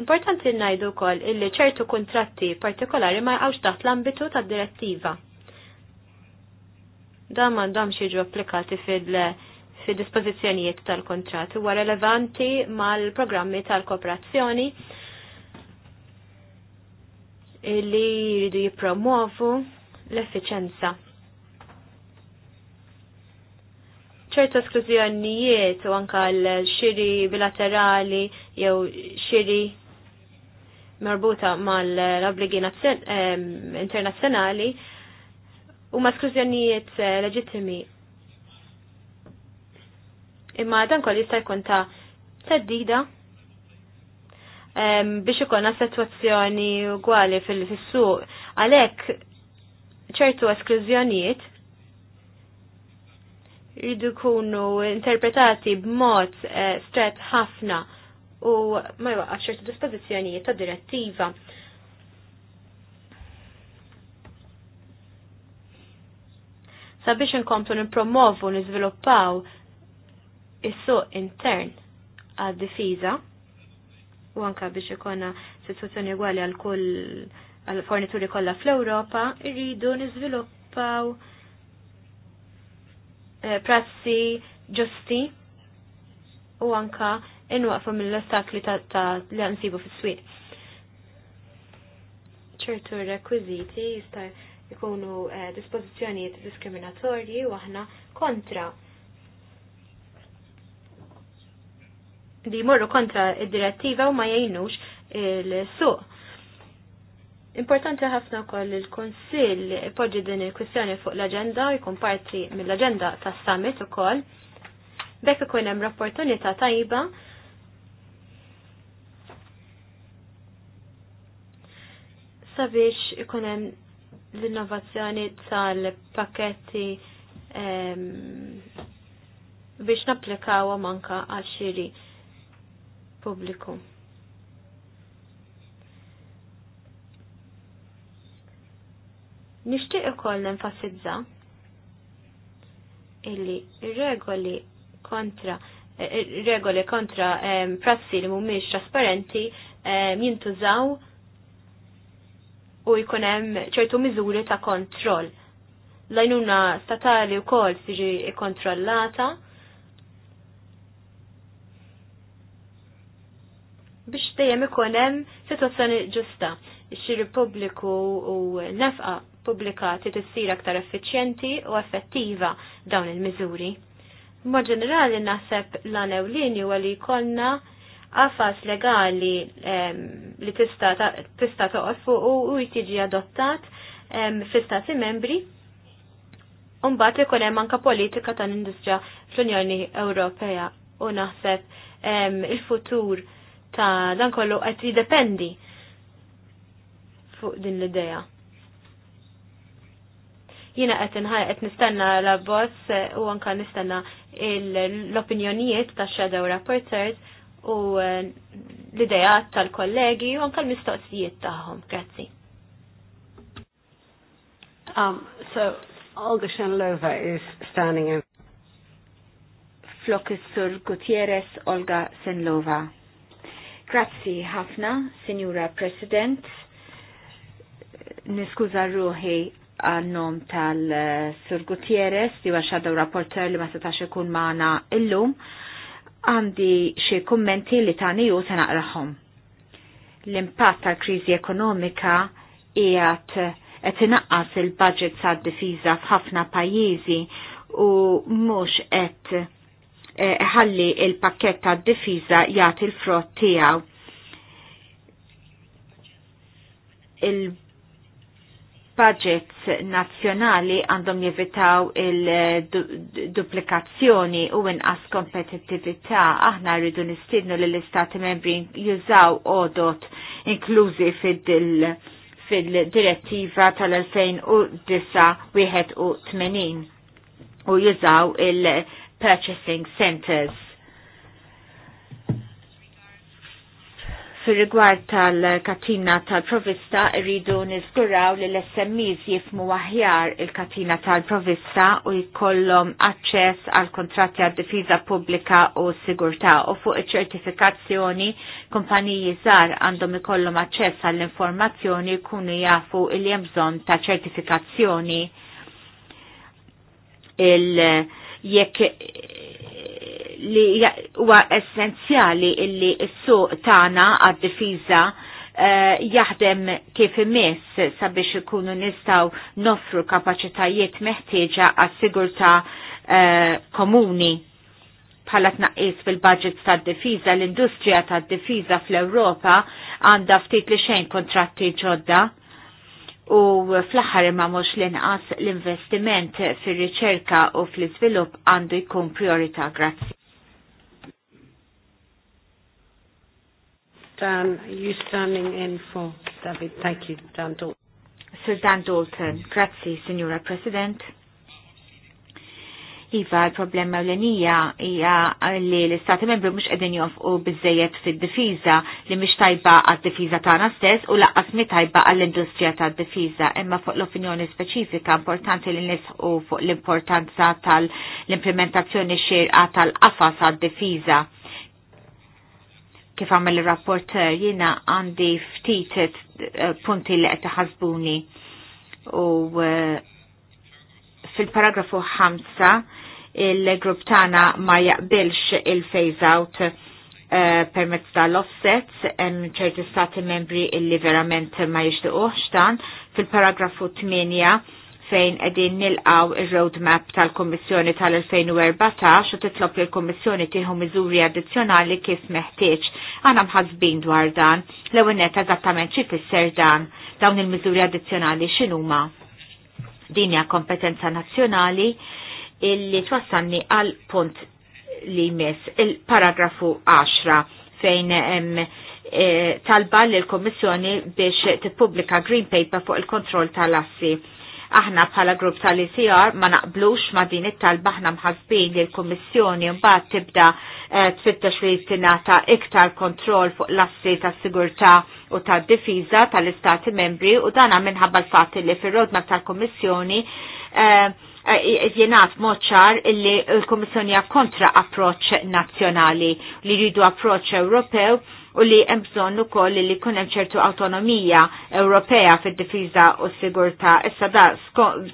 Importanti najdu kol illi ċertu kontratti partikolari ma jgħawx taħt l-ambitu ta' direttiva. Dan m'għandhomx xieġu applikati fil- fi tal-kontrat huwa relevanti mal-programmi tal-kooperazzjoni li jridu jipromuovu l-effiċenza. ċertu esklużjonijiet u anka l-xiri bilaterali jew xiri marbuta mal-obligi internazzjonali u ma' skrużjonijiet eh, leġittimi. Imma dan kol jista' jkun ta' teddida biex ikonna situazzjoni ugwali fil-suq għalhekk ċertu esklużjonijiet jridu jkunu interpretati b'mod eh, stret ħafna u ma jwaqqax ċertu dispożizzjonijiet ta' direttiva. Sabiex inkomplu nippromovu niżviluppaw is-suq intern għad-difiża u anka biex ikona situazzjoni għali għal kull għal fornituri kollha fl-Ewropa, irridu niżviluppaw eh, prassi ġusti u anka inwaqfu mill-ostakli ta' li għansibu fis-swieq. ċertu rekwiziti jista' jkunu eh, dispożizzjonijiet diskriminatorji u aħna kontra li jmorru kontra id-direttiva u ma jgħinux il-suq. Importanti ħafna wkoll il konsil poġi din il-kwistjoni fuq l-aġenda jkun parti mill-aġenda tas-summit ukoll. Bekk ikun hemm opportunità tajba sabiex ikun hemm l-innovazzjoni tal-pakketti ehm, biex naplikaw manka għal xiri pubbliku. Nixtieq n nenfasizza illi regoli kontra eh, regoli kontra ehm, prassi li mhumiex trasparenti ehm, jintużaw u jkun hemm ċertu miżuri ta' kontroll. L-għajnuna statali u kol siġi kontrollata biex dejjem ikun hemm sitwazzjoni ġusta. Ix-xiri u nefqa pubblika titissir aktar effiċjenti u effettiva dawn il-miżuri. Mod ġenerali naħseb l-għanewlini u għalli konna għafas legali li tista' toqgħod fuq u jtiġi adottat fl stati membri Umbat li kunem anka politika ta' industrija fl-Unjoni Ewropea u naħseb il-futur ta' dan kollu qed jiddependi fuq din l-idea. Jiena qed nħaj għet nistenna l-abbozz u anka nistenna l-opinjonijiet ta' shadow rapporters u eh, l-idejat tal-kollegi u anka l-mistoqsijiet tagħhom. Grazzi. Um, so,
Olga Shenlova is standing in. Flokis sur Gutierrez Olga Senlova. Grazzi ħafna, Signora President. Niskuza ruħi għal-nom tal-Sur eh, Gutierrez, li għaxħadaw rapporter li ma setax ikun maħna illum. lum għandi xie kummenti li tani ju se L-impatt tal-kriżi ekonomika qiegħed qed inaqqas il-budget sad-difiża f'ħafna pajjiżi u mhux qed e, ħalli il-pakket tad-difiża jagħti l-frott tiegħu budgets nazzjonali għandhom jevitaw il-duplikazzjoni u inqas kompetittività aħna rridu nistidnu li l-istati membri jużaw odot inklużi fil-direttiva tal-2009 u jużaw il-purchasing centers fil-rigward tal-katina tal-provista rridu nizguraw li l-SMEs jifmu aħjar il-katina tal-provista u jkollhom aċċess għal kontratti għad difiża pubblika u sigurtà u fuq iċ-ċertifikazzjoni kumpaniji żgħar għandhom ikollhom aċċess għall informazzjoni jkunu jafu il hemm bżonn ta' ċertifikazzjoni il jek li huwa essenzjali illi s-suq tagħna għad-difiża eh, jaħdem kif imiss sabiex ikunu nistaw nofru kapacitajiet meħtieġa għas-sigurta eh, komuni bħala tnaqqis fil-budget tad difiża l-industrija tad difiża fl-Ewropa għandha ftit li xejn kontratti ġodda u fl-aħħar imma mhux l-inqas l-investiment fir-riċerka u fl-iżvilupp għandu jkun priorità grazzi. Dan, you standing in for David. Thank you, Dan Dalton. Sir Dan Dalton, grazie, Signora President. Iva, l-problema l-enija hija li l-Istati membri mux edin jofqu bizzejiet fil-difiza li mux tajba għad-difiza tagħna stess u laqqas mi tajba għall-industrija tad-difiza. Imma fuq l-opinjoni speċifika importanti li nisqu fuq l-importanza tal-implementazzjoni xirqa tal-qafas għal difiza kif għamel il-rapporter jina għandi ftit eh, punti li qed taħasbuni u eh, fil-paragrafu 5 il-grupp tagħna ma jaqbilx il-phase out eh, permezz tal-offset hemm ċerti stati membri li verament ma jixtiequx dan fil-paragrafu 8 fejn edin nilqaw il-roadmap tal-Kommissjoni tal-2014 u titlob li l-Kommissjoni tieħu miżuri addizzjonali kif meħtieġ. Għana mħazbin dwar dan, l ewwel eżattament xi fisser dan dawn il-miżuri addizzjonali x'inhuma. Din hija kompetenza nazzjonali illi twassanni għal punt li mis il-paragrafu 10 fejn hemm e, talba l kommissjoni biex tippubblika green paper fuq il-kontroll tal-assi. Aħna bħala grupp tal-ICR ma naqblux ma din it-talba ħna mħasbin li l-Kummissjoni mbagħad tibda eh, tfittex li tingħata iktar kontroll fuq l-assi tas sigurtà u tad difiża tal-Istati membri u dana minħabba l-fatt li fir-roadmap tal-Kummissjoni eh, eh, jenat moċar li l-Komissjoni kontra approċ nazjonali li jridu approċ Ewropew u li hemm bżonn ukoll li jkun hemm ċertu autonomija Ewropea fid-difiża u s-sigurtà. Issa da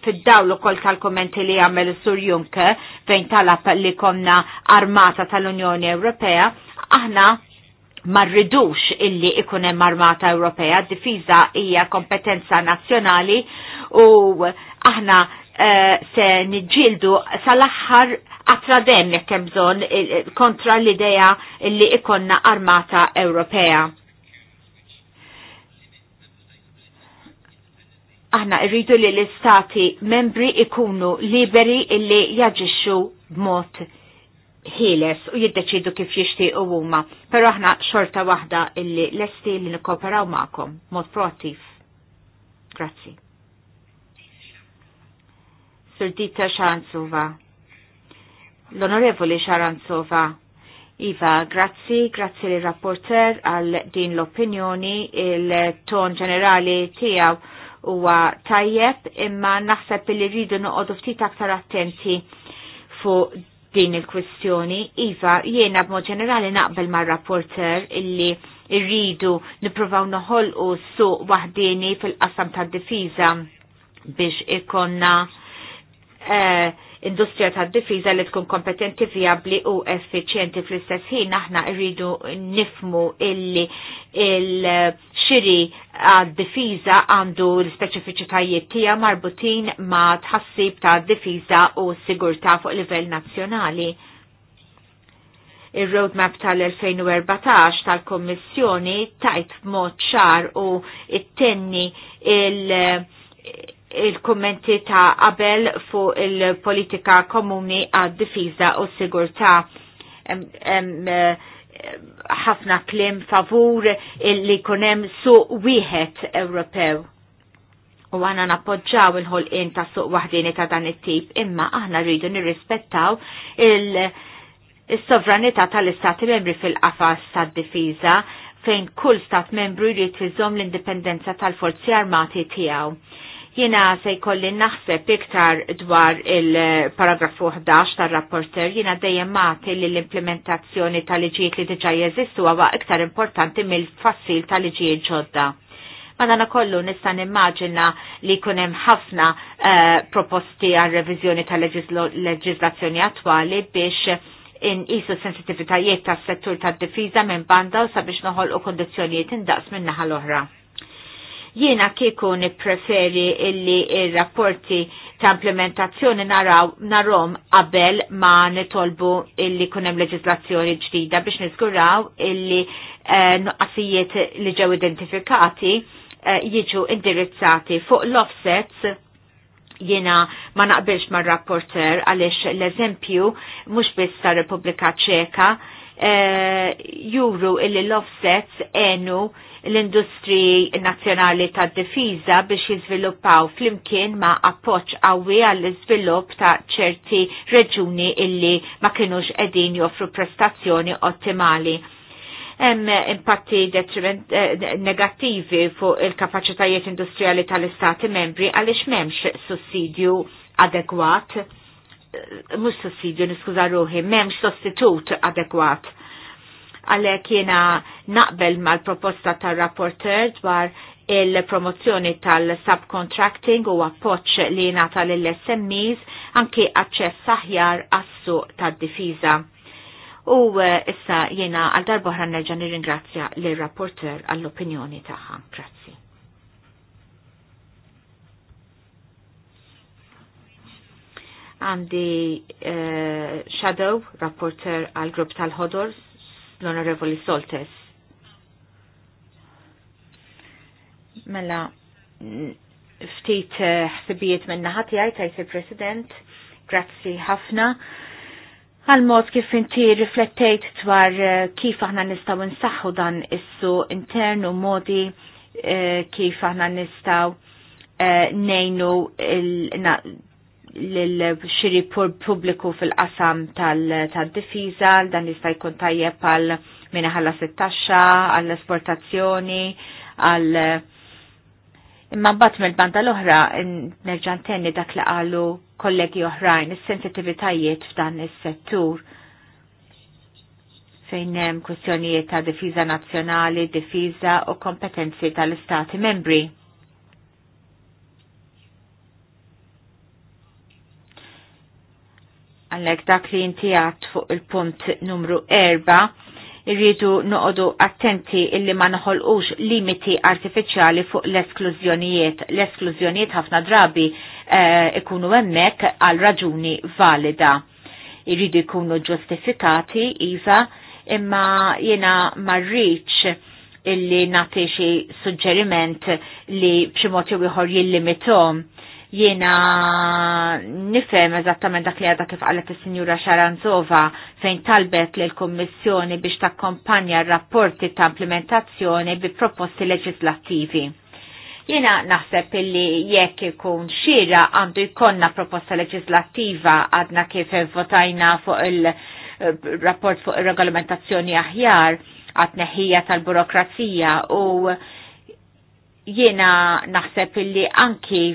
fid-dawl ukoll tal-kommenti li għamel sur Juncker fejn talab li konna armata tal-Unjoni Ewropea, aħna ma rridux illi ikunem armata Ewropea, difiża hija kompetenza nazzjonali u aħna uh, se niġġieldu sal-aħħar għatra dem jekk hemm bżonn kontra l-idea li ikonna armata Ewropea. Aħna rridu li l-istati membri ikunu liberi illi jaġixxu b'mod ħieles u jiddeċidu kif jixtiequ huma, però aħna xorta waħda illi lesti li nikkooperaw magħkom mod proattiv. Grazzi. Surdita Xanzuva l-Onorevoli Xaranzova. Iva, grazzi, grazzi li rapporter għal din l-opinjoni, il-ton ġenerali tijaw huwa tajjeb, imma naħseb li rridu noqogħdu ftit aktar attenti fuq din il-kwestjoni. Iva, jiena b'mod ġenerali naqbel mar-rapporter illi rridu nippruvaw noħolqu suq waħdini fil-qasam tad-difiża biex ikonna eh, industrija tad difiża li tkun kompetenti viabli u effiċjenti fl-istess ħin aħna rridu nifmu illi il-xiri għad difiża għandu l-speċifiċitajiet tiegħu marbutin ma' tħassib ta' difiża u sigurtà fuq livell nazzjonali. Il-roadmap tal-2014 tal-Kommissjoni tajt mod ċar u it-tenni il- il-kommenti ta' qabel fuq il-politika komuni għad difiża u sigurtà eh, ħafna klim favur li kunem suq wieħed Ewropew. U għana nappoġġaw il-ħolqin ta' suq wahdini ta' dan it-tip, imma aħna rridu nirrispettaw il-sovranità tal-istati membri fil-qafas tad-difiża fejn kull stat membru jrid iżomm l-indipendenza tal-forzi armati tiegħu jina se jkolli naħseb iktar dwar il-paragrafu 11 tal-rapporter, jina dejjem mati li l-implementazzjoni tal-liġijiet li diġa jeżistu għawa iktar importanti mill-fassil tal-liġijiet ġodda. Madana kollu nistan immaġina li kunem ħafna eh, proposti għal revizjoni tal-leġizlazzjoni attwali biex in isu sensitivitajiet tas settur tad difiża minn banda u sabiex noħol u kondizjonijiet indaqs minn naħa l-oħra. Jiena kieku nippreferi illi il rapporti ta' implementazzjoni narom qabel ma nitolbu illi kunem leġislazzjoni ġdida biex nizguraw illi eh, nuqqasijiet li ġew identifikati eh, jiġu indirizzati fuq l-offsets Jiena ma naqbilx ma' rapporter għalix l-eżempju mux biss ta' Repubblika Ċeka eh, juru illi l-offsets enu l-industri nazzjonali tad difiża biex jiżviluppaw flimkien ma' appoġġ qawwi għall-iżvilupp ta' ċerti reġuni illi ma kinux qegħdin joffru prestazzjoni ottimali. Hemm impatti detriment eh, negattivi fuq il-kapaċitajiet industrijali tal-Istati membri għaliex m'hemmx sussidju adegwat eh, mux sussidju, niskuza ruħi, memx sostitut adekwat għalhekk jiena naqbel mal-proposta tar-rapporter dwar il-promozzjoni tal-subcontracting u appoċ li nata l-SMEs anki aċċess saħjar għassu tad-difiża. U eh, issa jena għal darbohra nerġa nirringrazzja l-rapporter għall-opinjoni taħħa. Grazzi. Għandi uh, Shadow, rapporter għal grupp tal ħodors l-Onorevoli Soltes. Mela, ftit eh, ħsibijiet minna ħati għaj tajt il-President, grazzi ħafna għal-mod kif inti riflettejt dwar eh, kif aħna nistaw nsaħħu dan issu internu modi eh, kif aħna nistaw nejnu l-xiri pubbliku fil-qasam tal-difiża, dan jista' jkun tajjeb għal minna ħalla sittaxxa, għall-esportazzjoni, għall Imma mbagħad mill-banda l-oħra nerġan tenni dak li qalu kollegi oħrajn is-sensitivitajiet f'dan is-settur fejn hemm kwistjonijiet ta' difiża nazzjonali, difiża u kompetenzi tal-istati membri għallek dak li inti għat fuq il-punt numru 4 irridu noqodu attenti illi ma noħolqux limiti artificiali fuq l-esklużjonijiet. L-esklużjonijiet ħafna drabi eh, ikunu hemmhekk għal raġuni valida. Irridu jkunu ġustifikati iva imma jena marriċ illi nati xi suġġeriment li b'xi mod jew ieħor jillimitom Jiena nifhem eżattament dak li għadha kif qalet is-Sinjura Xaranzova fejn talbet l kummissjoni biex takkompanja r-rapporti ta' implementazzjoni bi proposti leġislattivi. Jiena naħseb illi jekk ikun xira għandu jkollna proposta leġislattiva għadna kif votajna fuq il-rapport eh, fuq ir-regolamentazzjoni aħjar għat-neħija tal-burokrazija u jiena naħseb illi anki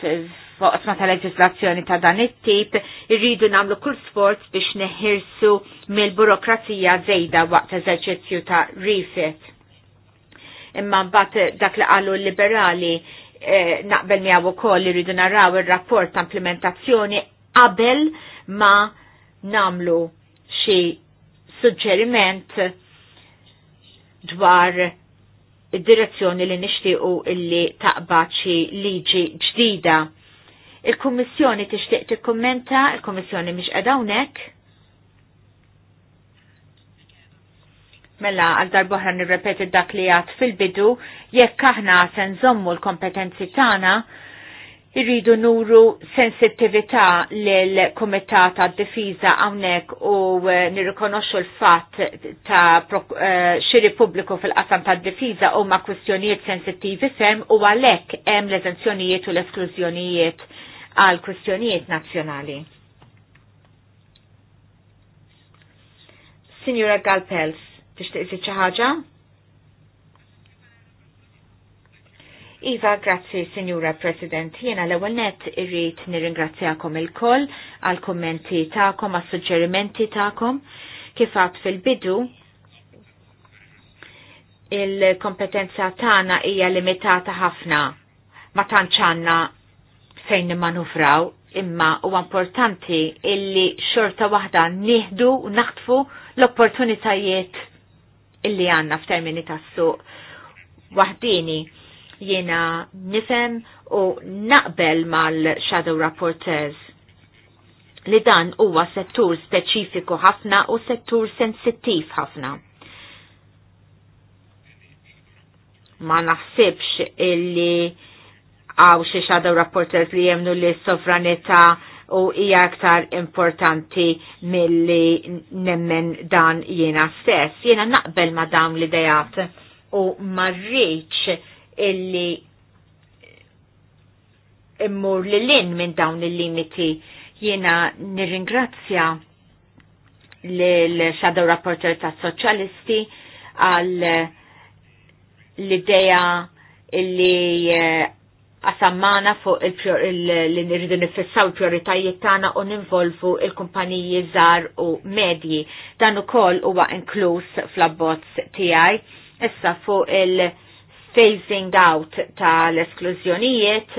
f'oqsma ta' leġislazzjoni ta' dan it-tip irridu nagħmlu kull sforz biex neħirsu mill-burokrazija żejda waqt eżerċizzju ta' rifit. Imma mbagħad dak li qalu l-liberali eh, naqbel miegħu koll irridu naraw ir-rapport ta' implementazzjoni qabel ma namlu xi suġġeriment dwar id-direzzjoni li nixtiequ illi taqbaċi liġi ġdida. Il-Kummissjoni tixtieq tikkummenta, il-Kummissjoni mhix qed hawnhekk. Mela għal darbohra nirrepeti dak li għat fil-bidu, jekk aħna nżommu l-kompetenzi tagħna irridu nuru sensittività l komitat għad difiża hawnhekk u eh, nirrikonoxxu l-fatt ta' eh, xiri pubbliku fil-qasam tad difiża huma kwistjonijiet sensittivi ferm u għalhekk hemm l-eżenzjonijiet u l-esklużjonijiet għal kwistjonijiet nazzjonali. Signora Galpels, tixtieq xi ħaġa? Iva, grazzi, Signora President. Jena l ewwel net irrit nirringrazzjakom il-koll għal-kommenti ta'kom, għal-suġġerimenti ta'kom. Kifat fil-bidu, il-kompetenza tagħna hija limitata ħafna. Ma tantx għandna fejn nimmanuvraw, imma huwa importanti illi xorta waħda nieħdu u naħtfu l-opportunitajiet illi għandna f'termini tas-suq waħdini Jiena nifem u naqbel mal-Shadow Rapporteurs li dan huwa settur speċifiku ħafna u settur sensittiv ħafna. Ma naħsibx illi għaw xi shadow rapporters li jemnu li sovranità u hija aktar importanti milli nemmen dan jiena stess. Jiena naqbel ma li l-idejat u marriċ illi immur li lin minn dawn il-limiti. Jiena nirringrazzja l-Shadow Rapporter ta' Soċjalisti għal l-ideja illi għasammana eh, fuq li nirridu nifissaw il-prioritajiet tagħna u ninvolvu il-kumpaniji żgħar u medji. Dan ukoll huwa inkluż fl-abbozz tiegħi. Issa fuq il- phasing out tal-esklużjonijiet,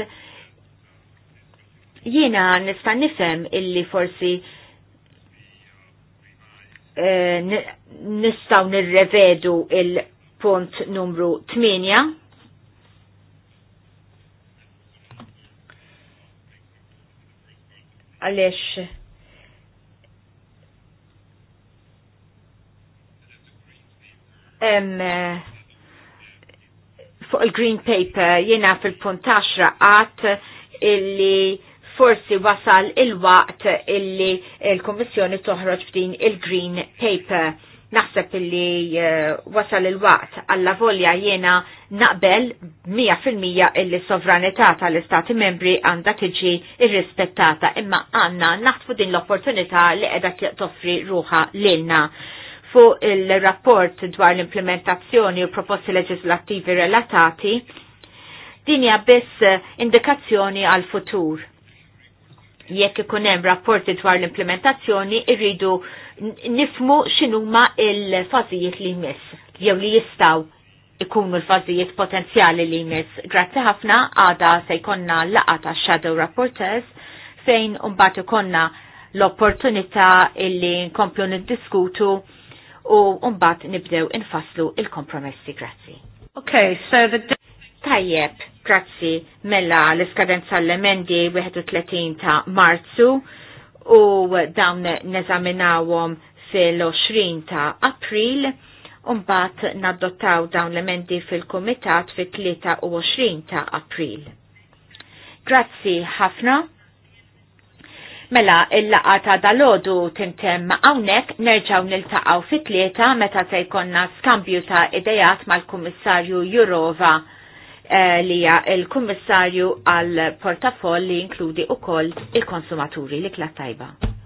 jiena nista' nifhem illi forsi e, nistaw nirrevedu il-punt numru 8 għaliex hemm eh, fuq il-Green Paper jiena fil-punt taxra għat illi forsi wasal il-waqt illi il-Kommissjoni toħroġ b'din il-Green Paper. Naħseb illi uh, wasal il-waqt għalla volja jiena naqbel 100% illi sovranità tal-Istati membri għandha tiġi irrispettata imma għanna naħtfu din l-opportunità li qiegħda toffri ruħa lilna fuq il-rapport dwar l-implementazzjoni u proposti leġislattivi relatati, hija biss indikazzjoni għal futur. Jekk ikun hemm rapporti dwar l-implementazzjoni, irridu nifmu x'inhuma il-fażijiet li jmiss jew li jistgħu ikunu l-fażijiet potenzjali li jmiss. Grazzi ħafna għada se jkonna laqa ta' Shadow Rapporters fejn mbagħad ikonna l-opportunità illi nkomplu niddiskutu u mbagħad nibdew infaslu il-kompromessi. Grazzi. Okay, so the Tajjeb, grazzi mela l-iskadenza l-emendi 31 ta' Marzu u dawn neżaminawhom fil-20 ta' April. Umbat naddottaw dawn l-emendi fil-Komitat fit-23 ta' April. Grazzi ħafna. Mela, il-laqa ta' dalodu timtem għawnek nerġaw nil-taqaw fit-tlieta meta se jkonna skambju ta' idejat mal-Kummissarju Jurova Lija eh, li il-Kummissarju għal portafoll li inkludi koll il-konsumaturi li klattajba. tajba.